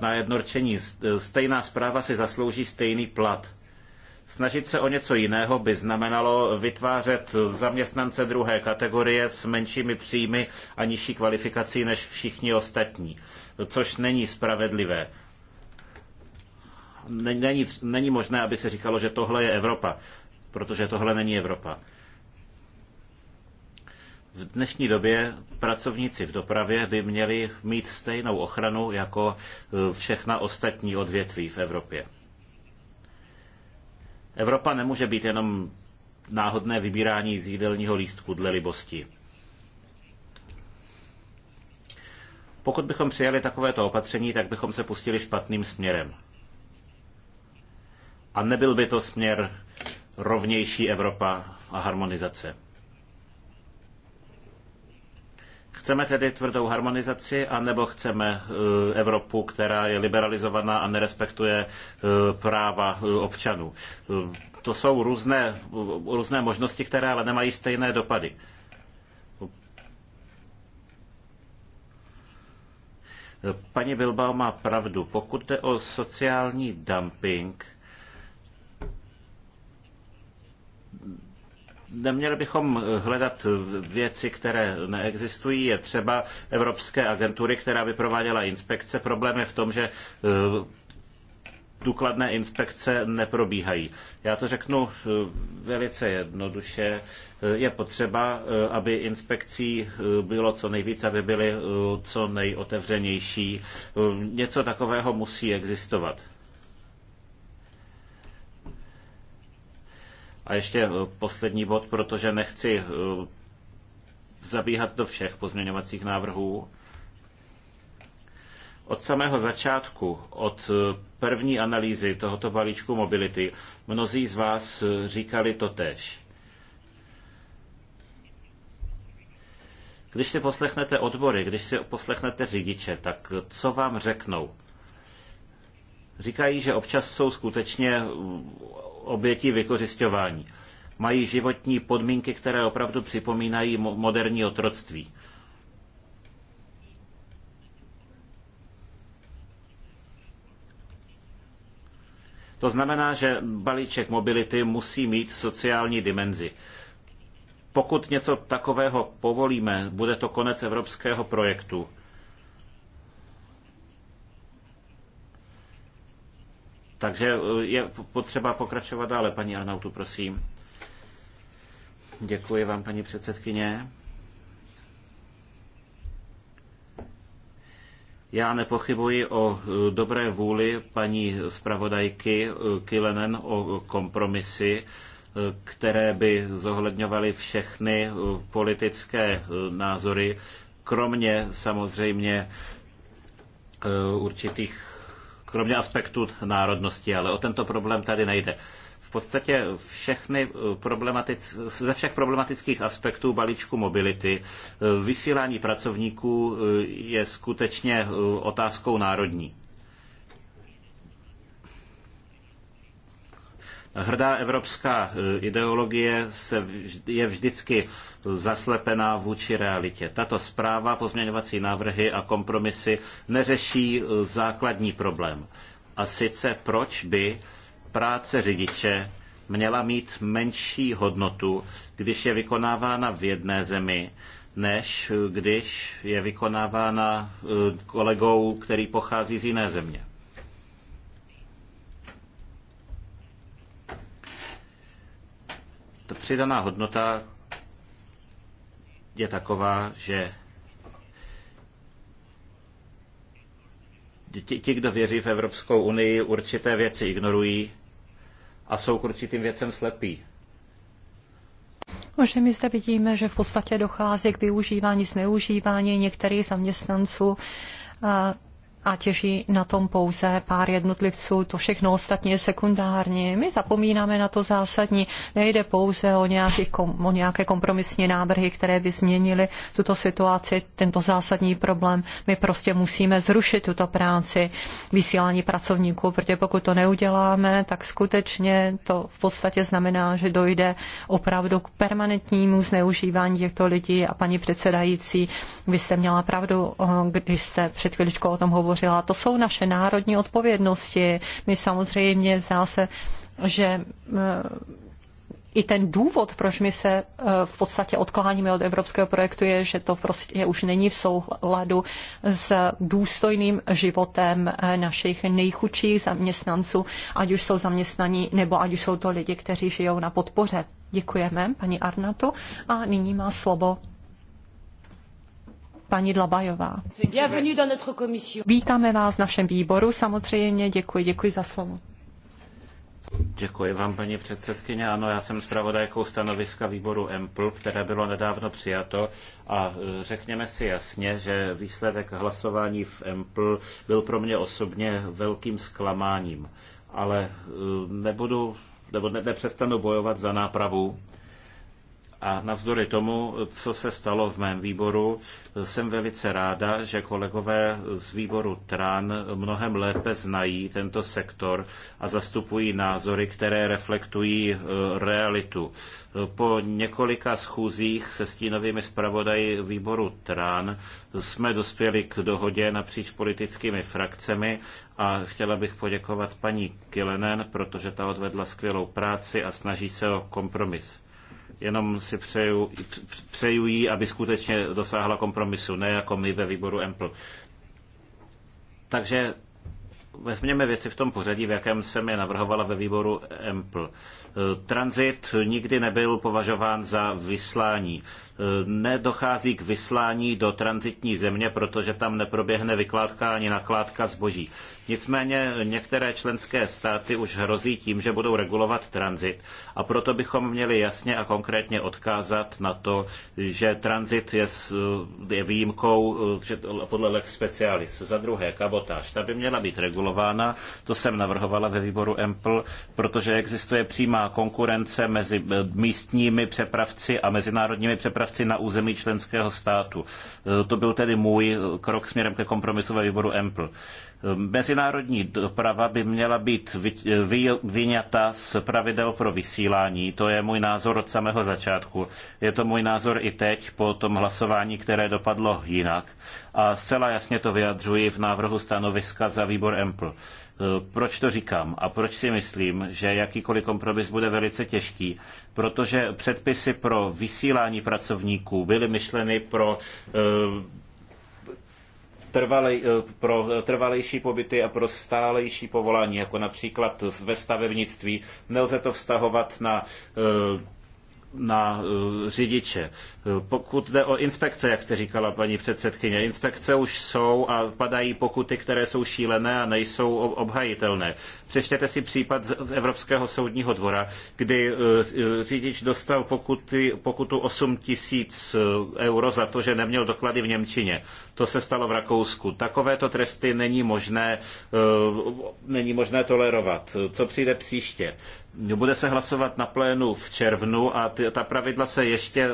na jedno rčení. Stejná zpráva si zaslouží stejný plat. Snažit se o něco jiného by znamenalo vytvářet zaměstnance druhé kategorie s menšími příjmy a nižší kvalifikací než všichni ostatní, což není spravedlivé. Není, není možné, aby se říkalo, že tohle je Evropa, protože tohle není Evropa. V dnešní době pracovníci v dopravě by měli mít stejnou ochranu jako e, všechna ostatní odvětví v Evropě. Evropa nemůže být jenom náhodné vybírání z jídelního lístku dle libosti. Pokud bychom přijali takovéto opatření, tak bychom se pustili špatným směrem. A nebyl by to směr rovnější Evropa a harmonizace. Chceme tedy tvrdou harmonizaci, anebo chceme eh, Evropu, která je liberalizovaná a nerespektuje eh, práva eh, občanů? To jsou různé, různé možnosti, které ale nemají stejné dopady. Paní Bilbao má pravdu. Pokud jde o sociální dumping, neměli bychom eh, hledat věci, které neexistují. Je třeba Evropské agentury, která by prováděla inspekce. Problém je v tom, že eh, důkladné inspekce neprobíhají. Já to řeknu eh, velice jednoduše. Je potřeba, aby inspekcí bylo co nejvíce, aby byly co nejotevřenější. Něco takového musí existovat. A ještě eh, poslední bod, protože nechci eh, zabíhat do všech pozměňovacích návrhů. Od samého začátku, od eh, první analýzy tohoto balíčku mobility, mnozí z vás říkali to tež. Když si poslechnete odbory, když si poslechnete řidiče, tak co vám řeknou? Říkají, že občas jsou skutečně obětí vykořišťování. Mají životní podmínky, které opravdu připomínají moderní otroctví. To znamená, že balíček mobility musí mít sociální dimenzi. Pokud něco takového povolíme, bude to konec evropského projektu Takže eh, je potřeba pokračovat dále, paní Arnautu, prosím. Děkuji vám, paní předsedkyně. Já nepochybuji o eh, dobré vůli paní zpravodajky eh, Kilenen o kompromisy, které by zohledňovaly všechny politické názory, kromě samozřejmě určitých kromě aspektu národnosti, ale o tento problém tady nejde. V podstatě všechny eh, ze všech problematických aspektů balíčku mobility eh, vysílání pracovníků eh, je skutečně otázkou národní. Hrdá evropská e, ideologie se je vždycky zaslepená vůči realitě. Tato zpráva, pozměňovací návrhy a kompromisy neřeší e, základní problém. A sice proč by práce řidiče měla mít menší hodnotu, když je vykonávána v jedné zemi, než když je vykonávána e, kolegou, který pochází z jiné země. přidaná hodnota je taková, že ti, ti, kdo věří v Evropskou unii, určité věci ignorují a jsou k určitým věcem slepí. Že my zde vidíme, že v podstatě dochází k využívání, zneužívání některých zaměstnanců a těží na tom pouze pár jednotlivců, to všechno ostatní je sekundární. My zapomínáme na to zásadní, nejde pouze o, nějaký, o nějaké kompromisní návrhy, které by změnily tuto situaci, tento zásadní problém. My prostě musíme zrušit tuto práci vysílání pracovníků, protože pokud to neuděláme, tak skutečně to v podstatě znamená, že dojde opravdu k permanentnímu zneužívání těchto lidí a paní předsedající, vy jste měla pravdu, eh, když jste před chvíličkou o tom hovořili, hovořila. To jsou naše národní odpovědnosti. My samozřejmě zdá se, že eh, i ten důvod, proč my se eh, v podstatě odkláníme od evropského projektu, je, že to prostě už není v souladu s důstojným životem eh, našich nejchudších zaměstnanců, ať už jsou zaměstnaní, nebo ať už jsou to lidi, kteří žijou na podpoře. Děkujeme paní Arnatu a nyní má slovo paní Dlabajová. Vítáme vás v našem výboru, samozřejmě děkuji, děkuji za slovo. Děkuji vám, paní předsedkyně. Ano, já jsem zpravodajkou stanoviska výboru EMPL, které bylo nedávno přijato a e, řekněme si jasně, že výsledek hlasování v EMPL byl pro mě osobně velkým zklamáním. Ale e, nebudu, nebo ne, nepřestanu bojovat za nápravu a navzdory tomu, co se stalo v mém výboru, jsem velice ráda, že kolegové z výboru TRAN mnohem lépe znají tento sektor a zastupují názory, které reflektují e, realitu. Po několika schůzích se stínovými zpravodaji výboru TRAN jsme dospěli k dohodě napříč politickými frakcemi a chtěla bych poděkovat paní Kilenen, protože ta odvedla skvělou práci a snaží se o kompromis jenom si přeju, přeju jí, aby skutečně dosáhla kompromisu, ne jako my ve výboru EMPL. Takže vezměme věci v tom pořadí, v jakém jsem je navrhovala ve výboru EMPL. Transit nikdy nebyl považován za vyslání nedochází k vyslání do transitní země, protože tam neproběhne vykládka ani nakládka zboží. Nicméně některé členské státy už hrozí tím, že budou regulovat tranzit a proto bychom měli jasně a konkrétně odkázat na to, že tranzit je, je výjimkou podle lex specialis. Za druhé, kabotáž. Ta by měla být regulována, to jsem navrhovala ve výboru EMPL, protože existuje přímá konkurence mezi místními přepravci a mezinárodními přepravci přepravci na území členského státu. E, to byl tedy můj krok směrem ke kompromisu ve výboru EMPL. E, mezinárodní doprava by měla být e, vyňata z pravidel pro vysílání. To je můj názor od samého začátku. Je to můj názor i teď po tom hlasování, které dopadlo jinak. A zcela jasně to vyjadřuji v návrhu stanoviska za výbor EMPL. Eh, proč to říkám a proč si myslím, že jakýkoliv kompromis bude velice těžký? Protože předpisy pro vysílání pracovníků byly myšleny pro eh, trvalej, eh, pro trvalejší pobyty a pro stálejší povolání, jako například ve stavebnictví. Nelze to vztahovat na na eh, řidiče. Eh, pokud jde o inspekce, jak jste říkala, paní předsedkyně, inspekce už jsou a padají pokuty, které jsou šílené a nejsou obhajitelné. Přečtěte si případ z Evropského soudního dvora, kdy eh, řidič dostal pokuty, pokutu 8 tisíc euro za to, že neměl doklady v Němčině. To se stalo v Rakousku. Takovéto tresty není možné, není možné tolerovat. Co přijde příště? Bude se hlasovat na plénu v červnu a ty, ta pravidla se ještě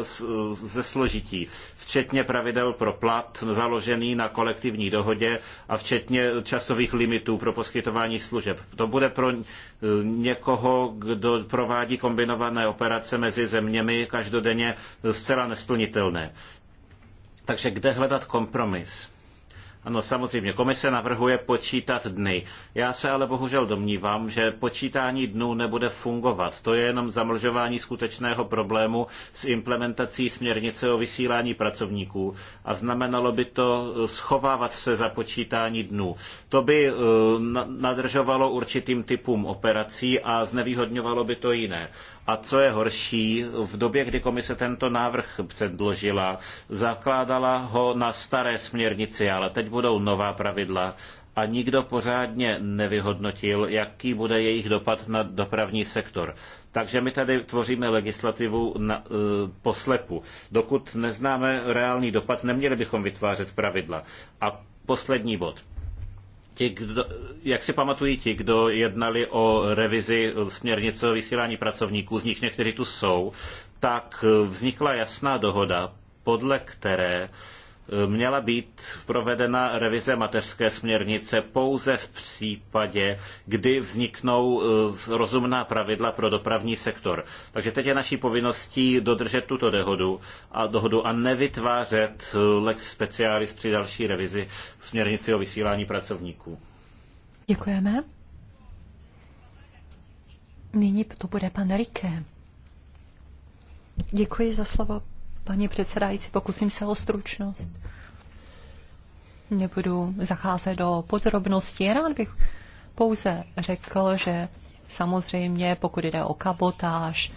zesložití, včetně pravidel pro plat založený na kolektivní dohodě a včetně časových limitů pro poskytování služeb. To bude pro eh, někoho, kdo provádí kombinované operace mezi zeměmi každodenně zcela nesplnitelné. Takže kde hledat kompromis? Ano, samozřejmě, komise navrhuje počítat dny. Já se ale bohužel domnívám, že počítání dnů nebude fungovat. To je jenom zamlžování skutečného problému s implementací směrnice o vysílání pracovníků a znamenalo by to eh, schovávat se za počítání dnů. To by eh, nadržovalo určitým typům operací a znevýhodňovalo by to jiné. A co je horší, v době, kdy komise tento návrh předložila, zakládala ho na staré směrnici, ale teď budou nová pravidla a nikdo pořádně nevyhodnotil, jaký bude jejich dopad na dopravní sektor. Takže my tady tvoříme legislativu na, e, poslepu. Dokud neznáme reálný dopad, neměli bychom vytvářet pravidla. A poslední bod ti, kdo, jak si pamatují ti, kdo jednali o revizi směrnice o vysílání pracovníků, z nich někteří tu jsou, tak vznikla jasná dohoda, podle které uh, měla být provedena revize mateřské směrnice pouze v případě, kdy vzniknou e, rozumná pravidla pro dopravní sektor. Takže teď je naší povinností dodržet tuto dohodu a, dohodu a nevytvářet e, lex specialis při další revizi směrnici o vysílání pracovníků. Děkujeme. Nyní to bude pan Rike. Děkuji za slovo, paní předsedající, pokusím se o stručnost. Nebudu zacházet do podrobností. Rád bych pouze řekl, že samozřejmě, pokud jde o kabotáž,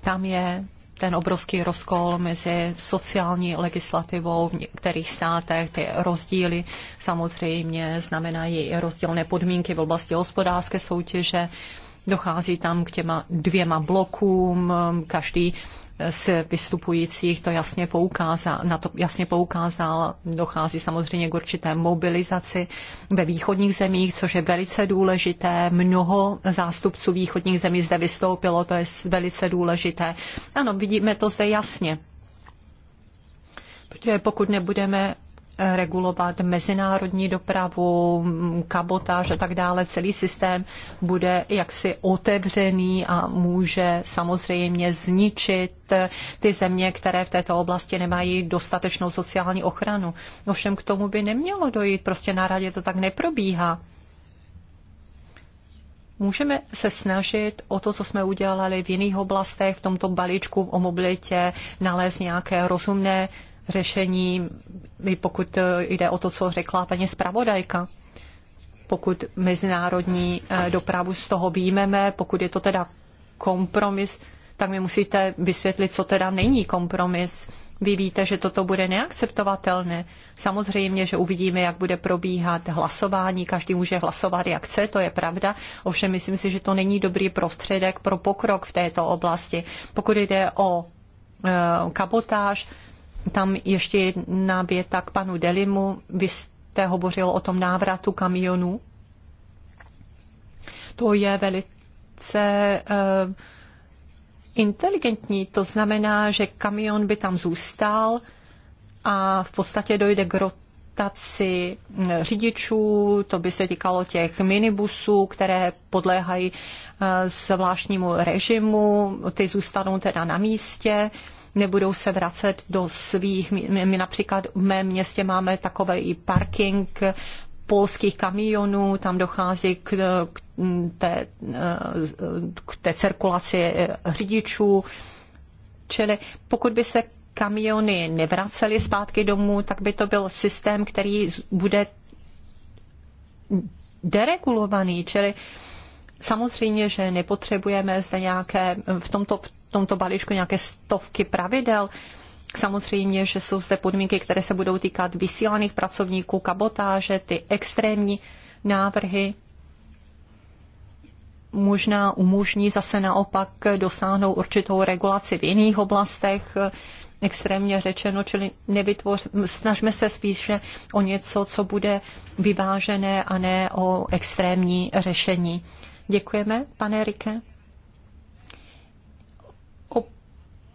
tam je ten obrovský rozkol mezi sociální legislativou v některých státech, ty rozdíly samozřejmě znamenají i rozdílné podmínky v oblasti hospodářské soutěže. Dochází tam k těma dvěma blokům, každý z vystupujících to jasně poukázal, na to jasně poukázal. Dochází samozřejmě k určité mobilizaci ve východních zemích, což je velice důležité. Mnoho zástupců východních zemí zde vystoupilo, to je velice důležité. Ano, vidíme to zde jasně. Protože pokud nebudeme regulovat mezinárodní dopravu, kabotáž a tak dále. Celý systém bude jaksi otevřený a může samozřejmě zničit ty země, které v této oblasti nemají dostatečnou sociální ochranu. Ovšem k tomu by nemělo dojít, prostě na radě to tak neprobíhá. Můžeme se snažit o to, co jsme udělali v jiných oblastech, v tomto balíčku o mobilitě, nalézt nějaké rozumné řešení, i pokud jde o to, co řekla paní zpravodajka. Pokud mezinárodní eh, dopravu z toho výjmeme, pokud je to teda kompromis, tak mi musíte vysvětlit, co teda není kompromis. Vy víte, že toto bude neakceptovatelné. Samozřejmě, že uvidíme, jak bude probíhat hlasování. Každý může hlasovat, jak chce, to je pravda. Ovšem, myslím si, že to není dobrý prostředek pro pokrok v této oblasti. Pokud jde o e, kabotáž, tam ještě jedna věta k panu Delimu. Vy jste hovořil o tom návratu kamionů. To je velice uh, inteligentní. To znamená, že kamion by tam zůstal a v podstatě dojde k rotaci eh, řidičů. To by se týkalo těch minibusů, které podléhají uh, zvláštnímu režimu. Ty zůstanou teda na místě. Uh, nebudou se vracet do svých. My, my například v mém městě máme takový parking polských kamionů, tam dochází k, k, té, eh, k té cirkulaci eh, řidičů. Čili pokud by se kamiony nevracely zpátky domů, tak by to byl systém, který bude deregulovaný, čili Samozřejmě, že nepotřebujeme zde nějaké v tomto tomto balíčku nějaké stovky pravidel. Samozřejmě, že jsou zde podmínky, které se budou týkat vysílaných pracovníků, kabotáže, ty extrémní návrhy možná umožní zase naopak dosáhnout určitou regulaci v jiných oblastech, extrémně řečeno, čili nevytvoř, snažme se spíše o něco, co bude vyvážené a ne o extrémní řešení. Děkujeme, pane Rike.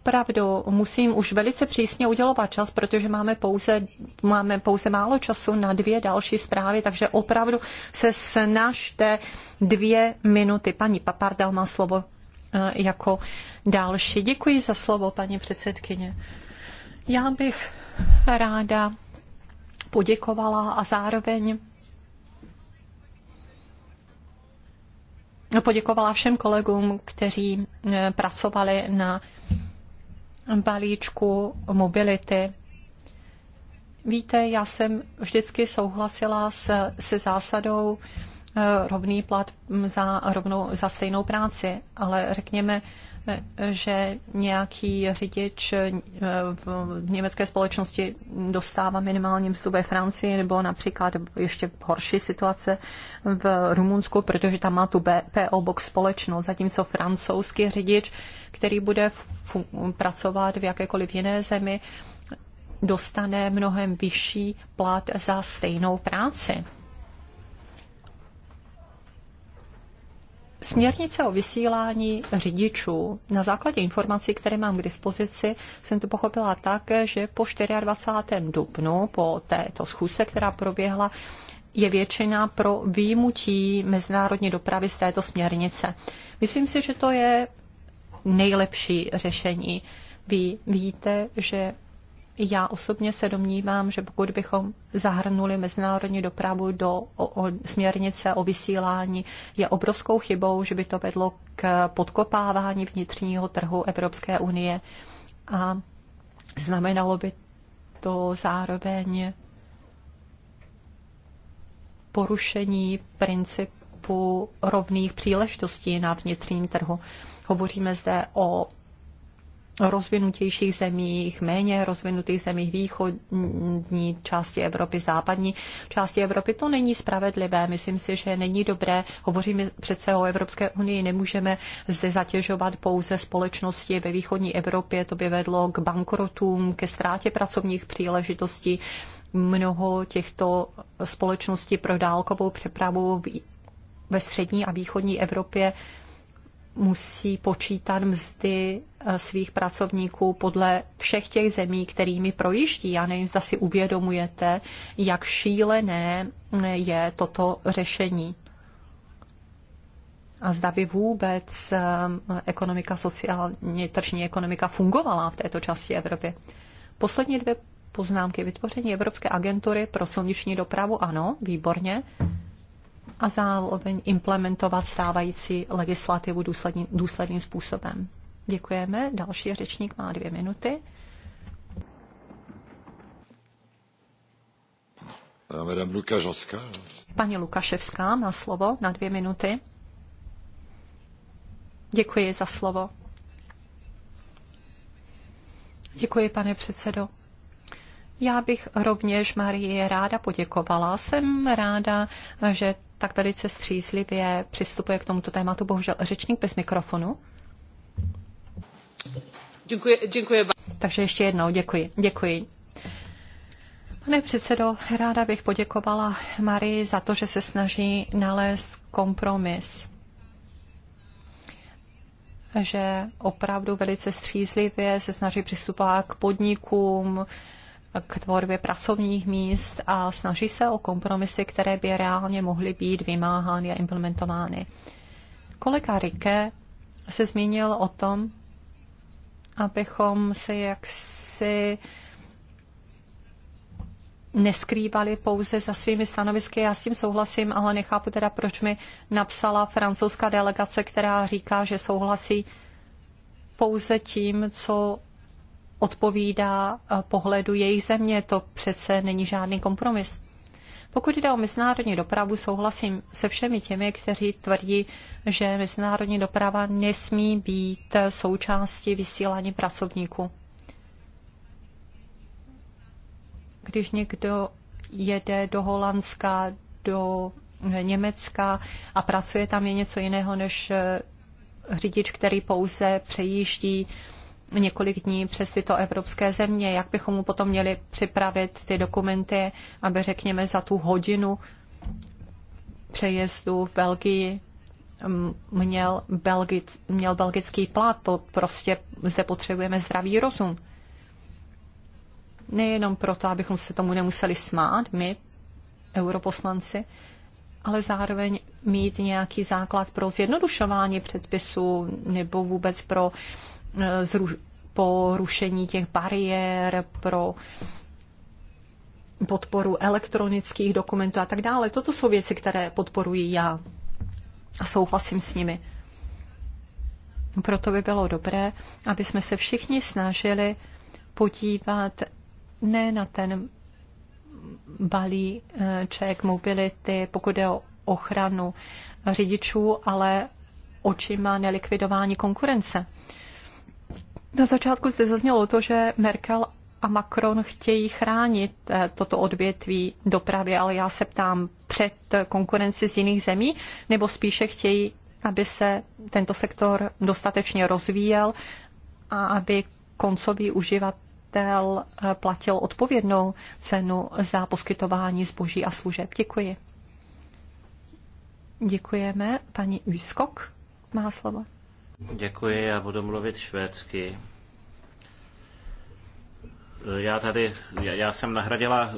opravdu musím už velice přísně udělovat čas, protože máme pouze, máme pouze málo času na dvě další zprávy, takže opravdu se snažte dvě minuty. Paní Papardal má slovo eh, jako další. Děkuji za slovo, paní předsedkyně. Já bych ráda poděkovala a zároveň poděkovala všem kolegům, kteří eh, pracovali na balíčku mobility. Víte, já jsem vždycky souhlasila se, se zásadou eh, rovný plat za, rovnou, za stejnou práci, ale řekněme, že nějaký řidič eh, v německé společnosti dostává minimální mzdu ve Francii nebo například ještě horší situace v Rumunsku, protože tam má tu BPO Box společnost, zatímco francouzský řidič, který bude pracovat v jakékoliv jiné zemi, dostane mnohem vyšší plat za stejnou práci. Směrnice o vysílání řidičů. Na základě informací, které mám k dispozici, jsem to pochopila tak, že po 24. dubnu, po této schůze, která proběhla, je většina pro výjimutí mezinárodní dopravy z této směrnice. Myslím si, že to je nejlepší řešení. Vy víte, že já osobně se domnívám, že pokud bychom zahrnuli mezinárodní dopravu do o, o, směrnice o vysílání, je obrovskou chybou, že by to vedlo k podkopávání vnitřního trhu Evropské unie a znamenalo by to zároveň porušení principu rovných příležitostí na vnitřním trhu. Hovoříme zde o rozvinutějších zemích, méně rozvinutých zemích východní části Evropy, západní části Evropy. To není spravedlivé. Myslím si, že není dobré. Hovoříme přece o Evropské unii. Nemůžeme zde zatěžovat pouze společnosti ve východní Evropě. To by vedlo k bankrotům, ke ztrátě pracovních příležitostí. Mnoho těchto společností pro dálkovou přepravu ve střední a východní Evropě musí počítat mzdy svých pracovníků podle všech těch zemí, kterými projíždí. Já nevím, zda si uvědomujete, jak šílené je toto řešení. A zda by vůbec um, ekonomika sociálně, tržní ekonomika fungovala v této části Evropy. Poslední dvě poznámky. Vytvoření Evropské agentury pro silniční dopravu, ano, výborně. A zároveň implementovat stávající legislativu důsledný, důsledným způsobem. Děkujeme. Další řečník má dvě minuty. Madame Lukaševská. Paní Lukaševská má slovo na dvě minuty. Děkuji za slovo. Děkuji, pane předsedo. Já bych rovněž Marie ráda poděkovala. Jsem ráda, že tak velice střízlivě přistupuje k tomuto tématu. Bohužel řečník bez mikrofonu. Takže ještě jednou děkuji. Děkuji. Pane předsedo, ráda bych poděkovala Marii za to, že se snaží nalézt kompromis že opravdu velice střízlivě se snaží přistupovat k podnikům, k tvorbě pracovních míst a snaží se o kompromisy, které by reálně mohly být vymáhány a implementovány. Kolega Rike se zmínil o tom, abychom se jaksi neskrývali pouze za svými stanovisky. Já s tím souhlasím, ale nechápu teda, proč mi napsala francouzská delegace, která říká, že souhlasí pouze tím, co odpovídá eh, pohledu jejich země. To přece není žádný kompromis. Pokud jde o mezinárodní dopravu, souhlasím se všemi těmi, kteří tvrdí, že mezinárodní doprava nesmí být součástí vysílání pracovníků. Když někdo jede do Holandska, do Německa a pracuje tam je něco jiného než řidič, který pouze přejíždí několik dní přes tyto evropské země, jak bychom mu potom měli připravit ty dokumenty, aby řekněme za tu hodinu přejezdu v Belgii mm, měl, belgic, měl belgický plát. To prostě zde potřebujeme zdravý rozum. Nejenom proto, abychom se tomu nemuseli smát, my, europoslanci, ale zároveň mít nějaký základ pro zjednodušování předpisů nebo vůbec pro Eh, zruš- po rušení těch bariér pro podporu elektronických dokumentů a tak dále. Toto jsou věci, které podporuji já a souhlasím s nimi. Proto by bylo dobré, aby jsme se všichni snažili podívat ne na ten balíček eh, mobility, pokud je o ochranu řidičů, ale očima nelikvidování konkurence. Na začátku zde zaznělo to, že Merkel a Macron chtějí chránit eh, toto odvětví dopravy, ale já se ptám před konkurenci z jiných zemí, nebo spíše chtějí, aby se tento sektor dostatečně rozvíjel a aby koncový uživatel eh, platil odpovědnou cenu za poskytování zboží a služeb. Děkuji. Děkujeme. Paní Úskok má slovo. Děkuji, já budu mluvit švédsky. Já tady, já jsem nahradila eh,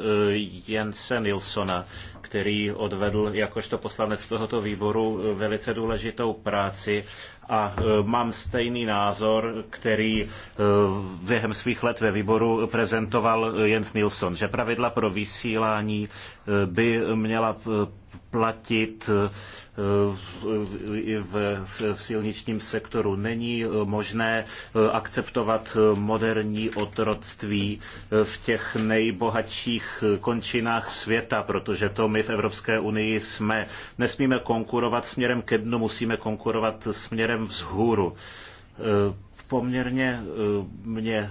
Jense Nilsona, který odvedl jakožto poslanec tohoto výboru eh, velice důležitou práci a eh, mám stejný názor, který během svých let ve výboru prezentoval Jens Nilsson, že pravidla pro vysílání by měla platit eh, eh, v, silničním sektoru. Není eh, možné akceptovat moderní otroctví v těch nejbohatších končinách světa, protože to my v Evropské unii jsme. Nesmíme konkurovat směrem ke dnu, musíme konkurovat směrem vzhůru poměrně mě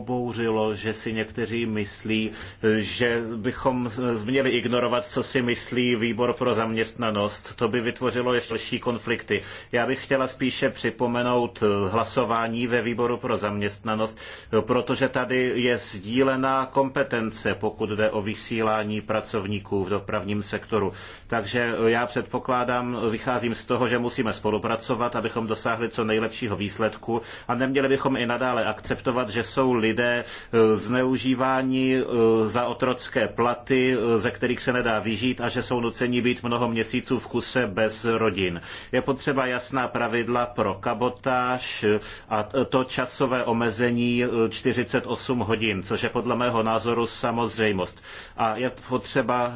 pobouřilo, že si někteří myslí, že bychom měli ignorovat, co si myslí výbor pro zaměstnanost. To by vytvořilo ještě další konflikty. Já bych chtěla spíše připomenout hlasování ve výboru pro zaměstnanost, protože tady je sdílená kompetence, pokud jde o vysílání pracovníků v dopravním sektoru. Takže já předpokládám, vycházím z toho, že musíme spolupracovat, abychom dosáhli co nejlepšího výsledku a neměli bychom i nadále akceptovat, že jsou lidé eh, zneužíváni eh, za otrocké platy, eh, ze kterých se nedá vyžít a že jsou nuceni být mnoho měsíců v kuse bez rodin. Je potřeba jasná pravidla pro kabotáž a to časové omezení 48 hodin, což je podle mého názoru samozřejmost. A je potřeba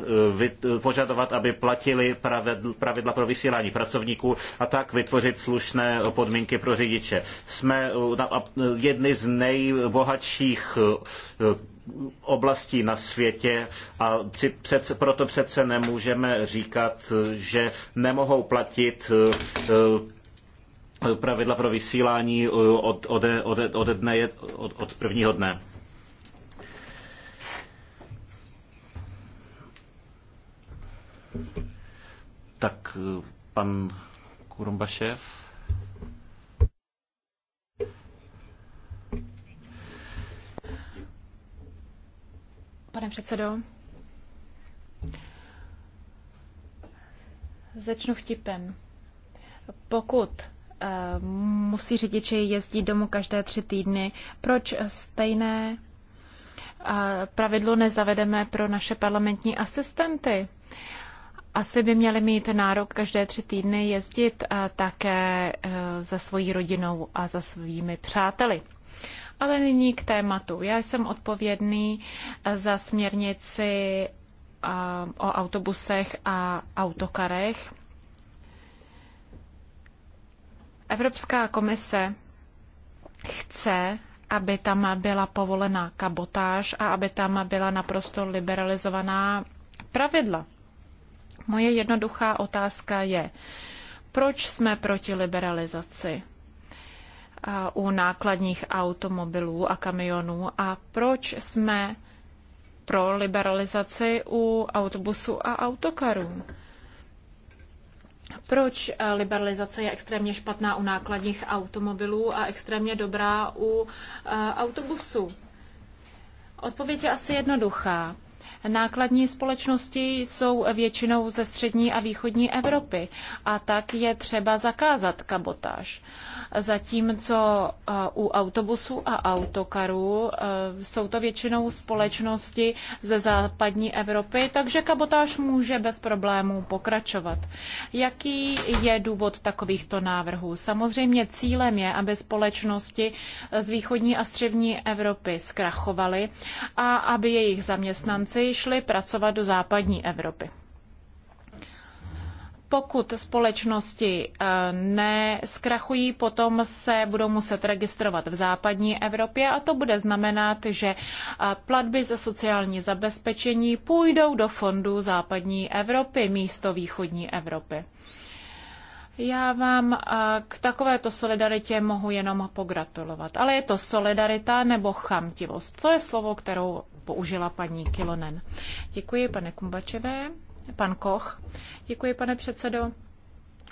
požadovat, aby platili pravidla pro vysílání pracovníků a tak vytvořit slušné podmínky pro řidiče. Jsme jedny z nejbohatších nejbohatších eh, eh, oblastí na světě a při, přece, proto přece nemůžeme říkat, eh, že nemohou platit pravidla pro vysílání od, od, od, od, dne, od, od prvního dne. Tak pan Kurumbašev. pane předsedo. Začnu vtipem. Pokud uh, musí řidiči jezdit domů každé tři týdny, proč stejné uh, pravidlo nezavedeme pro naše parlamentní asistenty? Asi by měli mít nárok každé tři týdny jezdit uh, také uh, za svojí rodinou a za svými přáteli. Uh, ale nyní k tématu. Já jsem odpovědný eh, za směrnici eh, o autobusech a autokarech. Evropská komise chce, aby tam byla povolena kabotáž a aby tam byla naprosto liberalizovaná pravidla. Moje jednoduchá otázka je, proč jsme proti liberalizaci? u nákladních automobilů a kamionů a proč jsme pro liberalizaci u autobusů a autokarů. Proč e, liberalizace je extrémně špatná u nákladních automobilů a extrémně dobrá u e, autobusů? Odpověď je asi jednoduchá. Nákladní společnosti jsou většinou ze střední a východní Evropy a tak je třeba zakázat kabotáž zatímco eh, u autobusů a autokarů eh, jsou to většinou společnosti ze západní Evropy, takže kabotáž může bez problémů pokračovat. Jaký je důvod takovýchto návrhů? Samozřejmě cílem je, aby společnosti z východní a střední Evropy zkrachovaly a aby jejich zaměstnanci šli pracovat do západní Evropy pokud společnosti eh, neskrachují, potom se budou muset registrovat v západní Evropě a to bude znamenat, že eh, platby za sociální zabezpečení půjdou do fondu západní Evropy místo východní Evropy. Já vám eh, k takovéto solidaritě mohu jenom pogratulovat. Ale je to solidarita nebo chamtivost. To je slovo, kterou použila paní Kilonen. Děkuji, pane Kumbačevé. Pan Koch. Děkuji, pane předsedo.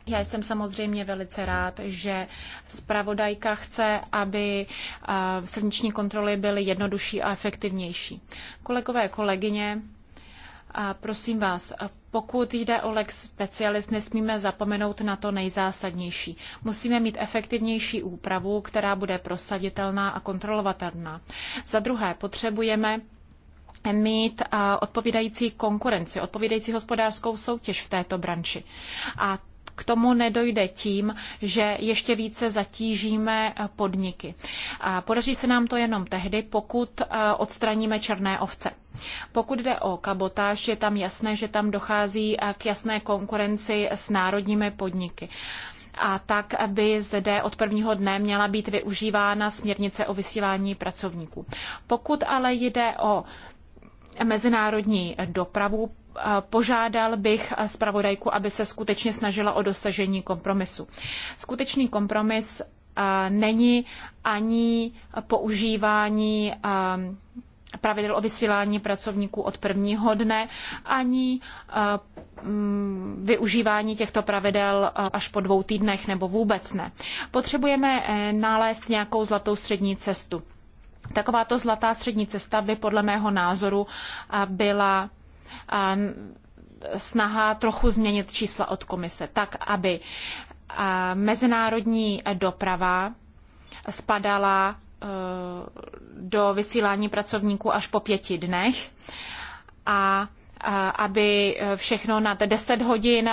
Já jsem samozřejmě velice rád, že zpravodajka chce, aby silniční kontroly byly jednodušší a efektivnější. Kolegové, kolegyně, prosím vás, pokud jde o lex specialis, nesmíme zapomenout na to nejzásadnější. Musíme mít efektivnější úpravu, která bude prosaditelná a kontrolovatelná. Za druhé, potřebujeme mít odpovídající konkurenci, odpovídající hospodářskou soutěž v této branži. A k tomu nedojde tím, že ještě více zatížíme podniky. Podaří se nám to jenom tehdy, pokud odstraníme černé ovce. Pokud jde o kabotáž, je tam jasné, že tam dochází k jasné konkurenci s národními podniky a tak, aby zde od prvního dne měla být využívána směrnice o vysílání pracovníků. Pokud ale jde o mezinárodní dopravu, eh, požádal bych eh, zpravodajku, aby se skutečně snažila o dosažení kompromisu. Skutečný kompromis eh, není ani používání pravidel o vysílání pracovníků od prvního dne, ani mm, využívání těchto pravidel až po dvou týdnech nebo vůbec ne. Potřebujeme nalézt nějakou zlatou střední cestu. Takováto zlatá střední cesta by podle mého názoru byla snaha trochu změnit čísla od komise, tak aby mezinárodní doprava spadala e, do vysílání pracovníků až po pěti dnech a aby všechno nad 10 hodin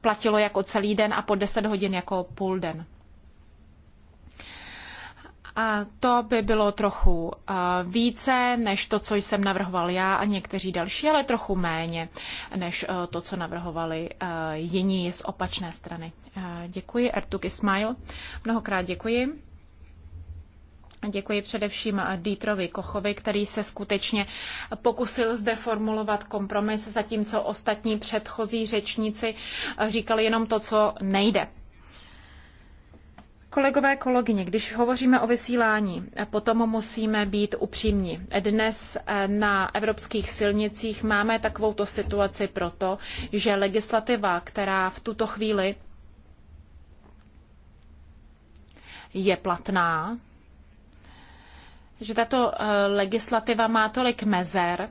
platilo jako celý den a po 10 hodin jako půl den. A to by bylo trochu více než to, co jsem navrhoval já a někteří další, ale trochu méně než e, to, co navrhovali e, jiní z opačné strany. E, děkuji, Ertuk Ismail. Mnohokrát děkuji. Děkuji především Dítrovi Kochovi, který se skutečně pokusil zde formulovat kompromis, zatímco ostatní předchozí řečníci říkali jenom to, co nejde. Kolegové, kolegyně, když hovoříme o vysílání, potom musíme být upřímní. Dnes eh, na evropských silnicích máme takovouto situaci proto, že legislativa, která v tuto chvíli je platná, že tato eh, legislativa má tolik mezer,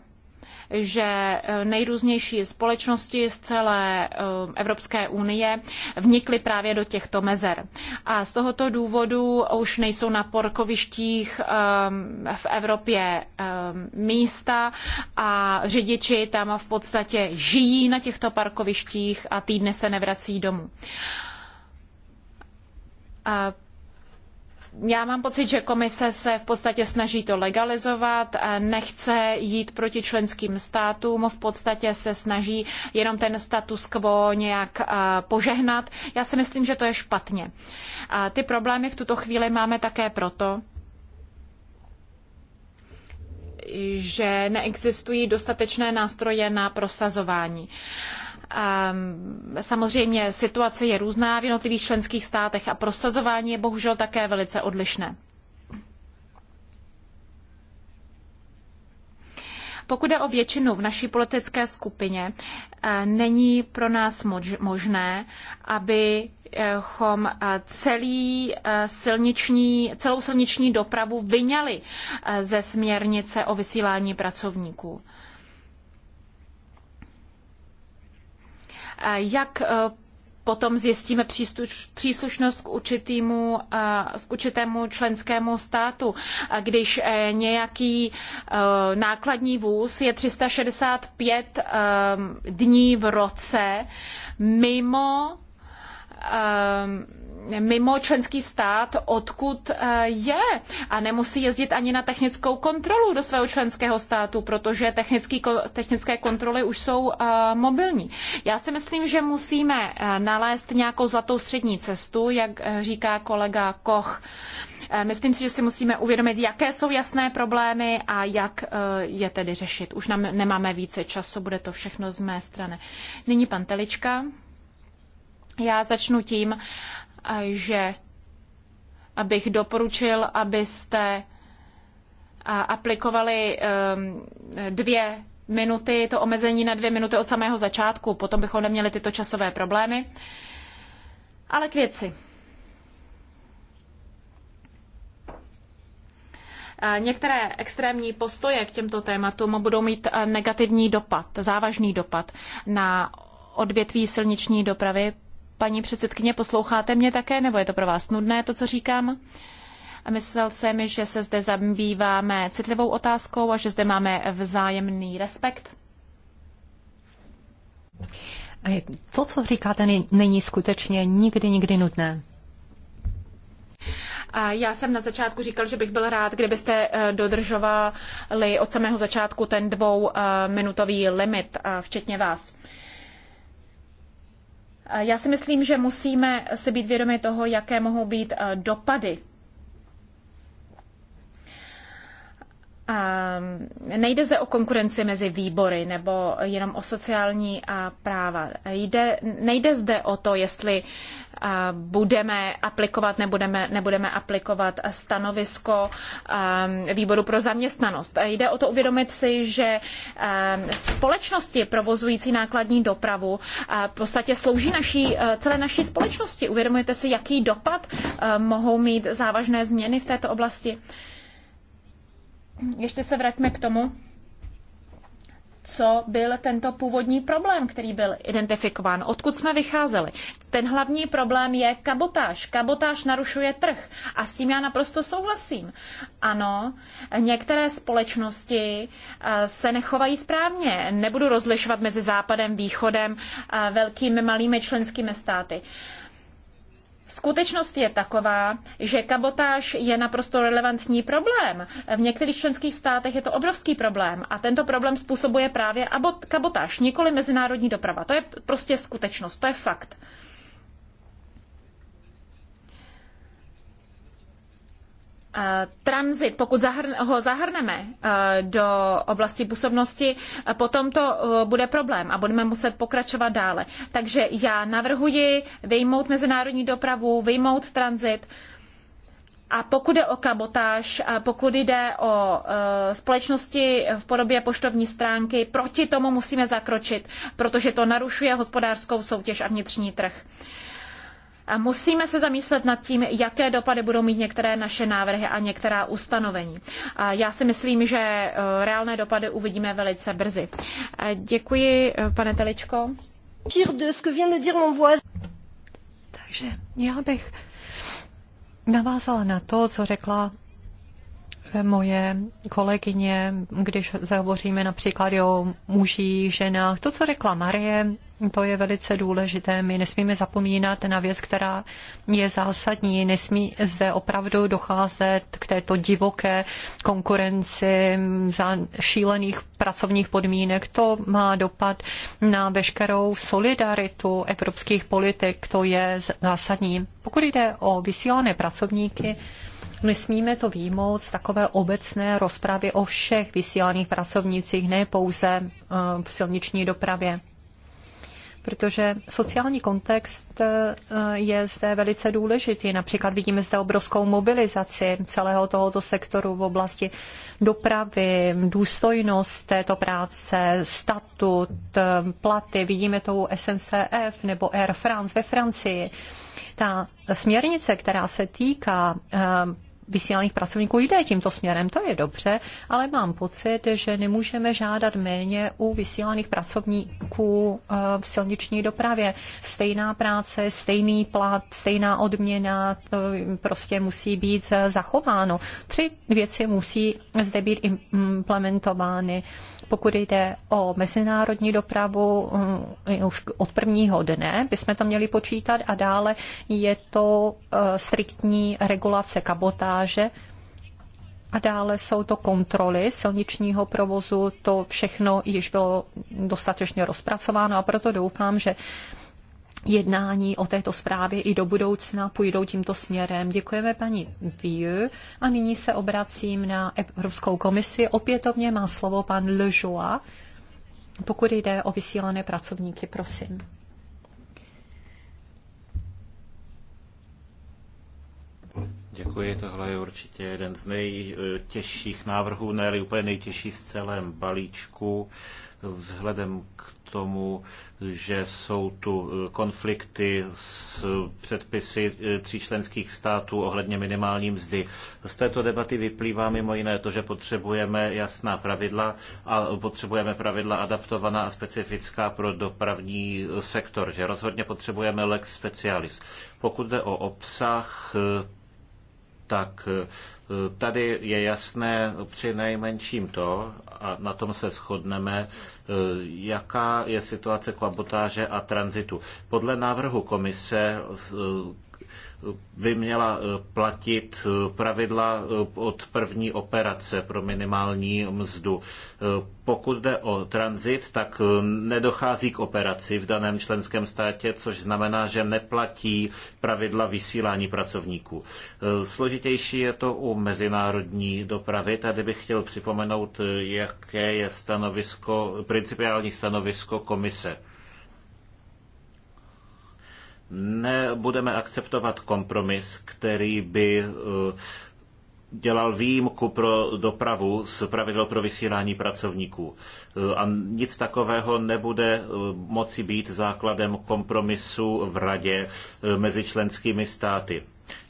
že eh, nejrůznější společnosti z celé eh, Evropské unie vnikly právě do těchto mezer. A z tohoto důvodu už nejsou na parkovištích eh, v Evropě místa a řidiči tam v podstatě žijí na těchto parkovištích a týdny se nevrací domů já mám pocit, že komise se v podstatě snaží to legalizovat, nechce jít proti členským státům, v podstatě se snaží jenom ten status quo nějak požehnat. Já si myslím, že to je špatně. A ty problémy v tuto chvíli máme také proto, že neexistují dostatečné nástroje na prosazování. Ehm, samozřejmě situace je různá v jednotlivých členských státech a prosazování je bohužel také velice odlišné. Pokud jde o většinu v naší politické skupině, eh, není pro nás možné, abychom eh, celý eh, silniční, celou silniční dopravu vyňali ze směrnice o vysílání pracovníků. jak e, potom zjistíme příslušnost k, určitýmu, e, k určitému členskému státu. Když e, nějaký nákladní vůz je 365 dní v roce mimo mimo členský stát, odkud eh, je a nemusí jezdit ani na technickou kontrolu do svého členského státu, protože technický, technické kontroly už jsou eh, mobilní. Já si myslím, že musíme eh, nalézt nějakou zlatou střední cestu, jak říká kolega Koch. Myslím si, že si musíme uvědomit, jaké jsou jasné problémy a jak je tedy řešit. Už nám nemáme více času, bude to všechno z mé strany. Nyní pan Telička. Já začnu tím, že bych doporučil, abyste aplikovali ehm, dvě minuty, to omezení na dvě minuty od samého začátku, potom bychom neměli tyto časové problémy. Ale k věci. Některé extrémní postoje k těmto tématům budou mít e, negativní dopad, závažný dopad na odvětví silniční dopravy, Paní předsedkyně, posloucháte mě také, nebo je to pro vás nudné, to, co říkám? A myslel jsem, že se zde zabýváme citlivou otázkou a že zde máme vzájemný respekt. A to, co říkáte, není skutečně nikdy, nikdy nutné. A já jsem na začátku říkal, že bych byl rád, kdybyste eh, dodržovali od samého začátku ten dvouminutový limit, eh, včetně vás. Já si myslím, že musíme si být vědomi toho, jaké mohou být eh, dopady nejde zde o konkurenci mezi výbory nebo jenom o sociální a práva. Jde, nejde zde o to, jestli budeme aplikovat, nebudeme, nebudeme aplikovat stanovisko výboru pro zaměstnanost. Jde o to uvědomit si, že společnosti provozující nákladní dopravu v podstatě slouží naší, celé naší společnosti. Uvědomujete si, jaký dopad mohou mít závažné změny v této oblasti? ještě se vraťme k tomu, co byl tento původní problém, který byl identifikován, odkud jsme vycházeli. Ten hlavní problém je kabotáž. Kabotáž narušuje trh a s tím já naprosto souhlasím. Ano, některé společnosti eh, se nechovají správně. Nebudu rozlišovat mezi západem, východem, velkými, malými členskými státy. Skutečnost je taková, že kabotáž je naprosto relevantní problém. V některých členských státech je to obrovský problém a tento problém způsobuje právě kabotáž, nikoli mezinárodní doprava. To je prostě skutečnost, to je fakt. Eh, tranzit, pokud ho zahrneme eh, do oblasti působnosti, eh, potom to bude problém a budeme muset pokračovat dále. Takže já navrhuji vyjmout mezinárodní dopravu, vyjmout tranzit. A pokud jde o kabotáž, a pokud jde o společnosti v podobě poštovní stránky, proti tomu musíme zakročit, protože to narušuje hospodářskou soutěž a vnitřní trh. A musíme se zamýšlet nad tím, jaké dopady budou mít některé naše návrhy a některá ustanovení. A já si myslím, že e, reálné dopady uvidíme velice brzy. A e, děkuji, e, pane Teličko. Takže já bych navázala na to, co řekla moje kolegyně, když zahovoříme například o mužích, ženách, to, co řekla Marie, to je velice důležité. My nesmíme zapomínat na věc, která je zásadní. Nesmí zde opravdu docházet k této divoké konkurenci za šílených pracovních podmínek. To má dopad na veškerou solidaritu evropských politik. To je zásadní. Pokud jde o vysílané pracovníky, Nesmíme to výjmout z takové obecné rozpravy o všech vysílaných pracovnicích, ne pouze eh, v silniční dopravě protože sociální kontext eh, je zde velice důležitý. Například vidíme zde obrovskou mobilizaci celého tohoto sektoru v oblasti dopravy, důstojnost této práce, statut, eh, platy. Vidíme to u SNCF nebo Air France ve Francii. Ta směrnice, která se týká vysílaných pracovníků jde tímto směrem, to je dobře, ale mám pocit, že nemůžeme žádat méně u vysílaných pracovníků eh, v silniční dopravě. Stejná práce, stejný plat, stejná odměna, to prostě musí být eh, zachováno. Tři věci musí zde být implementovány. Pokud jde o mezinárodní dopravu, mm, už od prvního dne bychom to měli počítat a dále je to eh, striktní regulace kabotáže pláže. A dále jsou to kontroly silničního provozu, to všechno již bylo dostatečně rozpracováno a proto doufám, že jednání o této zprávě i do budoucna půjdou tímto směrem. Děkujeme paní Viu a nyní se obracím na Evropskou komisi. Opětovně má slovo pan Lejoa, Pokud jde o vysílané pracovníky, prosím. Děkuji, tohle je určitě jeden z nejtěžších návrhů, ne úplně nejtěžší z celém balíčku, vzhledem k tomu, že jsou tu konflikty s předpisy tříčlenských států ohledně minimální mzdy. Z této debaty vyplývá mimo jiné to, že potřebujeme jasná pravidla a potřebujeme pravidla adaptovaná a specifická pro dopravní sektor, že rozhodně potřebujeme lex specialis. Pokud jde o obsah, tak eh, tady je jasné při nejmenším to, a na tom se shodneme, eh, jaká je situace kabotáže a tranzitu. Podle návrhu komise eh, by měla eh, platit eh, pravidla eh, od první operace pro minimální mzdu. Pokud jde o tranzit, tak nedochází k operaci v daném členském státě, což znamená, že neplatí pravidla vysílání pracovníků. Složitější je to u mezinárodní dopravy. Tady bych chtěl připomenout, jaké je stanovisko, principiální stanovisko komise nebudeme akceptovat kompromis, který by eh, dělal výjimku pro dopravu z pravidel pro vysílání pracovníků. Eh, a nic takového nebude eh, moci být základem kompromisu v radě mezi členskými státy.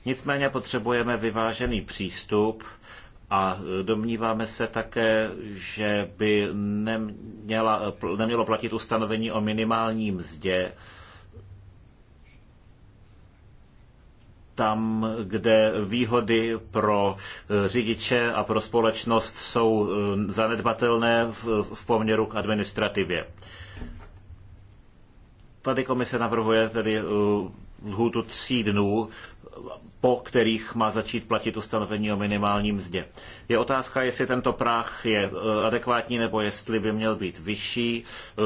Nicméně potřebujeme vyvážený přístup a domníváme se také, že by neměla, nemělo platit ustanovení o minimální mzdě, tam, kde výhody pro eh, řidiče a pro společnost jsou eh, zanedbatelné v, poměru k administrativě. Tady komise navrhuje tedy eh, lhůtu tří dnů, po kterých má začít platit ustanovení o minimální mzdě. Je otázka, jestli tento práh je adekvátní nebo jestli by měl být vyšší.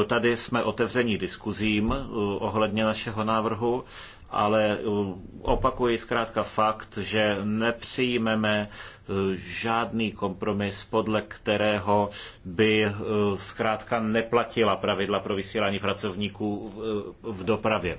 Tady jsme otevření diskuzím ohledně našeho návrhu ale eh, opakuji zkrátka fakt, že nepřijmeme eh, žádný kompromis, podle kterého by eh, zkrátka neplatila pravidla pro vysílání pracovníků v dopravě.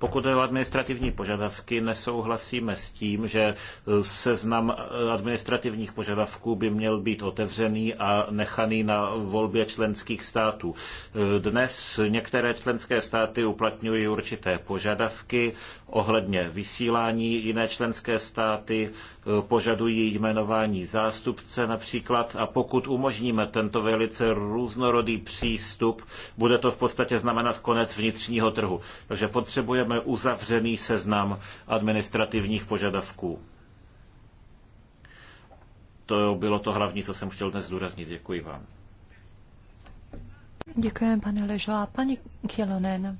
Pokud je o administrativní požadavky, nesouhlasíme s tím, že e, seznam e, administrativních požadavků by měl být otevřený a nechaný na volbě členských států. E, dnes některé členské státy uplatňují určité požadavky ohledně vysílání. Jiné členské státy eh, požadují jmenování zástupce například a pokud umožníme tento velice různorodý přístup, bude to v podstatě znamenat konec vnitřního trhu. Takže potřebujeme uzavřený seznam administrativních požadavků. To bylo to hlavní, co jsem chtěl dnes zdůraznit. Děkuji vám. Děkujeme, pane Ležová. Pani Kilonen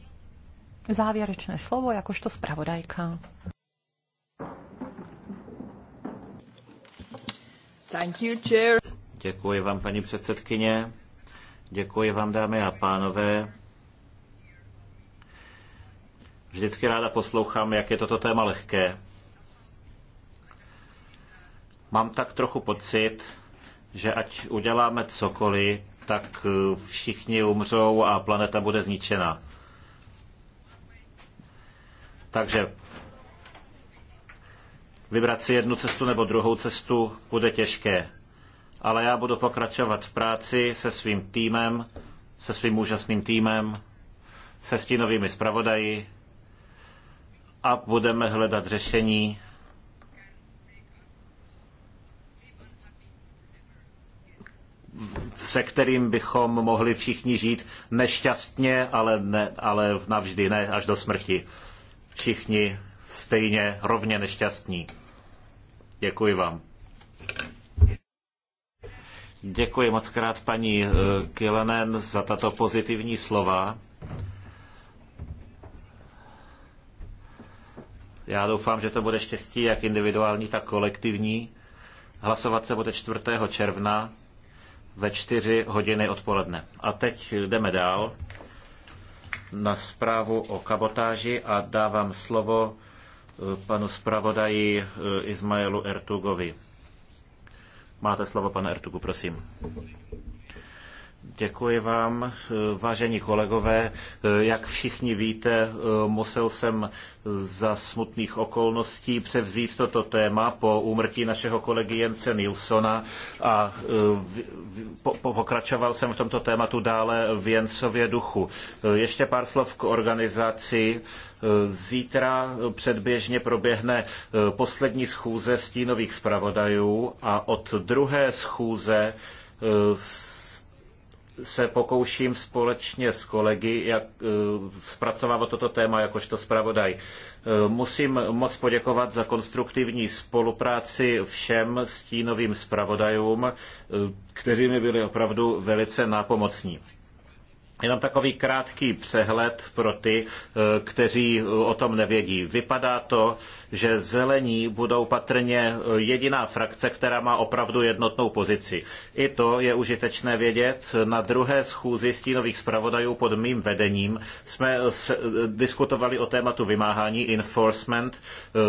závěrečné slovo jakožto zpravodajka. Thank you, chair. Děkuji vám, paní předsedkyně. Děkuji vám, dámy a pánové. Vždycky ráda poslouchám, jak je toto téma lehké. Mám tak trochu pocit, že ať uděláme cokoliv, tak všichni umřou a planeta bude zničena. Takže vybrat si jednu cestu nebo druhou cestu bude těžké. Ale já budu pokračovat v práci se svým týmem, se svým úžasným týmem, se stínovými zpravodaji a budeme hledat řešení, se kterým bychom mohli všichni žít nešťastně, ale, ne, ale navždy, ne až do smrti všichni stejně rovně nešťastní. Děkuji vám. Děkuji moc krát paní eh, Kilenen za tato pozitivní slova. Já doufám, že to bude štěstí jak individuální, tak kolektivní. Hlasovat se bude 4. června ve 4 hodiny odpoledne. A teď jdeme dál na zprávu o kabotáži a dávám slovo eh, panu zpravodaji eh, Izmailu Ertugovi. Máte slovo, pane Ertugu, prosím. Děkuji vám, vážení kolegové. Jak všichni víte, musel jsem za smutných okolností převzít toto téma po úmrtí našeho kolegy Jence Nilsona a pokračoval jsem v tomto tématu dále v Jensově duchu. Ještě pár slov k organizaci. Zítra předběžně proběhne poslední schůze stínových zpravodajů a od druhé schůze se pokouším společně s kolegy jak, eh, zpracovávat toto téma jakožto zpravodaj. Eh, musím moc poděkovat za konstruktivní spolupráci všem stínovým zpravodajům, eh, kteří mi byli opravdu velice nápomocní. Jenom takový krátký přehled pro ty, eh, kteří eh, o tom nevědí. Vypadá to, že zelení budou patrně eh, jediná frakce, která má opravdu jednotnou pozici. I to je užitečné vědět. Na druhé schůzi stínových zpravodajů pod mým vedením jsme diskutovali o tématu vymáhání enforcement,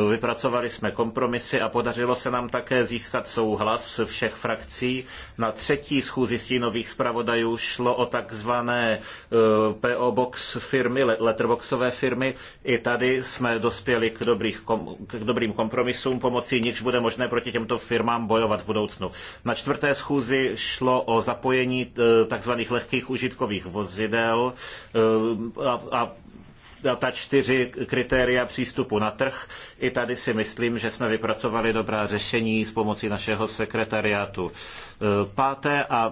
vypracovali jsme kompromisy a podařilo se nám také získat souhlas všech frakcí. Na třetí schůzi stínových zpravodajů šlo o takzvané Eh, PO Box firmy, letterboxové firmy. I tady jsme dospěli k, dobrých, k dobrým kompromisům, pomocí nichž bude možné proti těmto firmám bojovat v budoucnu. Na čtvrté schůzi šlo o zapojení eh, tzv. lehkých užitkových vozidel eh, a, a ta čtyři kritéria přístupu na trh. I tady si myslím, že jsme vypracovali dobrá řešení s pomocí našeho sekretariátu. Páté a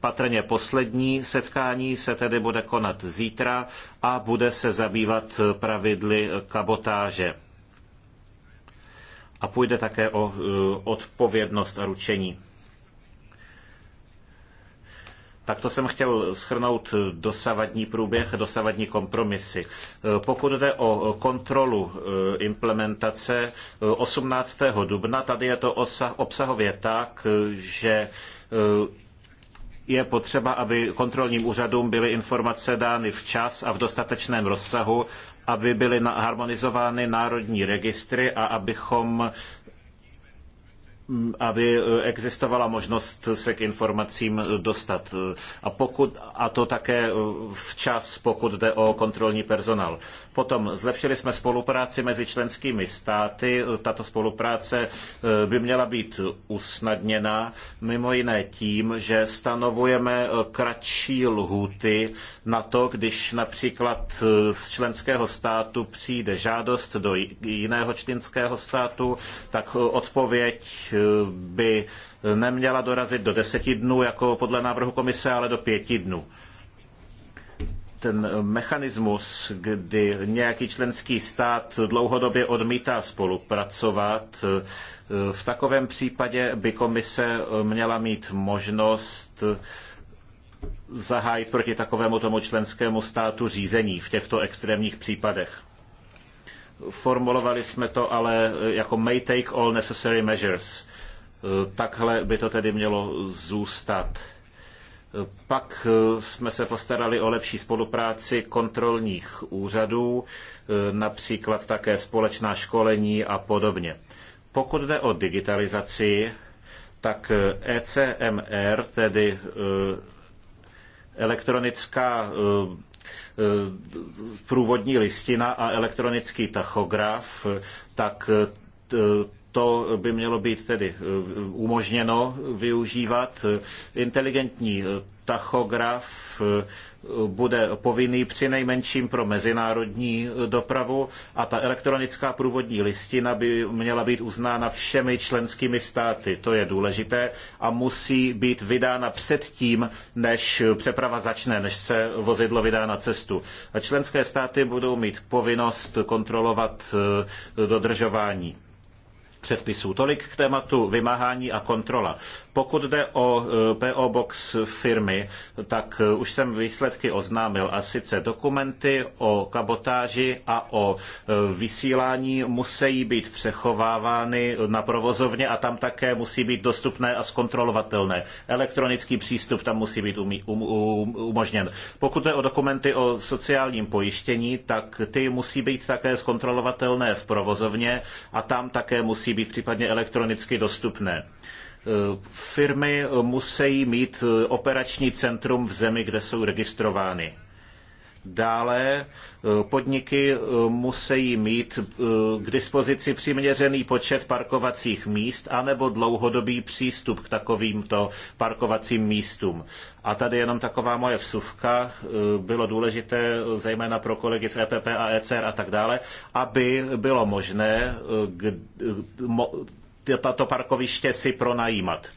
Patrně poslední setkání se tedy bude konat zítra a bude se zabývat pravidly kabotáže. A půjde také o e, odpovědnost a ručení. Tak to jsem chtěl schrnout dosavadní průběh, dosavadní kompromisy. E, pokud jde o kontrolu e, implementace 18. dubna, tady je to obsahově tak, že je potřeba, aby kontrolním úřadům byly informace dány včas a v dostatečném rozsahu, aby byly harmonizovány národní registry a abychom aby e, existovala možnost se k informacím dostat. E, a, pokud, a to také e, včas, pokud jde o kontrolní personál. Potom zlepšili jsme spolupráci mezi členskými státy. Tato spolupráce e, by měla být usnadněna mimo jiné tím, že stanovujeme e, kratší lhuty na to, když například e, z členského státu přijde žádost do jiného členského státu, tak odpověď by neměla dorazit do deseti dnů, jako podle návrhu komise, ale do pěti dnů ten mechanismus, kdy nějaký členský stát dlouhodobě odmítá spolupracovat, v takovém případě by komise měla mít možnost zahájit proti takovému tomu členskému státu řízení v těchto extrémních případech. Formulovali jsme to ale jako may take all necessary measures. Takhle by to tedy mělo zůstat pak eh, jsme se postarali o lepší spolupráci kontrolních úřadů, eh, například také společná školení a podobně. Pokud jde o digitalizaci, tak ECMR, eh, e tedy elektronická průvodní listina a elektronický tachograf, tak to by mělo být tedy eh, umožněno využívat. Inteligentní eh, tachograf eh, bude povinný při nejmenším pro mezinárodní dopravu a ta elektronická průvodní listina by měla být uznána všemi členskými státy. To je důležité a musí být vydána předtím, než přeprava začne, než se vozidlo vydá na cestu. A členské státy budou mít povinnost kontrolovat dodržování předpisů. Tolik k tématu vymáhání a kontrola. Pokud jde o eh, PO Box firmy, tak eh, už jsem výsledky oznámil a sice dokumenty o kabotáži a o eh, vysílání musí být přechovávány na provozovně a tam také musí být dostupné a zkontrolovatelné. Elektronický přístup tam musí být umí, um, um, umožněn. Pokud jde o dokumenty o sociálním pojištění, tak ty musí být také zkontrolovatelné v provozovně a tam také musí být případně elektronicky dostupné. E, firmy musí mít operační centrum v zemi, kde jsou registrovány. Dále eh, podniky eh, musí mít eh, k dispozici přiměřený počet parkovacích míst anebo dlouhodobý přístup k takovýmto parkovacím místům. A tady jenom taková moje vsuvka, bylo důležité zejména pro kolegy z EPP a ECR a tak dále, aby bylo možné tato parkoviště si pronajímat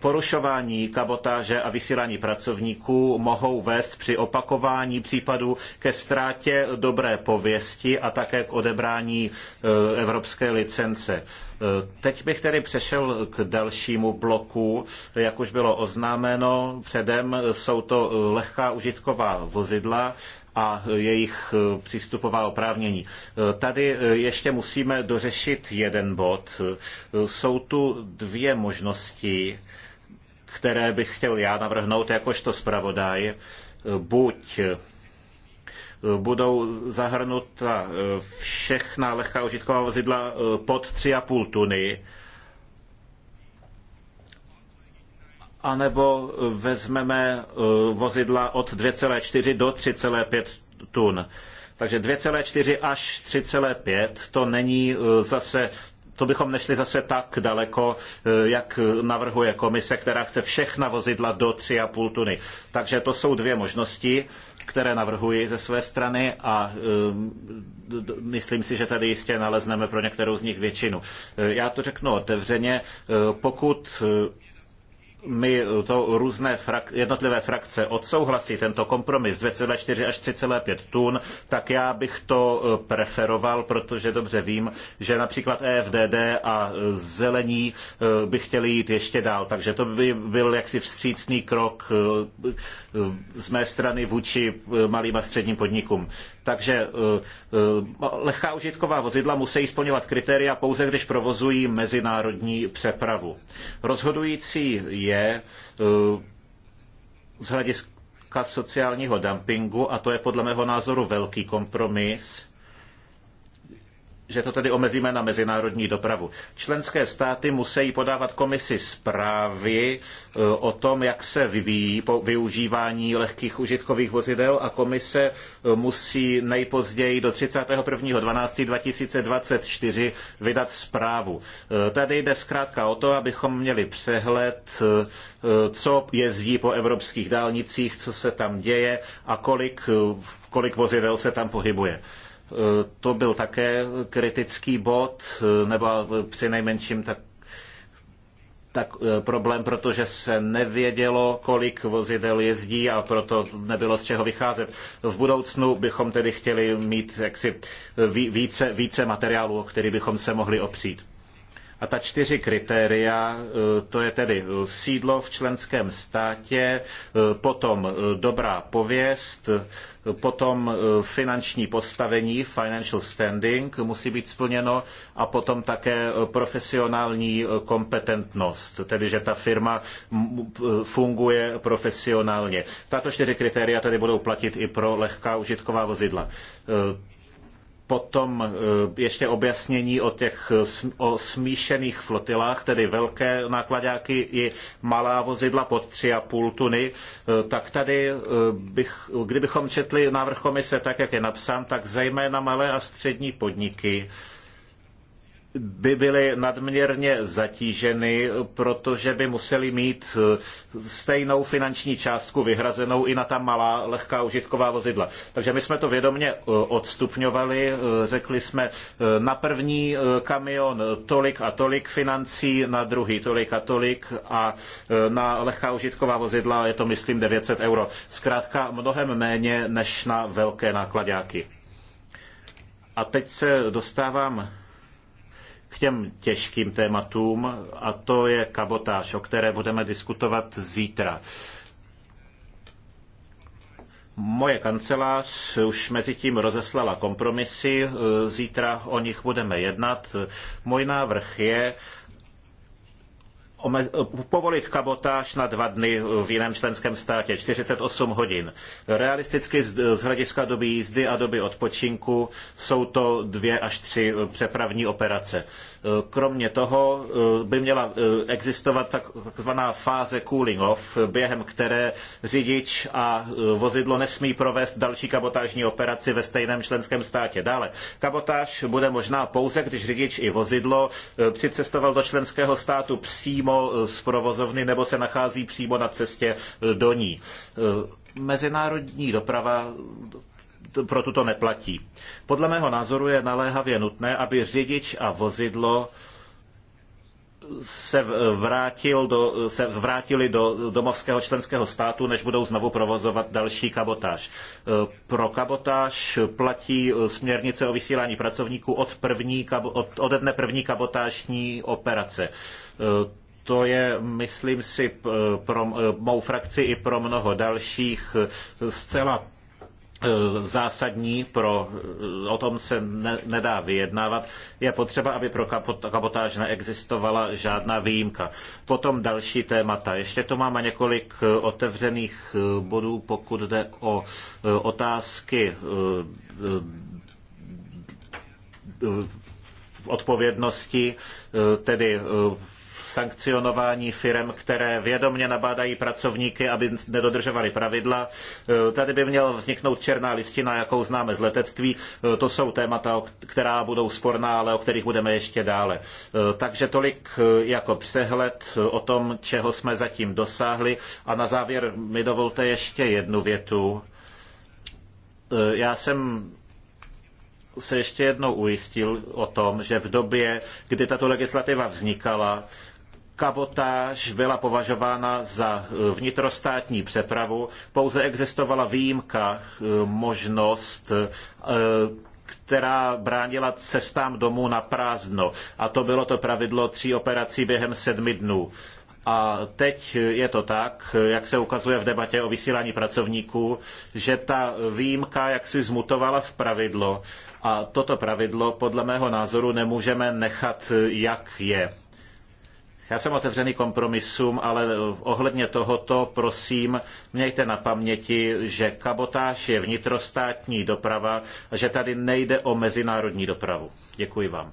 Porušování kabotáže a vysílání pracovníků mohou vést při opakování případů ke ztrátě dobré pověsti a také k odebrání e, evropské licence. E, teď bych tedy přešel k dalšímu bloku. Jak už bylo oznámeno předem, jsou to e, lehká užitková vozidla a jejich přístupová oprávnění. Tady ještě musíme dořešit jeden bod. Jsou tu dvě možnosti které bych chtěl já navrhnout jakožto zpravodaj, buď eh, budou zahrnuta eh, všechna lehká užitková vozidla eh, pod 3,5 tuny, anebo vezmeme vozidla od 2,4 do 3,5 tun. Takže 2,4 až 3,5 to není zase to bychom nešli zase tak daleko, eh, jak navrhuje komise, která chce všechna vozidla do 3,5 tuny. Takže to jsou dvě možnosti které navrhuji ze své strany a eh, myslím si, že tady jistě nalezneme pro některou z nich většinu. Eh, já to řeknu otevřeně, pokud my to různé frak, jednotlivé frakce odsouhlasí tento kompromis 2,4 až 3,5 tun, tak já bych to eh, preferoval, protože dobře vím, že například EFDD a eh, zelení eh, by chtěli jít ještě dál, takže to by byl jaksi vstřícný krok z mé strany vůči malým a středním podnikům. Takže eh, eh, lehká užitková vozidla musí splňovat kritéria pouze, když provozují mezinárodní přepravu. Rozhodující je eh, z hlediska sociálního dumpingu, a to je podle mého názoru velký kompromis, že to tedy omezíme na mezinárodní dopravu. Členské státy musí podávat komisi zprávy e, o tom, jak se vyvíjí po využívání lehkých užitkových vozidel a komise e, musí nejpozději do 31.12.2024 vydat zprávu. E, tady jde zkrátka o to, abychom měli přehled, co jezdí po evropských dálnicích, co se tam děje a kolik, kolik vozidel se tam pohybuje. Eh, to byl také kritický bod, eh, nebo přinejmenším tak tak eh, problém, protože se nevědělo, kolik vozidel jezdí a proto nebylo z čeho vycházet. V budoucnu bychom tedy chtěli mít jaksi více, více materiálu, o který bychom se mohli opřít. A ta čtyři kritéria, eh, to je tedy eh, sídlo v členském státě, eh, potom dobrá pověst, potom finanční postavení, financial standing musí být splněno a potom také profesionální kompetentnost, tedy že ta firma funguje profesionálně. Tato čtyři kritéria tedy budou platit i pro lehká užitková vozidla. Potom eh, ještě objasnění o těch o smíšených flotilách, tedy velké nákladáky i malá vozidla pod 3,5 tuny, eh, tak tady, eh, bych, kdybychom četli návrh komise tak, jak je napsán, tak zejména malé a střední podniky by byly nadměrně zatíženy, protože by museli mít eh, stejnou finanční částku vyhrazenou i na ta malá lehká užitková vozidla. Takže my jsme to vědomě eh, odstupňovali, eh, řekli jsme na první kamion tolik a tolik financí, na druhý tolik a tolik a na lehká užitková vozidla je to myslím 900 euro. Zkrátka mnohem méně než na velké nákladáky. A teď se dostávám k těm těžkým tématům a to je kabotáž, o které budeme diskutovat zítra. Moje kancelář už mezi tím rozeslala kompromisy, zítra o nich budeme jednat. Můj návrh je, povolit kabotáž na dva dny v jiném členském státě, 48 hodin. Realisticky z hlediska doby jízdy a doby odpočinku jsou to dvě až tři přepravní operace. Eh, kromě toho eh, by měla eh, existovat takzvaná fáze cooling off, během které řidič a vozidlo nesmí provést další kabotážní operaci ve stejném členském státě. Dále, kabotáž bude možná pouze, když řidič i vozidlo přicestoval do členského státu přímo z provozovny nebo se nachází přímo na cestě do ní. Mezinárodní doprava pro tuto neplatí. Podle mého názoru je naléhavě nutné, aby řidič a vozidlo se, vrátil do, se vrátili do domovského členského státu, než budou znovu provozovat další kabotáž. Pro kabotáž platí směrnice o vysílání pracovníků od první, od, od dne první kabotážní operace. To je, myslím si, pro mou frakci i pro mnoho dalších zcela Eh, zásadní pro, eh, o tom se ne, nedá vyjednávat. Je potřeba, aby pro kabotáž neexistovala žádná výjimka. Potom další témata. Ještě to máme několik eh, otevřených bodů, pokud jde o otázky odpovědnosti, tedy sankcionování firm, které vědomně nabádají pracovníky, aby nedodržovali pravidla. E, tady by měla vzniknout černá listina, jakou známe z letectví. E, to jsou témata, která budou sporná, ale o kterých budeme ještě dále. E, takže tolik jako přehled o tom, čeho jsme zatím dosáhli. A na závěr mi dovolte ještě jednu větu. Já jsem se ještě jednou ujistil o tom, že v době, kdy tato legislativa vznikala, kabotáž byla považována za eh, vnitrostátní přepravu, pouze existovala výjimka, eh, možnost eh, která bránila cestám domů na prázdno. A to bylo to pravidlo tří operací během sedmi dnů. A teď je to tak, jak se ukazuje v debatě o vysílání pracovníků, že ta výjimka jaksi zmutovala v pravidlo. A toto pravidlo podle mého názoru nemůžeme nechat, jak je já jsem otevřený kompromisům, ale ohledně tohoto, prosím, mějte na paměti, že kabotáž je vnitrostátní doprava a že tady nejde o mezinárodní dopravu. Děkuji vám.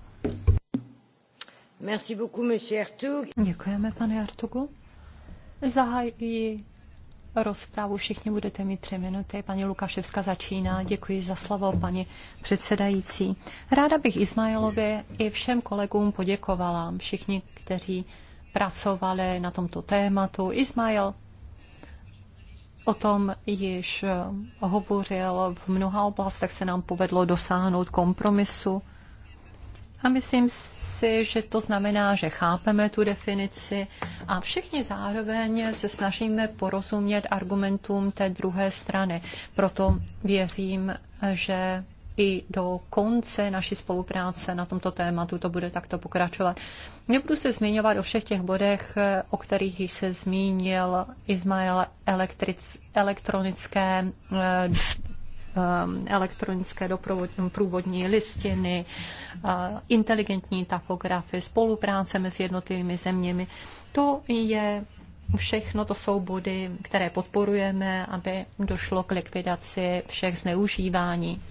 Merci beaucoup, monsieur Děkujeme, pane Artugu. Zahájí rozpravu. Všichni budete mít tři minuty. Paní Lukaševska začíná. Děkuji za slovo, paní předsedající. Ráda bych Ismailovi i všem kolegům poděkovala. Všichni, kteří pracovali na tomto tématu. Ismail o tom již eh, hovořil. V mnoha oblastech se nám povedlo dosáhnout kompromisu. A myslím si, si, že to znamená, že chápeme tu definici a všichni zároveň se snažíme porozumět argumentům té druhé strany. Proto věřím, že i do konce naší spolupráce na tomto tématu to bude takto pokračovat. Nebudu se zmiňovat o všech těch bodech, o kterých již se zmínil Izmael elektric, elektronické eh, Um, elektronické průvodní listiny, uh, inteligentní tachografy, spolupráce mezi jednotlivými zeměmi. To je všechno to jsou body, které podporujeme, aby došlo k likvidaci všech zneužívání.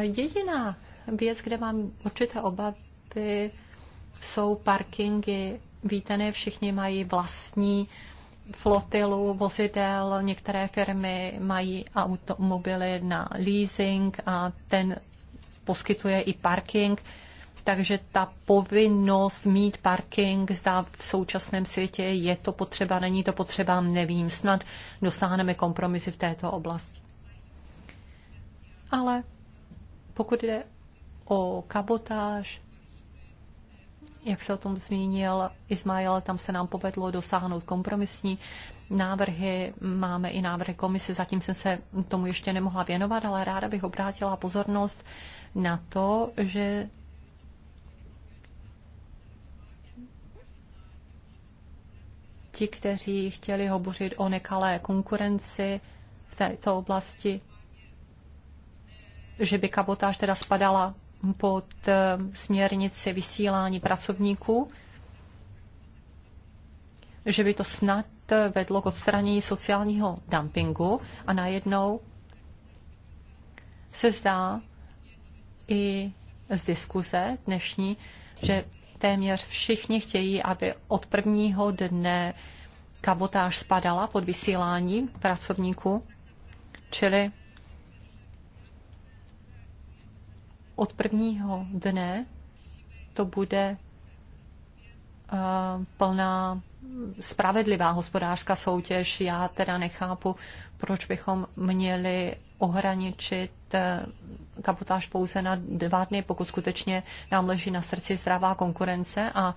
Jediná věc, kde mám určité obavy, jsou parkingy. Víte, ne všichni mají vlastní uh, flotilu vozidel, některé firmy mají automobily na leasing a ten poskytuje i parking. Takže ta povinnost mít parking, zdá v současném světě, je to potřeba, není to potřeba, nevím, snad dosáhneme kompromisy v této oblasti. Ale pokud jde o kabotáž, jak se o tom zmínil Ismail, tam se nám povedlo dosáhnout kompromisní návrhy, máme i návrhy komise, zatím jsem se tomu ještě nemohla věnovat, ale ráda bych obrátila pozornost na to, že ti, kteří chtěli hovořit o nekalé konkurenci v této oblasti, že by kabotáž teda spadala pod eh, směrnici vysílání pracovníků, že by to snad eh, vedlo k odstranění sociálního dumpingu a najednou se zdá i z diskuze dnešní, že téměř všichni chtějí, aby od prvního dne kabotáž spadala pod vysílání pracovníků, čili od prvního dne to bude eh, plná spravedlivá hospodářská soutěž. Já teda nechápu, proč bychom měli ohraničit eh, kapotáž pouze na dva dny, pokud skutečně nám leží na srdci zdravá konkurence a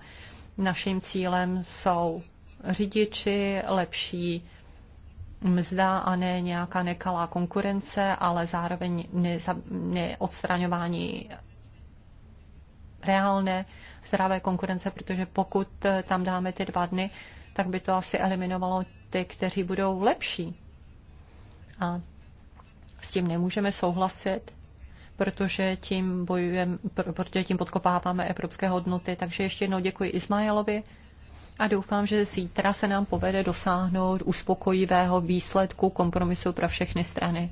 naším cílem jsou řidiči, lepší mzda a ne nějaká nekalá konkurence, ale zároveň neodstraňování reálné zdravé konkurence, protože pokud eh, tam dáme ty dva dny, tak by to asi eliminovalo ty, kteří budou lepší. A s tím nemůžeme souhlasit, protože tím bojujeme, protože tím podkopáváme evropské hodnoty. Takže ještě jednou děkuji Ismailovi a doufám, že zítra se nám povede dosáhnout uspokojivého výsledku kompromisu pro všechny strany.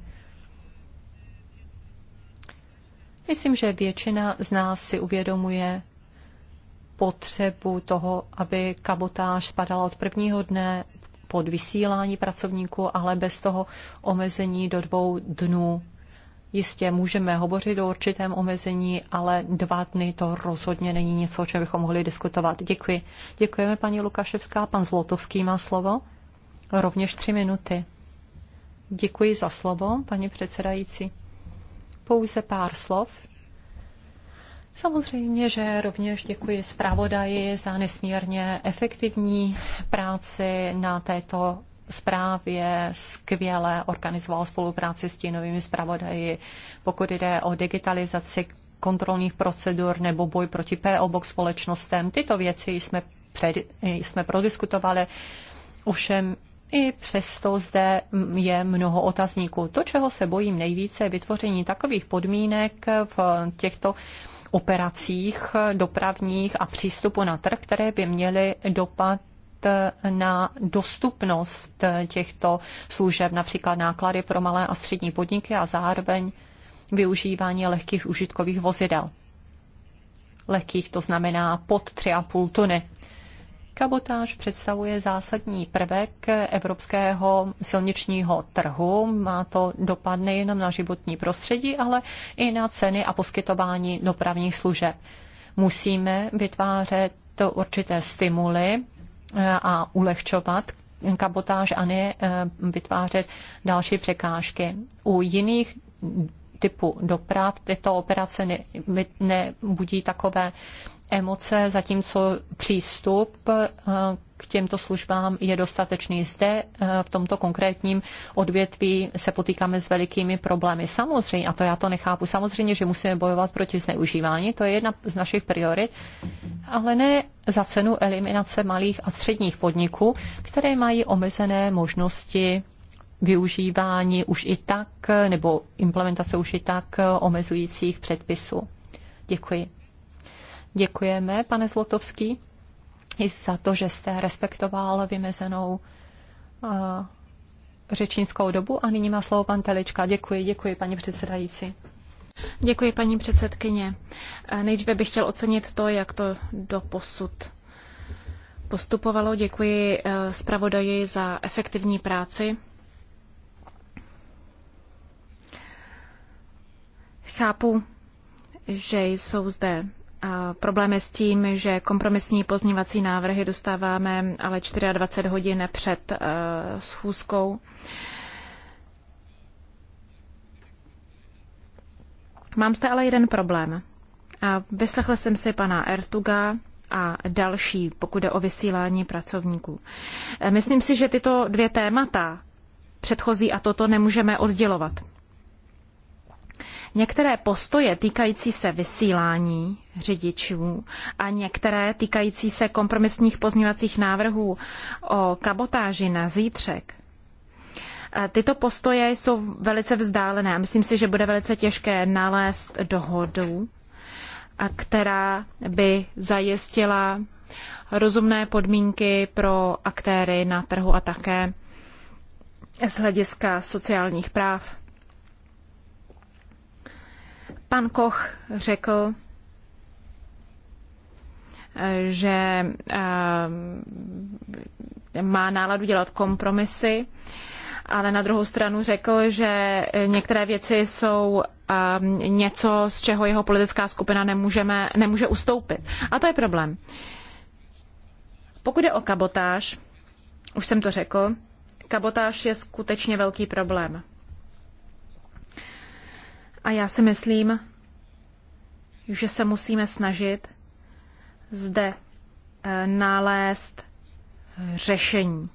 Myslím, že většina z nás si uvědomuje potřebu toho, aby kabotáž spadala od prvního dne pod vysílání pracovníků, ale bez toho omezení do dvou dnů Jistě můžeme hovořit o určitém omezení, ale dva dny to rozhodně není něco, o čem bychom mohli diskutovat. Děkuji. Děkujeme paní Lukaševská. Pan Zlotovský má slovo. Rovněž tři minuty. Děkuji za slovo, paní předsedající. Pouze pár slov. Samozřejmě, že rovněž děkuji zpravodaji za nesmírně efektivní práci na této zprávě skvěle organizoval spolupráci s tínovými zpravodaji. Pokud jde o digitalizaci kontrolních procedur nebo boj proti PO Box společnostem, tyto věci jsme, před, jsme prodiskutovali. Ovšem i přesto zde je mnoho otazníků. To, čeho se bojím nejvíce, je vytvoření takových podmínek v těchto operacích dopravních a přístupu na trh, které by měly dopad Eh, na dostupnost eh, těchto služeb, například náklady pro malé a střední podniky a zároveň využívání lehkých užitkových vozidel. Lehkých to znamená pod 3,5 tuny. Kabotáž představuje zásadní prvek evropského silničního trhu. Má to dopad nejenom na životní prostředí, ale i na ceny a poskytování dopravních služeb. Musíme vytvářet určité stimuly a ulehčovat kabotáž a ne eh, vytvářet další překážky. U jiných typu doprav tyto operace ne, nebudí takové emoce, zatímco přístup eh, k těmto službám je dostatečný. Zde eh, v tomto konkrétním odvětví se potýkáme s velikými problémy. Samozřejmě, a to já to nechápu, samozřejmě, že musíme bojovat proti zneužívání, to je jedna z našich priorit, ale ne za cenu eliminace malých a středních podniků, které mají omezené možnosti využívání už i tak, nebo implementace už i tak omezujících předpisů. Děkuji. Děkujeme, pane Zlotovský i za to, že jste respektoval vymezenou uh, řečnickou dobu. A nyní má slovo pan Telička. Děkuji, děkuji, paní předsedající. Děkuji, paní předsedkyně. Eh, nejdříve bych chtěl ocenit to, jak to do posud postupovalo. Děkuji eh, zpravodaji za efektivní práci. Chápu, že jsou zde Problém je s tím, že kompromisní pozměňovací návrhy dostáváme ale 24 hodin před eh, schůzkou. Mám zde ale jeden problém. Vyslechl jsem si pana Ertuga a další, pokud jde o vysílání pracovníků. Eh, myslím si, že tyto dvě témata, předchozí a toto, nemůžeme oddělovat. Některé postoje týkající se vysílání řidičů a některé týkající se kompromisních pozměňovacích návrhů o kabotáži na zítřek. E, tyto postoje jsou velice vzdálené myslím si, že bude velice těžké nalézt dohodu, která by zajistila rozumné podmínky pro aktéry na trhu a také z hlediska sociálních práv. Pan Koch řekl, že eh, má náladu dělat kompromisy, ale na druhou stranu řekl, že některé věci jsou eh, něco, z čeho jeho politická skupina nemůžeme, nemůže ustoupit. A to je problém. Pokud je o kabotáž, už jsem to řekl, kabotáž je skutečně velký problém. A já si myslím, že se musíme snažit zde eh, nalézt eh, řešení.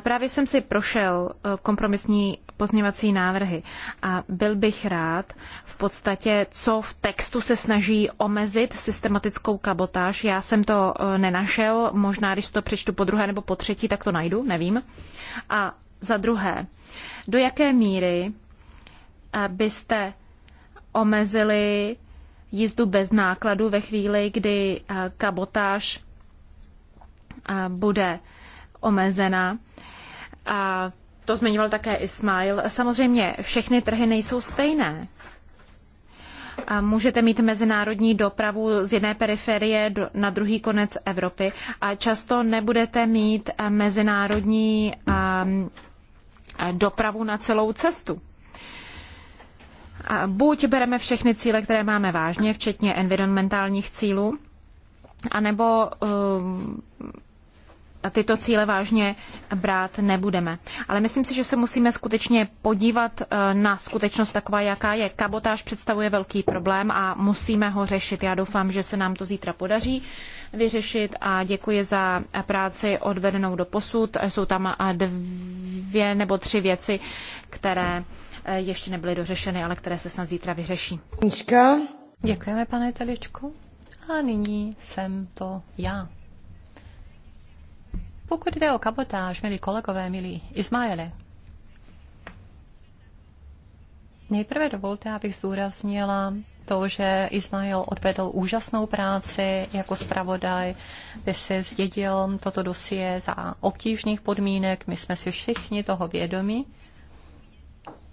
Právě jsem si prošel eh, kompromisní pozměvací návrhy a byl bych rád v podstatě, co v textu se snaží omezit systematickou kabotáž. Já jsem to nenašel, možná když to přečtu po druhé nebo po třetí, tak to najdu, nevím. A za druhé, do jaké míry eh, byste omezili jízdu bez nákladu ve chvíli, kdy eh, kabotáž eh, bude omezena. A to zmiňoval také Ismail. Samozřejmě všechny trhy nejsou stejné. A můžete mít mezinárodní dopravu z jedné periferie na druhý konec Evropy a často nebudete mít mezinárodní ehm, dopravu na celou cestu. buď bereme všechny cíle, které máme vážně, včetně environmentálních cílů, anebo tyto cíle vážně brát nebudeme. Ale myslím si, že se musíme skutečně podívat eh, na skutečnost taková, jaká je. Kabotáž představuje velký problém a musíme ho řešit. Já doufám, že se nám to zítra podaří vyřešit a děkuji za práci odvedenou do posud. Jsou tam eh, dvě nebo tři věci, které eh, ještě nebyly dořešeny, ale které se snad zítra vyřeší. Děkujeme, pane Teličku. A nyní jsem to já. Pokud jde o kabotáž, milí kolegové, milí Ismaele, nejprve dovolte, abych zdůraznila to, že Ismail odvedl úžasnou práci jako zpravodaj, kde se zdědil toto dosie za obtížných podmínek. My jsme si všichni toho vědomi.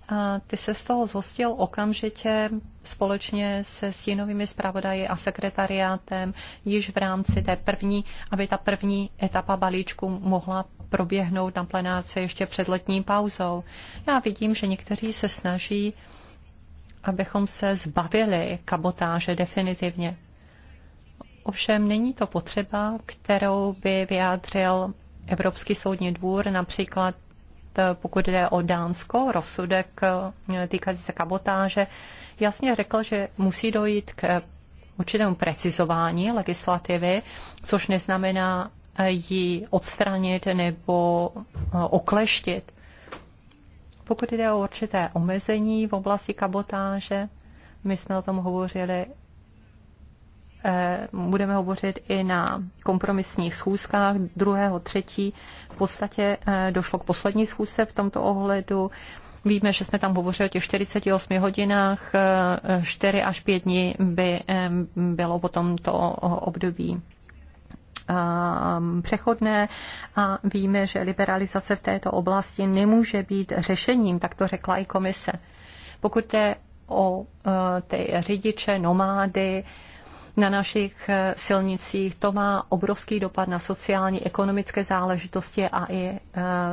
A ty se z toho zhostil okamžitě společně se stínovými zpravodaji a sekretariátem již v rámci té první, aby ta první etapa balíčku mohla proběhnout na plenáce ještě před letní pauzou. Já vidím, že někteří se snaží, abychom se zbavili kabotáže definitivně. Ovšem není to potřeba, kterou by vyjádřil Evropský soudní dvůr, například eh, pokud jde o Dánsko, rozsudek eh, týkající se kabotáže, jasně řekl, že musí dojít k určitému precizování legislativy, což neznamená eh, ji odstranit nebo eh, okleštit. Pokud jde o určité omezení v oblasti kabotáže, my jsme o tom hovořili, eh, budeme hovořit i na kompromisních schůzkách 2. 3. V podstatě došlo k poslední schůzce v tomto ohledu. Víme, že jsme tam hovořili o těch 48 hodinách, 4 eh, až 5 dní by eh, bylo potom to období eh, přechodné a víme, že liberalizace v této oblasti nemůže být řešením, tak to řekla i komise. Pokud jde o ty řidiče, nomády, na našich silnicích. To má obrovský dopad na sociální, ekonomické záležitosti a i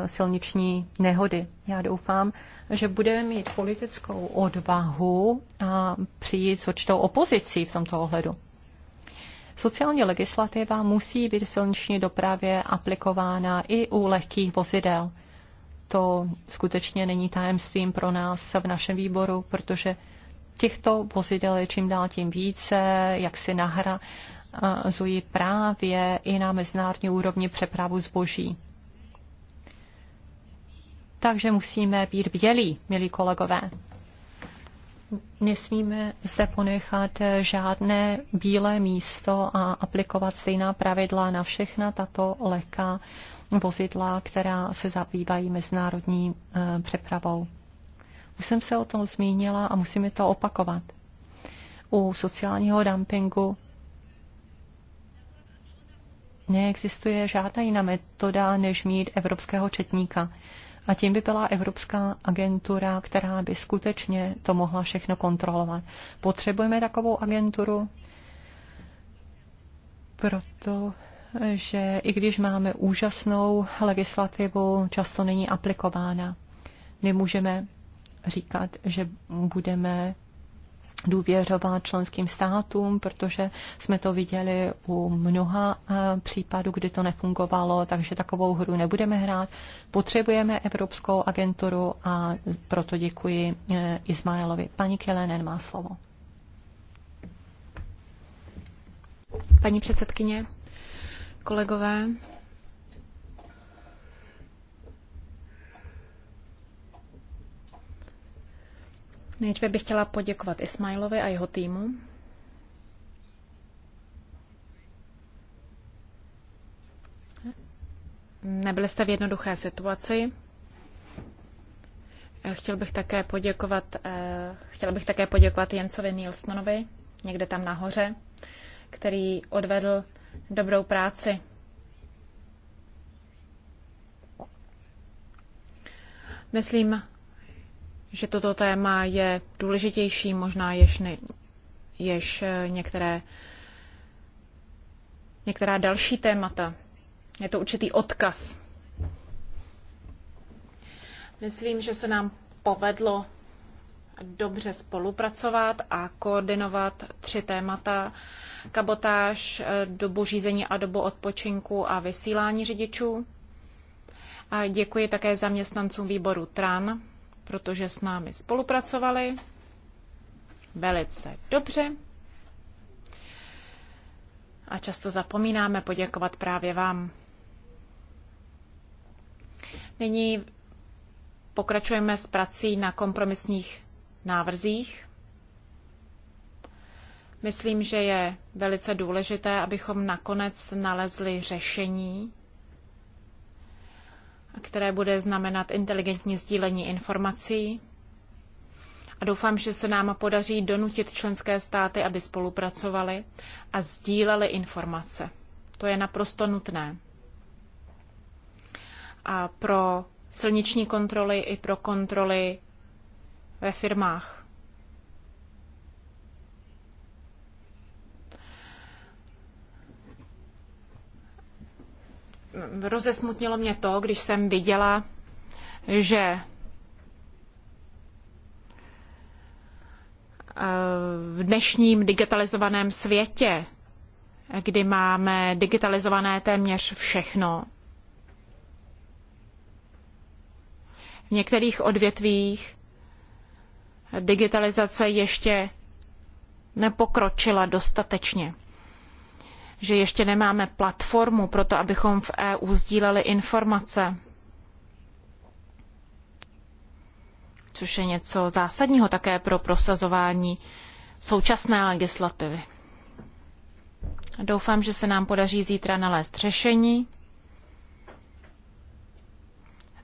silniční nehody. Já doufám, že budeme mít politickou odvahu a přijít s určitou opozicí v tomto ohledu. Sociální legislativa musí být v silniční dopravě aplikována i u lehkých vozidel. To skutečně není tajemstvím pro nás v našem výboru, protože těchto vozidel je čím dál tím více, jak si nahrazují právě i na mezinárodní úrovni přepravu zboží takže musíme být bělí, milí kolegové. Nesmíme zde ponechat žádné bílé místo a aplikovat stejná pravidla na všechna tato lehká vozidla, která se zabývají mezinárodní eh, přepravou. Už jsem se o tom zmínila a musíme to opakovat. U sociálního dumpingu neexistuje žádná jiná metoda, než mít evropského četníka. A tím by byla Evropská agentura, která by skutečně to mohla všechno kontrolovat. Potřebujeme takovou agenturu, protože i když máme úžasnou legislativu, často není aplikována. Nemůžeme říkat, že budeme důvěřovat členským státům, protože jsme to viděli u mnoha eh, případů, kdy to nefungovalo, takže takovou hru nebudeme hrát. Potřebujeme Evropskou agenturu a proto děkuji eh, Izmaelovi. Paní Kelenen má slovo. Paní předsedkyně, kolegové, Nejdříve bych chtěla poděkovat Ismailovi a jeho týmu. Nebyli jste v jednoduché situaci. Chtěl bych také poděkovat, eh, chtěla bych také poděkovat Jensovi Nilssonovi, někde tam nahoře, který odvedl dobrou práci. Myslím, že toto téma je důležitější možná jež, ne, jež eh, některé, některá další témata. Je to určitý odkaz. Myslím, že se nám povedlo dobře spolupracovat a koordinovat tři témata. Kabotáž, eh, dobu řízení a dobu odpočinku a vysílání řidičů. A děkuji také zaměstnancům výboru TRAN protože s námi spolupracovali velice dobře. A často zapomínáme poděkovat právě vám. Nyní pokračujeme s prací na kompromisních návrzích. Myslím, že je velice důležité, abychom nakonec nalezli řešení, které bude znamenat inteligentní sdílení informací. A doufám, že se nám podaří donutit členské státy, aby spolupracovali a sdíleli informace. To je naprosto nutné. A pro silniční kontroly i pro kontroly ve firmách. rozesmutnilo mě to, když jsem viděla, že eh, v dnešním digitalizovaném světě, kdy máme digitalizované téměř všechno, v některých odvětvích digitalizace ještě nepokročila dostatečně že ještě nemáme platformu pro to, abychom v EU sdíleli informace. Což je něco zásadního také pro prosazování současné legislativy. Doufám, že se nám podaří zítra nalézt řešení.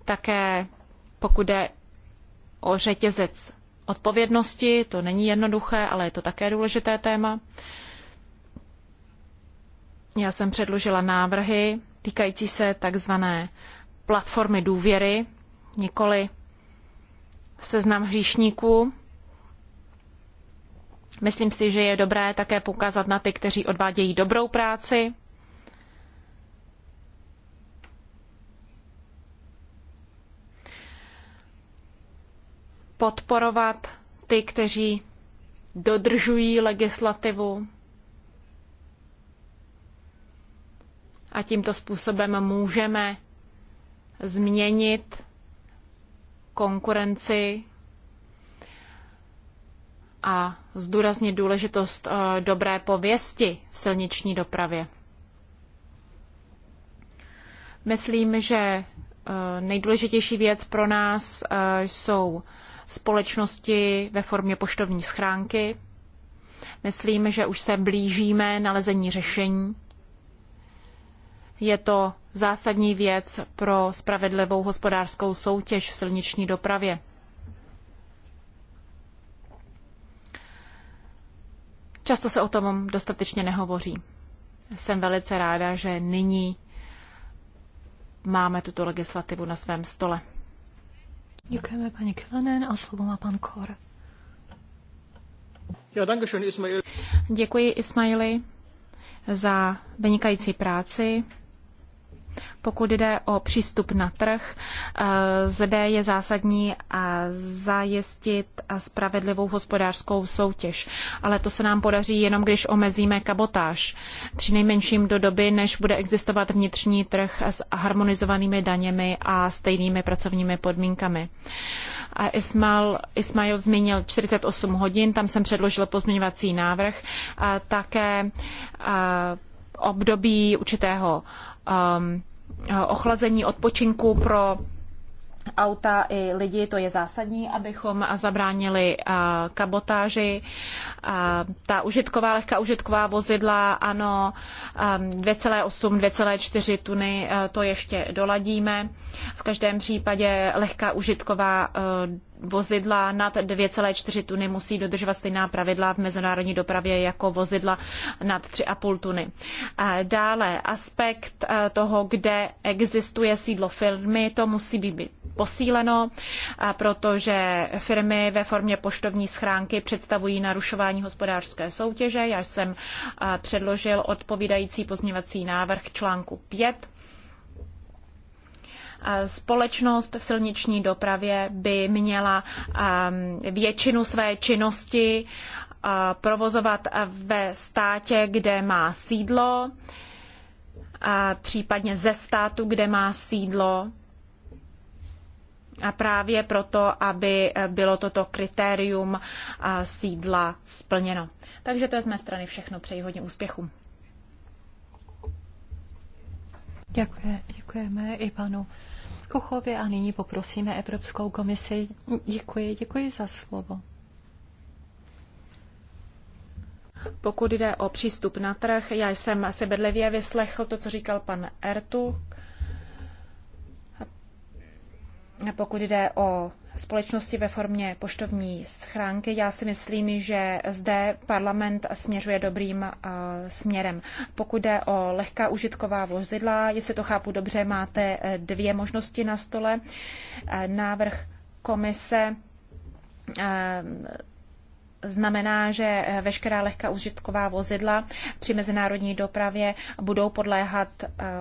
Také pokud jde o řetězec odpovědnosti, to není jednoduché, ale je to také důležité téma. Já jsem předložila návrhy týkající se takzvané platformy důvěry, nikoli seznam hříšníků. Myslím si, že je dobré také poukázat na ty, kteří odvádějí dobrou práci. Podporovat ty, kteří dodržují legislativu, a tímto způsobem můžeme změnit konkurenci a zdůraznit důležitost eh, dobré pověsti v silniční dopravě. Myslím, že eh, nejdůležitější věc pro nás eh, jsou společnosti ve formě poštovní schránky. Myslím, že už se blížíme nalezení řešení. Je to zásadní věc pro spravedlivou hospodářskou soutěž v silniční dopravě. Často se o tom dostatečně nehovoří. Jsem velice ráda, že nyní máme tuto legislativu na svém stole. Děkujeme paní Kilanen a slovo má pan Kor. Ja, Ismail. Děkuji Ismaili za vynikající práci pokud jde o přístup na trh, eh, zde je zásadní eh, zajistit spravedlivou hospodářskou soutěž. Ale to se nám podaří jenom, když omezíme kabotáž. Nejmenším do doby, než bude existovat vnitřní trh s harmonizovanými daněmi a stejnými pracovními podmínkami. A Ismail, Ismail zmínil 48 hodin, tam jsem předložil pozměňovací návrh. A také a eh, období určitého um, Eh, ochlazení odpočinku pro auta i lidi, to je zásadní, abychom zabránili eh, kabotáži. Eh, ta užitková, lehká užitková vozidla, ano, 2,8, 2,4 tuny, to ještě doladíme. V každém případě lehká užitková vozidla nad 2,4 tuny musí dodržovat stejná pravidla v mezinárodní dopravě jako vozidla nad 3,5 tuny. Dále aspekt eh, toho, kde existuje sídlo firmy, to musí být posíleno, protože firmy ve formě poštovní schránky představují narušování hospodářské soutěže. Já jsem eh, předložil odpovídající pozměvací návrh článku 5 Společnost v silniční dopravě by měla um, většinu své činnosti uh, provozovat ve státě, kde má sídlo, případně ze státu, kde má sídlo. A právě proto, aby eh, bylo toto kritérium eh, sídla splněno. Takže to je z mé strany všechno. Přeji hodně úspěchů. Děkuji, děkujeme i panu Kuchově a nyní poprosíme Evropskou komisi. Děkuji, děkuji za slovo. Pokud jde o přístup na trh, já jsem se bedlivě vyslechl to, co říkal pan Ertu. Pokud jde o společnosti ve formě poštovní schránky. Já si myslím, že zde parlament směřuje dobrým eh, směrem. Pokud jde o lehká užitková vozidla, jestli to chápu dobře, máte eh, dvě možnosti na stole. Eh, návrh komise znamená, že veškerá lehká užitková vozidla při mezinárodní dopravě budou podléhat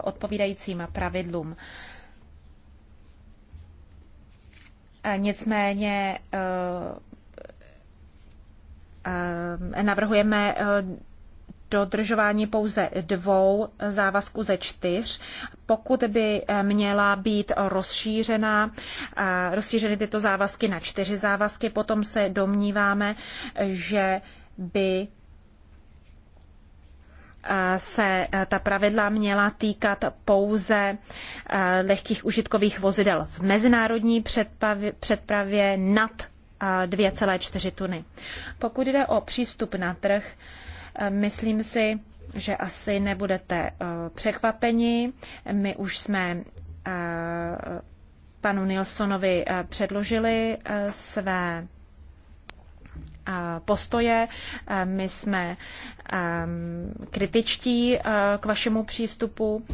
odpovídajícím pravidlům. E, nicméně e, e, navrhujeme dodržování pouze dvou závazků ze čtyř. Pokud by měla být rozšířena, rozšířeny tyto závazky na čtyři závazky, potom se domníváme, že by se eh, ta pravidla měla týkat pouze eh, lehkých užitkových vozidel v mezinárodní předpravě, předpravě nad 2,4 eh, tuny. Pokud jde o přístup na trh, myslím si, že asi nebudete překvapeni. My už jsme panu Nilsonovi předložili své postoje. E, my jsme e, kritičtí e, k vašemu přístupu.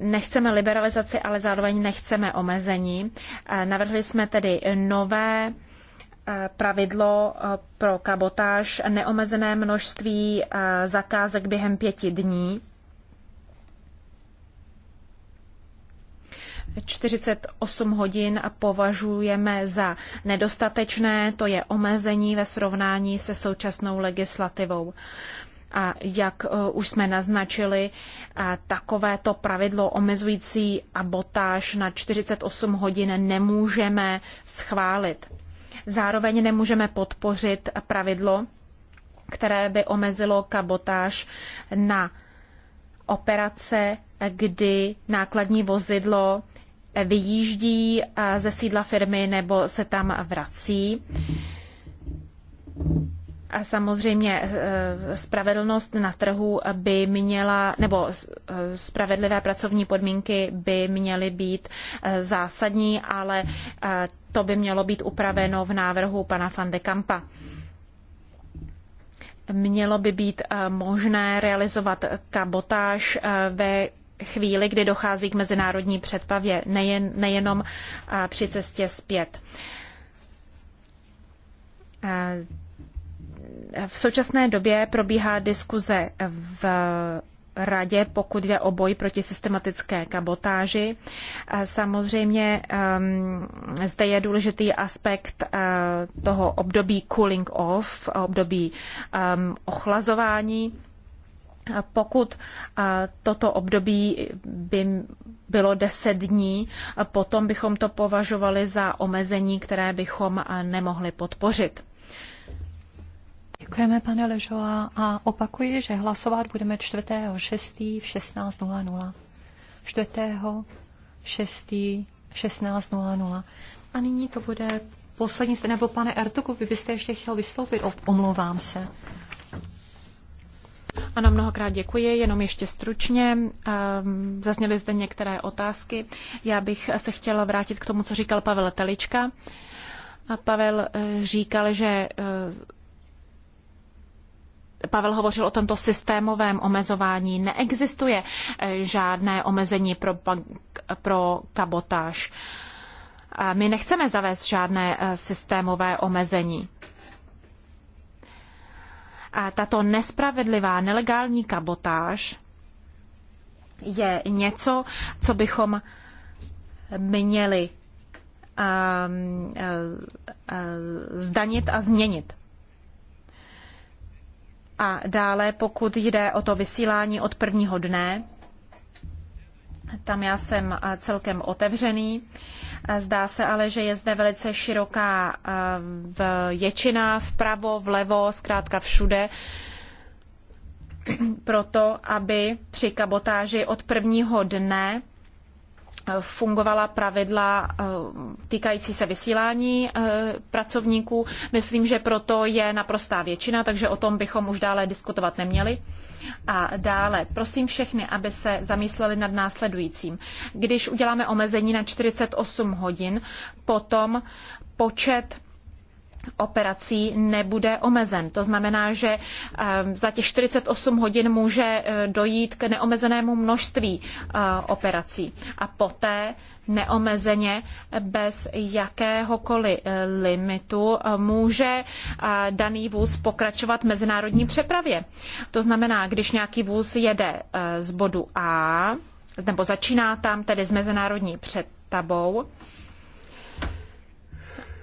Nechceme liberalizaci, ale zároveň nechceme omezení. Navrhli jsme tedy nové pravidlo pro kabotáž neomezené množství zakázek během pěti dní 48 hodin považujeme za nedostatečné, to je omezení ve srovnání se současnou legislativou. A jak e, už jsme naznačili, e, takovéto pravidlo omezující abotáž na 48 hodin nemůžeme schválit. Zároveň nemůžeme podpořit pravidlo, které by omezilo kabotáž na operace, kdy nákladní vozidlo vyjíždí eh, ze sídla firmy nebo se tam vrací. A samozřejmě eh, spravedlnost na trhu by měla, nebo eh, spravedlivé pracovní podmínky by měly být zásadní, ale to by mělo být upraveno v návrhu pana van de Kampa. Mělo by být možné realizovat kabotáž ve chvíli, kdy dochází k mezinárodní předpavě, nejen, nejenom při cestě zpět. V současné době probíhá diskuze v radě, pokud jde o boj proti systematické kabotáži. Samozřejmě um, zde je důležitý aspekt uh, toho období cooling off, období um, ochlazování pokud toto období by bylo deset dní, potom bychom to považovali za omezení, které bychom nemohli podpořit. Děkujeme, pane Ležová, a opakuji, že hlasovat budeme 4.6. v 16.00. 4.6. 16.00. A nyní to bude poslední, nebo pane Ertuku, vy byste ještě chtěl vystoupit, omlouvám se. Ano, mnohokrát děkuji, jenom ještě stručně. Ehm, zazněly zde některé otázky. Já bych se chtěla vrátit k tomu, co říkal Pavel Telička. A Pavel eh, říkal, že eh, Pavel hovořil o tomto systémovém omezování. Neexistuje eh, žádné omezení pro, pro kabotáž. My nechceme zavést žádné systémové omezení tato nespravedlivá nelegální kabotáž je něco, co bychom měli um, uh, zdanit a změnit. A dále, pokud jde o to vysílání od prvního dne, tam já jsem eh, celkem otevřený. Eh, zdá se ale, že je zde velice široká eh, ječina vpravo, vlevo, zkrátka všude, proto aby při kabotáži od prvního dne fungovala pravidla eh, týkající se vysílání eh, pracovníků. Myslím, že proto je naprostá většina, takže o tom bychom už dále diskutovat neměli. A dále, prosím všechny, aby se zamysleli nad následujícím. Když uděláme omezení na 48 hodin, potom počet operací nebude omezen. To znamená, že eh, za těch 48 hodin může eh, dojít k neomezenému množství eh, operací a poté neomezeně bez jakéhokoliv limitu může daný vůz pokračovat v mezinárodní přepravě. To znamená, když nějaký vůz jede z bodu A, nebo začíná tam tedy z mezinárodní přepravou,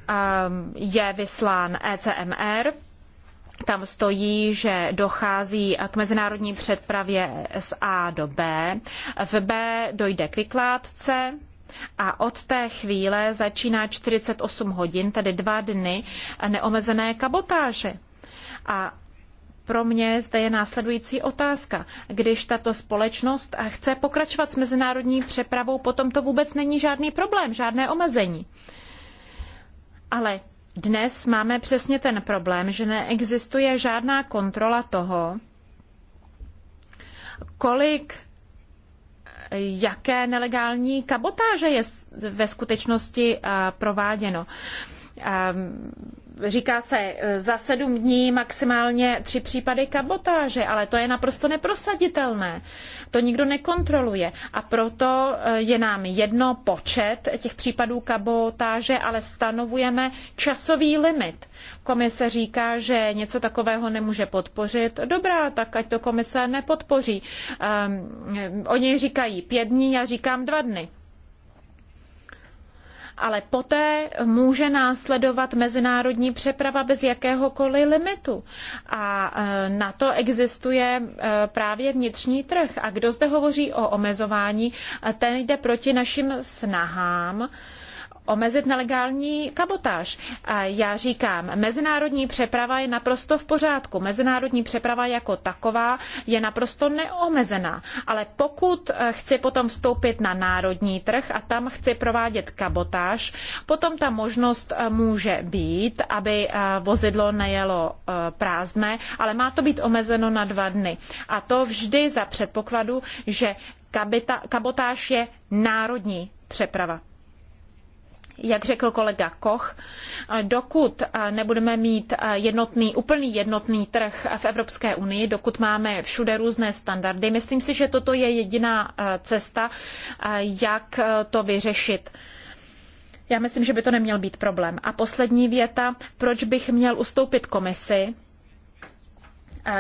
Ehm, je vyslán ECMR. Tam stojí, že dochází k mezinárodní přepravě z A do B. V B dojde k vykládce a od té chvíle začíná 48 hodin, tedy dva dny neomezené kabotáže. A pro mě zde je následující otázka. Když tato společnost chce pokračovat s mezinárodní přepravou, potom to vůbec není žádný problém, žádné omezení. Ale dnes máme přesně ten problém, že neexistuje žádná kontrola toho, kolik jaké nelegální kabotáže je ve skutečnosti prováděno říká se eh, za sedm dní maximálně tři případy kabotáže, ale to je naprosto neprosaditelné. To nikdo nekontroluje a proto eh, je nám jedno počet těch případů kabotáže, ale stanovujeme časový limit. Komise říká, že něco takového nemůže podpořit. Dobrá, tak ať to komise nepodpoří. Um, oni říkají pět dní, já říkám dva dny ale poté může následovat mezinárodní přeprava bez jakéhokoliv limitu. A e, na to existuje e, právě vnitřní trh. A kdo zde hovoří o omezování, e, ten jde proti našim snahám omezit nelegální kabotáž. Já říkám, mezinárodní přeprava je naprosto v pořádku. Mezinárodní přeprava jako taková je naprosto neomezená. Ale pokud eh, chci potom vstoupit na národní trh a tam chci provádět kabotáž, potom ta možnost eh, může být, aby eh, vozidlo nejelo prázdné, ale má to být omezeno na dva dny. A to vždy za předpokladu, že kabita, kabotáž je národní přeprava jak řekl kolega Koch, dokud eh, nebudeme mít eh, jednotný, úplný jednotný trh v Evropské unii, dokud máme všude různé standardy, myslím si, že toto je jediná eh, cesta, jak to vyřešit. Já myslím, že by to neměl být problém. A poslední věta, proč bych měl ustoupit komisi,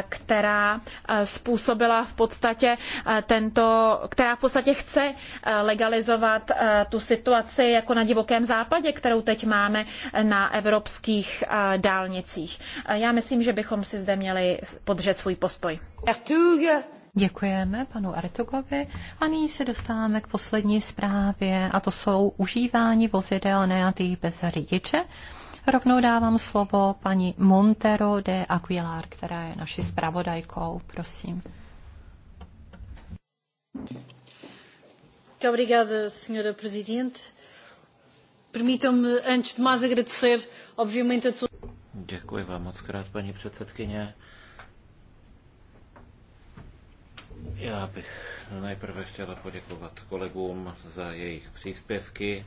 která způsobila v podstatě tento, která v podstatě chce legalizovat tu situaci jako na divokém západě, kterou teď máme na evropských dálnicích. Já myslím, že bychom si zde měli podřet svůj postoj. Děkujeme panu Artugovi a nyní se dostáváme k poslední zprávě a to jsou užívání vozidel najatých bez řidiče. Rovnou dávám slovo paní Montero de Aguilar, která je naší zpravodajkou. Prosím. Muito obrigada, Sra. Presidente. Permitam-me, antes de mais, agradecer, obviamente, a todos. Děkuji vám moc krát, paní předsedkyně. Já bych nejprve chtěla poděkovat kolegům za jejich příspěvky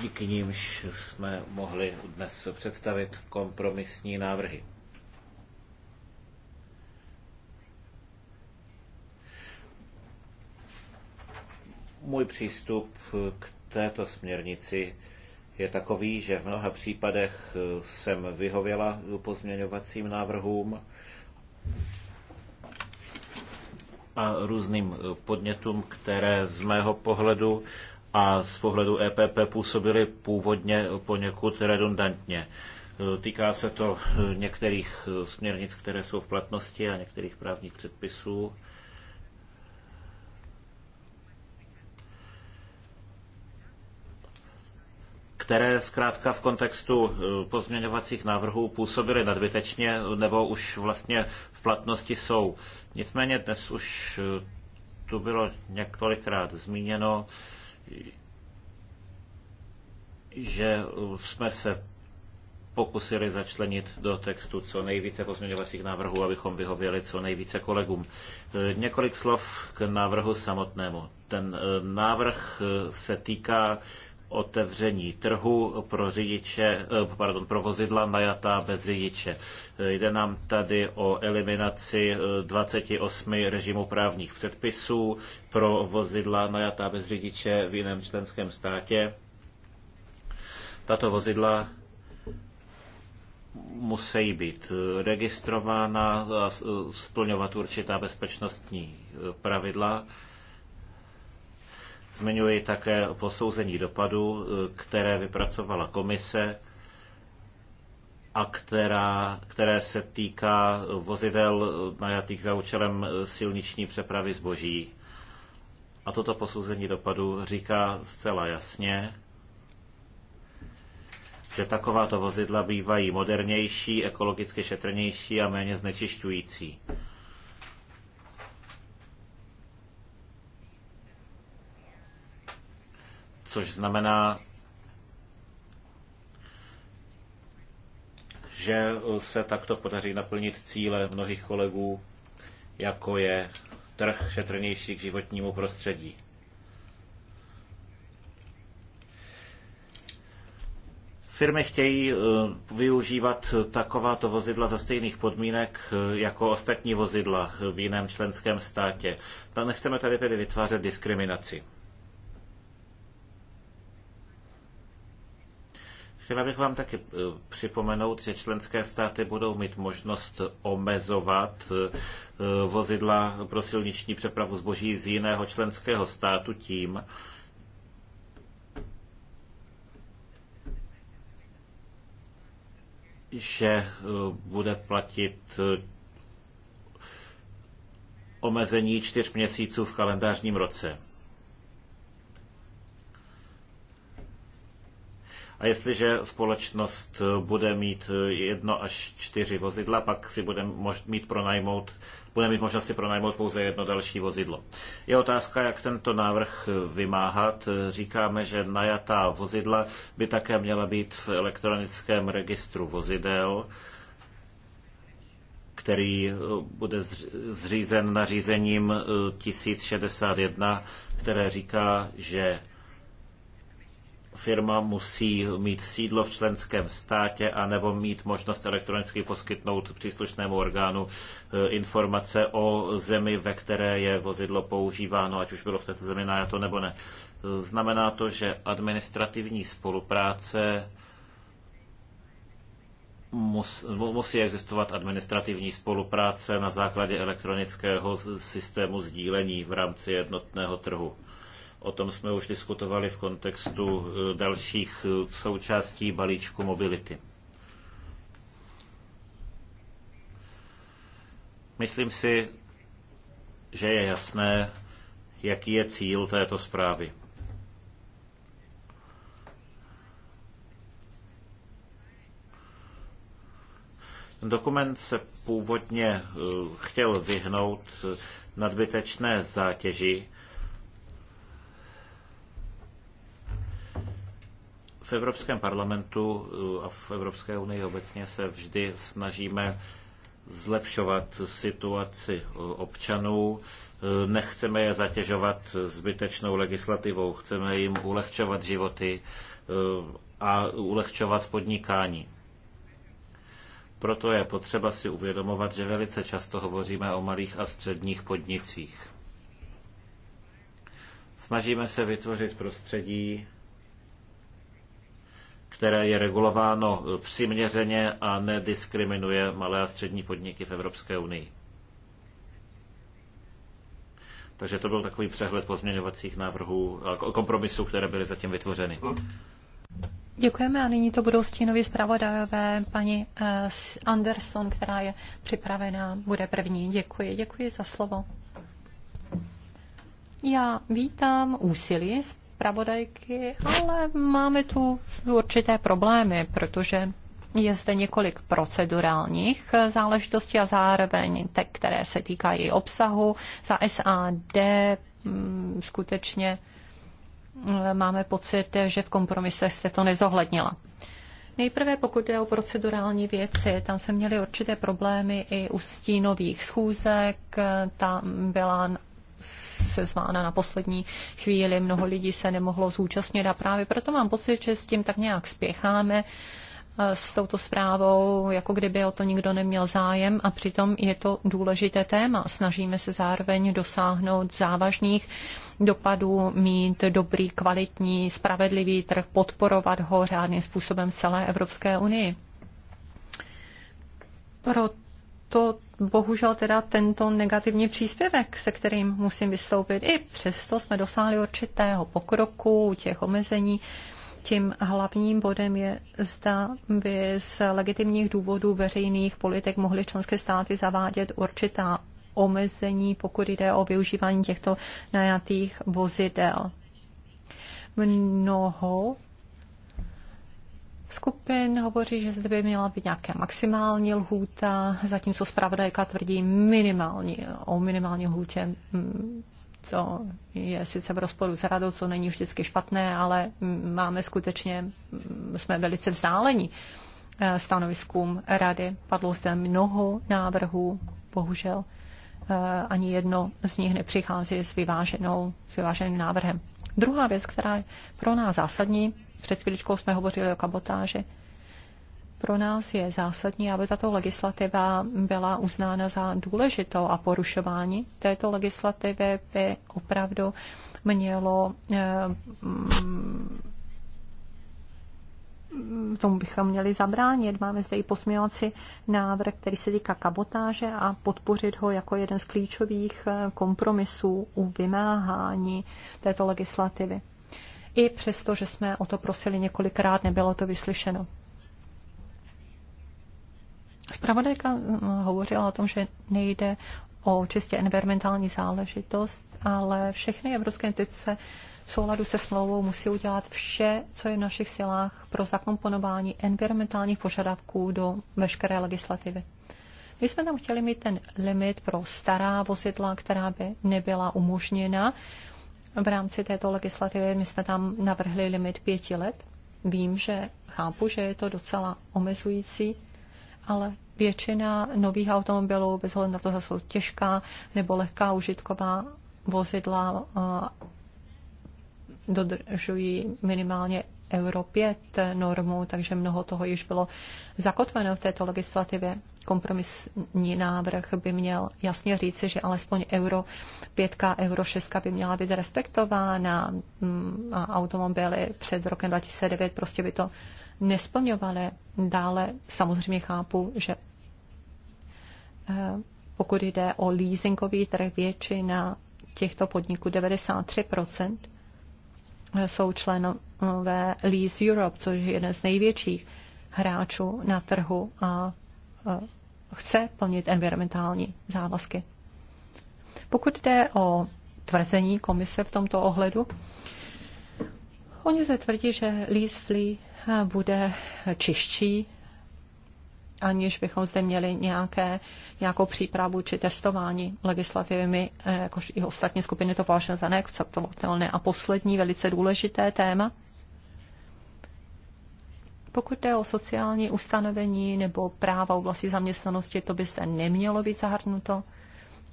díky nímž jsme mohli dnes představit kompromisní návrhy. Můj přístup k této směrnici je takový, že v mnoha případech jsem vyhověla pozměňovacím návrhům a různým podnětům, které z mého pohledu a z pohledu EPP působili původně poněkud redundantně. Týká se to některých směrnic, které jsou v platnosti a některých právních předpisů. které zkrátka v kontextu e, pozměňovacích návrhů působily nadbytečně nebo už vlastně v platnosti jsou. Nicméně dnes už e, tu bylo několikrát zmíněno, že jsme se pokusili začlenit do textu co nejvíce pozměňovacích návrhů, abychom vyhověli co nejvíce kolegům. E, několik slov k návrhu samotnému. Ten e, návrh e, se týká otevření trhu pro řidiče, eh, pardon, pro vozidla najatá bez řidiče. Eh, jde nám tady o eliminaci 28 eh, režimů právních předpisů pro vozidla najatá bez řidiče v jiném členském státě. Tato vozidla musí být registrována a splňovat určitá bezpečnostní pravidla Zmiňuji také posouzení dopadu, eh, které vypracovala komise a která, které se týká vozidel eh, najatých za účelem eh, silniční přepravy zboží. A toto posouzení dopadu říká zcela jasně, že takováto vozidla bývají modernější, ekologicky šetrnější a méně znečišťující. což znamená, že se takto podaří naplnit cíle mnohých kolegů, jako je trh šetrnější k životnímu prostředí. Firmy chtějí eh, využívat takováto vozidla za stejných podmínek eh, jako ostatní vozidla v jiném členském státě. Nechceme tady tedy vytvářet diskriminaci. Chtěla bych vám taky eh, připomenout, že členské státy budou mít možnost omezovat eh, vozidla pro silniční přepravu zboží z jiného členského státu tím, že eh, bude platit omezení čtyř měsíců v kalendářním roce. A jestliže společnost eh, bude mít eh, jedno až čtyři vozidla, pak si bude mít pronajmout bude mít možnost si pronajmout pouze jedno další vozidlo. Je otázka, jak tento návrh eh, vymáhat. Říkáme, že najatá vozidla by také měla být v elektronickém registru vozidel který bude zřízen nařízením 1061, které říká, že firma musí mít sídlo v členském státě a nebo mít možnost elektronicky poskytnout příslušnému orgánu eh, informace o zemi, ve které je vozidlo používáno, ať už bylo v této zemi najato nebo ne. Eh, znamená to, že administrativní spolupráce musí existovat administrativní spolupráce na základě elektronického systému sdílení v rámci jednotného trhu. O tom jsme už diskutovali v kontextu e, dalších e, součástí balíčku mobility. Myslím si, že je jasné, jaký je cíl této zprávy. Dokument se původně e, chtěl vyhnout nadbytečné zátěži, V Evropském parlamentu eh, a v Evropské unii obecně se vždy snažíme zlepšovat situaci eh, občanů. Eh, nechceme je zatěžovat zbytečnou legislativou, chceme jim ulehčovat životy a ulehčovat podnikání. Proto je potřeba si uvědomovat, že velice často hovoříme o malých a středních podnicích. Snažíme se vytvořit prostředí, které je regulováno přiměřeně a nediskriminuje malé a střední podniky v Evropské unii. Takže to byl takový přehled pozměňovacích návrhů, kompromisů, které byly zatím vytvořeny. Děkujeme a nyní to budou stínoví zpravodajové. Paní eh, Anderson, která je připravená, bude první. Děkuji, děkuji za slovo. Já vítám úsilí zpravodajky, ale máme tu určité problémy, protože je zde několik procedurálních záležitostí a zároveň te, které se týkají obsahu. Za SAD m, mm, skutečně eh, máme pocit, že v kompromisech jste to nezohlednila. Nejprve pokud jde o procedurální věci, tam jsme měli určité problémy i u stínových schůzek, tam byla sezvána na poslední chvíli, mnoho lidí se nemohlo zúčastnit a právě proto mám pocit, že s tím tak nějak spěcháme s touto zprávou, jako kdyby o to nikdo neměl zájem a přitom je to důležité téma. Snažíme se zároveň dosáhnout závažných dopadů, mít dobrý, kvalitní, spravedlivý trh, podporovat ho řádným způsobem v celé Evropské unii. Proto bohužel teda tento negativní příspěvek, se kterým musím vystoupit. I přesto jsme dosáhli určitého pokroku, těch omezení. Tím hlavním bodem je, zda by z legitimních důvodů veřejných politik mohly členské státy zavádět určitá omezení, pokud jde o využívání těchto najatých vozidel. Mnoho skupin hovoří, že zde by měla být nějaká maximální lhůta, zatímco zpravodajka tvrdí minimální, o minimální lhůtě mm, to je sice v rozporu s radou, co není vždycky špatné, ale máme skutečně, mm, jsme velice vzdálení eh, stanoviskům rady. Padlo zde mnoho návrhů, bohužel eh, ani jedno z nich nepřichází s, vyváženou, s vyváženým návrhem. Druhá věc, která je pro nás zásadní, před chvíličkou jsme hovořili o kabotáži. Pro nás je zásadní, aby tato legislativa byla uznána za důležitou a porušování této legislativy by opravdu mělo eh, mm, tomu bychom měli zabránit. Máme zde i posměvací návrh, který se týká kabotáže a podpořit ho jako jeden z klíčových eh, kompromisů u vymáhání této legislativy. I přesto, že jsme o to prosili několikrát, nebylo to vyslyšeno. Spravodajka mm, hovořila o tom, že nejde o čistě environmentální záležitost, ale všechny evropské instituce v souladu se smlouvou musí udělat vše, co je v našich silách pro zakomponování environmentálních požadavků do veškeré legislativy. My jsme tam chtěli mít ten limit pro stará vozidla, která by nebyla umožněna v rámci této legislativy. My jsme tam navrhli limit pěti let. Vím, že chápu, že je to docela omezující, ale většina nových automobilů, bez ohledu na to, že jsou těžká nebo lehká užitková vozidla, dodržují minimálně Euro 5 normu, takže mnoho toho již bylo zakotveno v této legislativě kompromisní návrh by měl jasně říci, že alespoň euro 5, euro 6 by měla být respektována mm, a automobily před rokem 2009 prostě by to nesplňovaly. Dále samozřejmě chápu, že eh, pokud jde o leasingový trh, většina těchto podniků, 93%, eh, jsou členové Lease Europe, což je jeden z největších hráčů na trhu a eh, chce plnit environmentální závazky. Pokud jde o tvrzení komise v tomto ohledu, oni se tvrdí, že lease flea eh, bude čistší, aniž bychom zde měli nějaké, nějakou přípravu či testování legislativy. Eh, jakož i ostatní skupiny, to považují za neakceptovatelné. A poslední velice důležité téma – pokud jde o sociální ustanovení nebo práva v oblasti zaměstnanosti, to by zde nemělo být zahrnuto,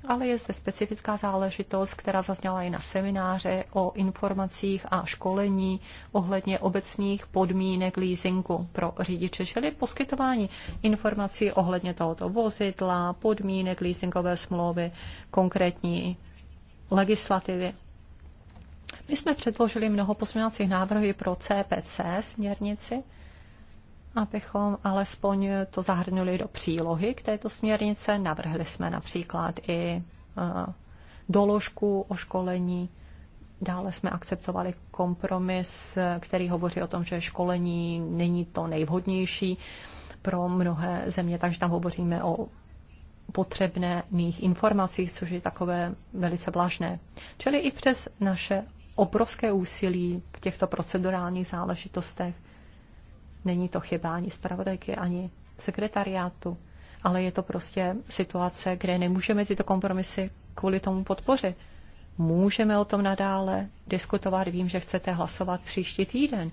ale je zde specifická záležitost, která zazněla i na semináře o informacích a školení ohledně obecných podmínek leasingu pro řidiče, čili poskytování informací ohledně tohoto vozidla, podmínek leasingové smlouvy, konkrétní legislativy. My jsme předložili mnoho pozměňovacích návrhů pro CPC směrnici abychom alespoň to zahrnuli do přílohy k této směrnice. Navrhli jsme například i e, doložku o školení. Dále jsme akceptovali kompromis, který hovoří o tom, že školení není to nejvhodnější pro mnohé země, takže tam hovoříme o potřebných informacích, což je takové velice vlažné. Čili i přes naše obrovské úsilí v těchto procedurálních záležitostech Není to chyba ani zpravodajky, ani sekretariátu, ale je to prostě situace, kde nemůžeme tyto kompromisy kvůli tomu podpořit. Můžeme o tom nadále diskutovat. Vím, že chcete hlasovat příští týden,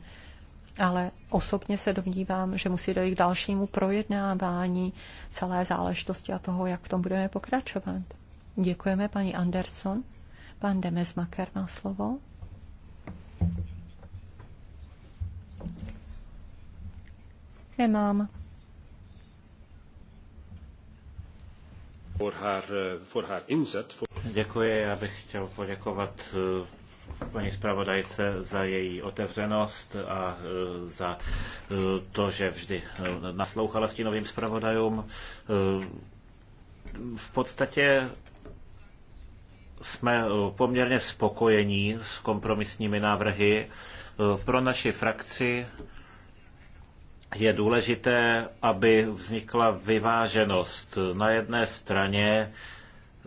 ale osobně se domnívám, že musí dojít k dalšímu projednávání celé záležitosti a toho, jak v tom budeme pokračovat. Děkujeme paní Anderson. Pan Demesmaker má slovo. nemám. Uh, Děkuji, já bych chtěl poděkovat uh, paní zpravodajce za její otevřenost a uh, za to, že vždy naslouchala novým zpravodajům. V podstatě jsme poměrně spokojení s kompromisními návrhy. Pro naši frakci je důležité, aby vznikla vyváženost. Na jedné straně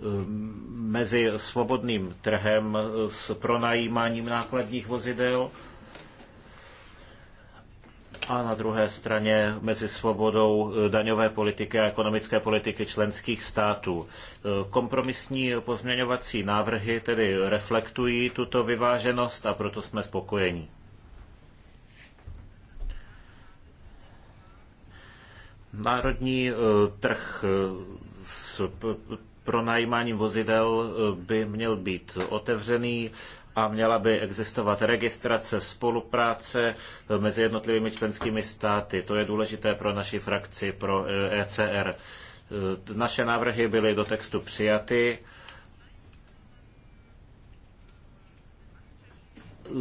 mm, mezi svobodným trhem s pronajímáním nákladních vozidel a na druhé straně mezi svobodou daňové politiky a ekonomické politiky členských států. Kompromisní pozměňovací návrhy tedy reflektují tuto vyváženost a proto jsme spokojeni. Národní eh, trh eh, s pronajímáním vozidel eh, by měl být otevřený a měla by existovat registrace, spolupráce mezi jednotlivými členskými státy. To je důležité pro naši frakci, pro ECR. E naše návrhy byly do textu přijaty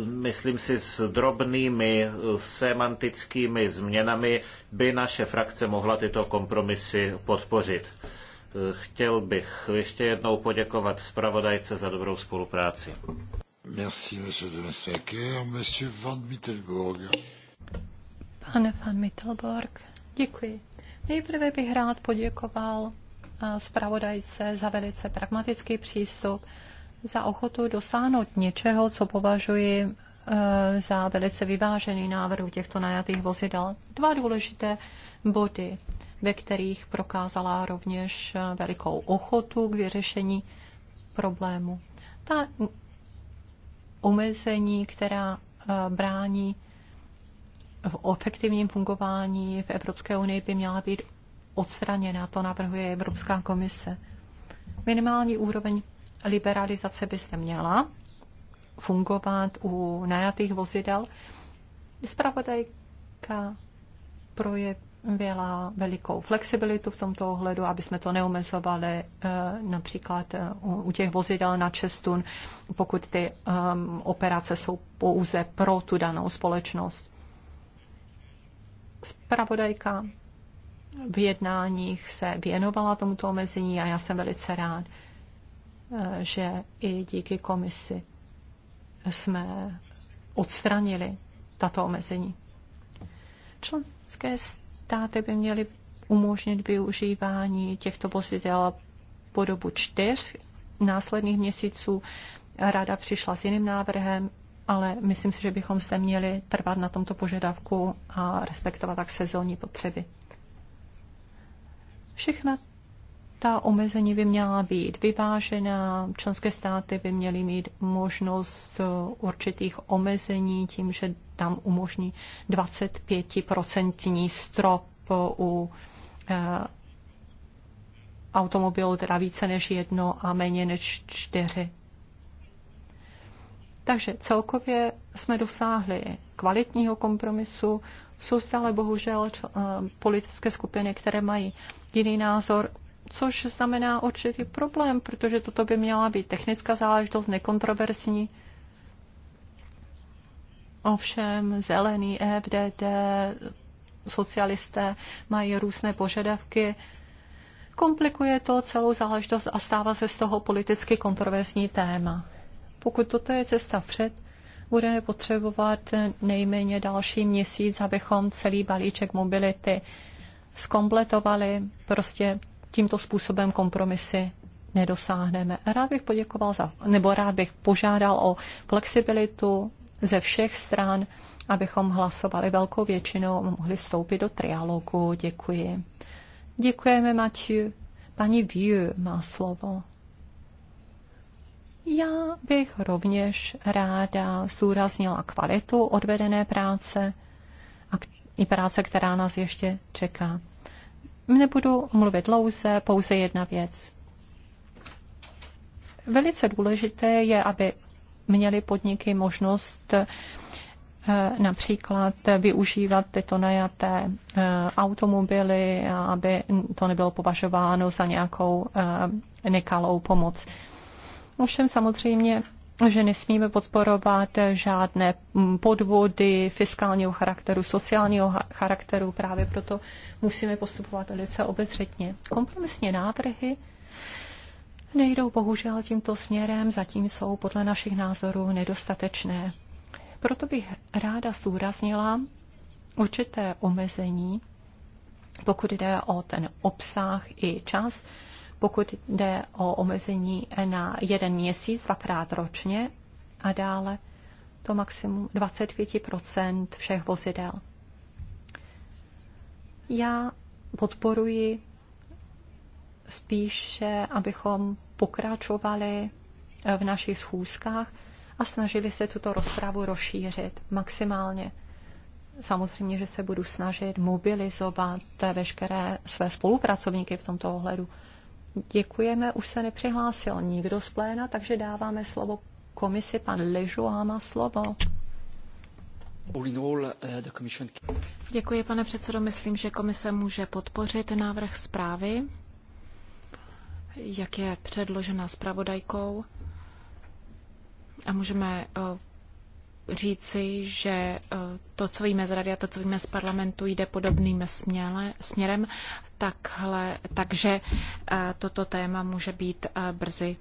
myslím si, s drobnými semantickými změnami by naše frakce mohla tyto kompromisy podpořit. Chtěl bych ještě jednou poděkovat zpravodajce za dobrou spolupráci. Merci, monsieur de Monsieur van Mittelburg. Pane van Mittelburg, děkuji. Nejprve bych rád poděkoval eh, zpravodajce za velice pragmatický přístup za ochotu dosáhnout něčeho, co považuji eh, za velice vyvážený návrh těchto najatých vozidel. Dva důležité body, ve kterých prokázala rovněž eh, velikou ochotu k vyřešení problému. Ta omezení, která eh, brání v efektivním fungování v Evropské unii, by měla být odstraněna. To navrhuje Evropská komise. Minimální úroveň liberalizace by se měla fungovat u najatých vozidel. Spravodajka projevila velikou flexibilitu v tomto ohledu, aby jsme to neomezovali eh, například eh, u těch vozidel na 6 tun, pokud ty eh, operace jsou pouze pro tu danou společnost. Spravodajka v jednáních se věnovala tomuto omezení a já jsem velice rád, že i díky komisi jsme odstranili tato omezení. Členské státy by měly umožnit využívání těchto vozidel po dobu čtyř následných měsíců. Rada přišla s jiným návrhem, ale myslím si, že bychom zde měli trvat na tomto požadavku a respektovat tak sezónní potřeby. Všechna ta omezení by měla být vyvážená, členské státy by měly mít možnost eh, určitých omezení tím, že tam umožní 25% strop eh, u eh, automobilů, teda více než jedno a méně než čtyři. Takže celkově jsme dosáhli kvalitního kompromisu. Jsou stále bohužel politické skupiny, které mají jiný názor což znamená určitý problém, protože toto by měla být technická záležitost, nekontroverzní. Ovšem, zelený EFDD, socialisté mají různé požadavky. Komplikuje to celou záležitost a stává se z toho politicky kontroverzní téma. Pokud toto je cesta před, budeme potřebovat nejméně další měsíc, abychom celý balíček mobility skompletovali. Prostě tímto způsobem kompromisy nedosáhneme. Rád bych poděkoval za, nebo rád bych požádal o flexibilitu ze všech stran, abychom hlasovali velkou většinou mohli vstoupit do trialogu. Děkuji. Děkujeme, Matiu. Paní Vieux má slovo. Já bych rovněž ráda zdůraznila kvalitu odvedené práce a i práce, která nás ještě čeká. Nebudu mluvit dlouze, pouze jedna věc. Velice důležité je, aby měly podniky možnost eh, například využívat tyto najaté eh, automobily, aby to nebylo považováno za nějakou eh, nekalou pomoc. Ovšem samozřejmě že nesmíme podporovat žádné podvody fiskálního charakteru, sociálního charakteru. Právě proto musíme postupovat velice obezřetně. Kompromisní návrhy nejdou bohužel tímto směrem, zatím jsou podle našich názorů nedostatečné. Proto bych ráda zdůraznila určité omezení, pokud jde o ten obsah i čas, pokud jde o omezení na jeden měsíc, dvakrát ročně a dále to maximum 25 všech vozidel. Já podporuji spíše, abychom pokračovali v našich schůzkách a snažili se tuto rozpravu rozšířit maximálně. Samozřejmě, že se budu snažit mobilizovat veškeré své spolupracovníky v tomto ohledu. Děkujeme, už se nepřihlásil nikdo z pléna, takže dáváme slovo komisi. Pan Ležuá má slovo. Eh, Děkuji, pane předsedo. Myslím, že komise může podpořit návrh zprávy, jak je předložena zpravodajkou. A můžeme eh, říci, že eh, to, co víme z rady a to, co víme z parlamentu, jde podobným směle, směrem takhle, takže eh, toto téma může být eh, brzy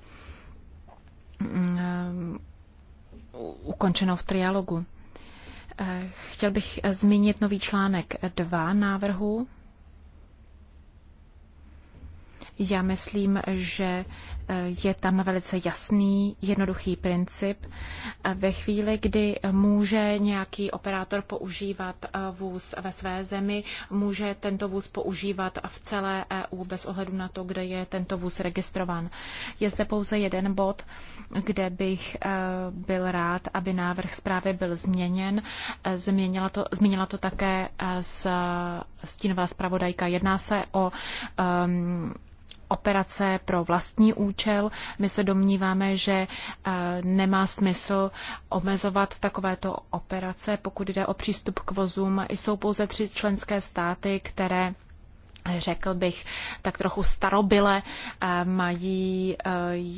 mm, eh, ukončeno v trialogu. Chtěl bych zmínit nový článek 2 návrhu já myslím, že eh, je tam velice jasný, jednoduchý princip. Eh, ve chvíli, kdy může nějaký operátor používat eh, vůz ve své zemi, může tento vůz používat v celé EU bez ohledu na to, kde je tento vůz registrován. Je zde pouze jeden bod, kde bych byl rád, aby návrh zprávy byl změněn. Změnila to, změnila to také s stínová zpravodajka. Jedná se o um, operace pro vlastní účel. My se domníváme, že eh, nemá smysl omezovat takovéto operace. Pokud jde o přístup k vozům, jsou pouze tři členské státy, které řekl bych, tak trochu starobile eh, mají eh,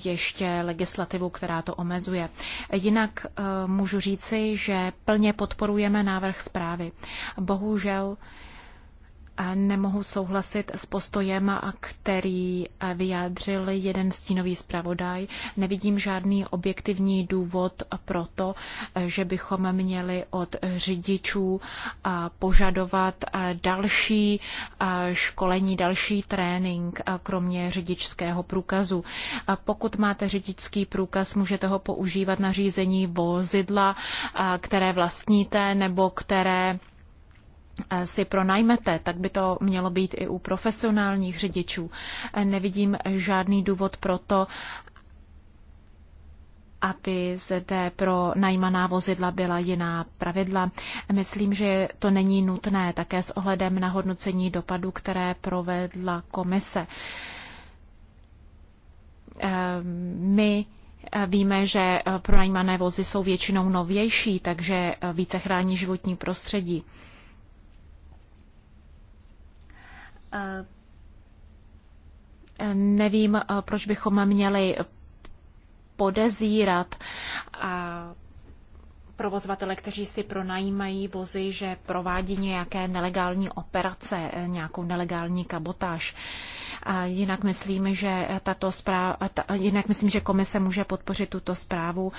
ještě legislativu, která to omezuje. Jinak můžu říci, že plně podporujeme návrh zprávy. Bohužel nemohu souhlasit s postojem, který vyjádřil jeden stínový zpravodaj. Nevidím žádný objektivní důvod pro to, že bychom měli od řidičů požadovat další školení, další trénink, kromě řidičského průkazu. Pokud máte řidičský průkaz, můžete ho používat na řízení vozidla, které vlastníte nebo které Eh, si pronajmete, tak by to mělo být i u profesionálních řidičů. Eh, nevidím žádný důvod pro to, aby zde pro najímaná vozidla byla jiná pravidla. Myslím, že to není nutné také s ohledem na hodnocení dopadu, které provedla komise. Eh, my Víme, že pronajímané vozy jsou většinou novější, takže více chrání životní prostředí. Eh, nevím, eh, proč bychom měli podezírat eh, provozovatele, kteří si pronajímají vozy, že provádí nějaké nelegální operace, nějakou nelegální kabotáž. A jinak myslím, že tato zpráva, ta, jinak myslím, že komise může podpořit tuto zprávu.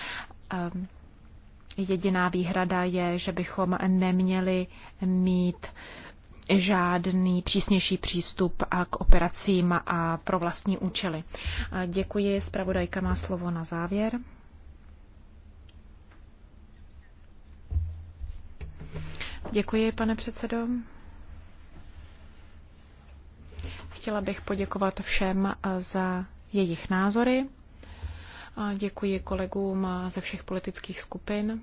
Jediná výhrada je, že bychom neměli mít žádný přísnější přístup k operacím a pro vlastní účely. Děkuji, zpravodajka má slovo na závěr. Děkuji, pane předsedo. Chtěla bych poděkovat všem za jejich názory. Děkuji kolegům ze všech politických skupin.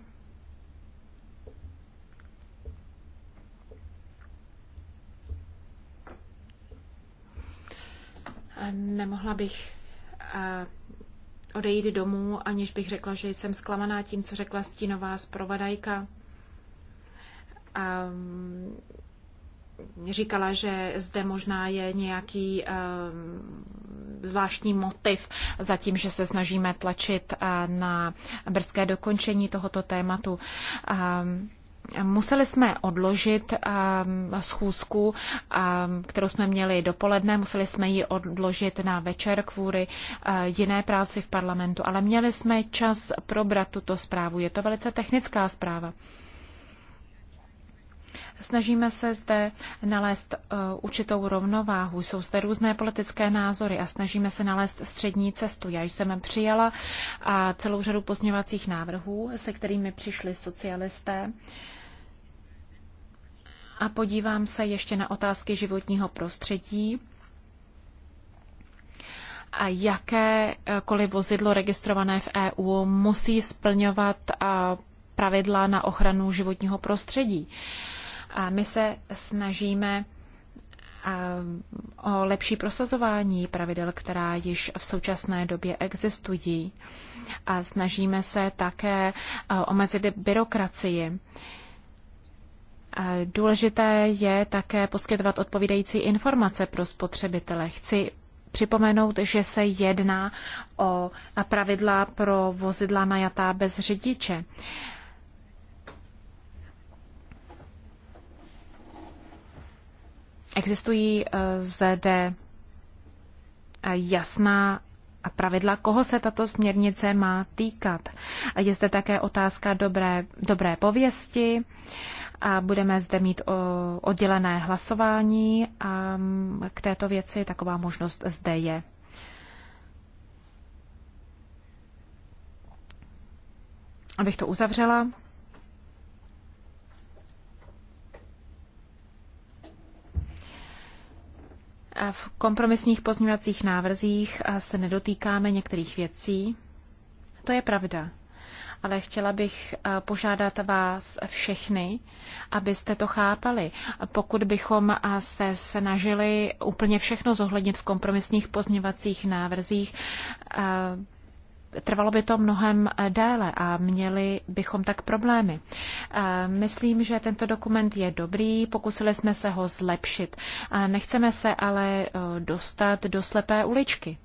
Nemohla bych eh, odejít domů, aniž bych řekla, že jsem zklamaná tím, co řekla stínová zprovadajka. A ehm, říkala, že zde možná je nějaký ehm, zvláštní motiv za tím, že se snažíme tlačit eh, na brzké dokončení tohoto tématu. Ehm, Museli jsme odložit ehm, schůzku, ehm, kterou jsme měli dopoledne, museli jsme ji odložit na večer kvůli eh, jiné práci v parlamentu, ale měli jsme čas probrat tuto zprávu. Je to velice technická zpráva. Snažíme se zde nalézt eh, určitou rovnováhu. Jsou zde různé politické názory a snažíme se nalézt střední cestu. Já jsem přijala eh, celou řadu pozměňovacích návrhů, se kterými přišli socialisté. Uh, a podívám se ještě na otázky životního prostředí. A jakékoliv eh, vozidlo registrované v EU musí splňovat eh, pravidla na ochranu životního prostředí. A my se snažíme eh, o lepší prosazování pravidel, která již v současné době existují. A snažíme se také omezit byrokracii. Důležité je také poskytovat odpovídající informace pro spotřebitele. Chci připomenout, že se jedná o pravidla pro vozidla najatá bez řidiče. Existují eh, zde jasná pravidla, koho se tato směrnice má týkat. Je zde také otázka dobré, dobré pověsti a budeme zde mít oddělené hlasování a k této věci taková možnost zde je. Abych to uzavřela. V kompromisních pozměňovacích návrzích se nedotýkáme některých věcí. To je pravda ale chtěla bych eh, požádat vás všechny, abyste to chápali. Pokud bychom eh, se snažili úplně všechno zohlednit v kompromisních pozměvacích návrzích, eh, trvalo by to mnohem déle a měli bychom tak problémy. Myslím, že tento dokument je dobrý, pokusili jsme se ho zlepšit. Nechceme se ale dostat do slepé uličky.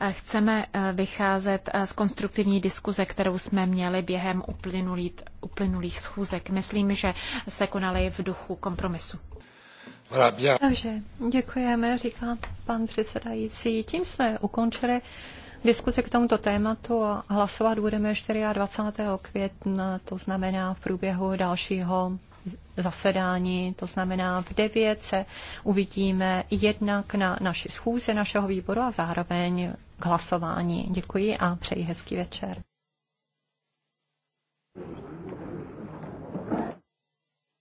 Eh, chceme eh, vycházet eh, z konstruktivní diskuze, kterou jsme měli během uplynulých, uplynulých schůzek. Myslím, že se konaly v duchu kompromisu. Takže děkujeme, říká pan předsedající. Tím jsme ukončili diskuzi k tomuto tématu a hlasovat budeme 24. května, to znamená v průběhu dalšího zasedání, to znamená v 9 se uvidíme jednak na naši schůze našeho výboru a zároveň k hlasování. Děkuji a přeji hezký večer.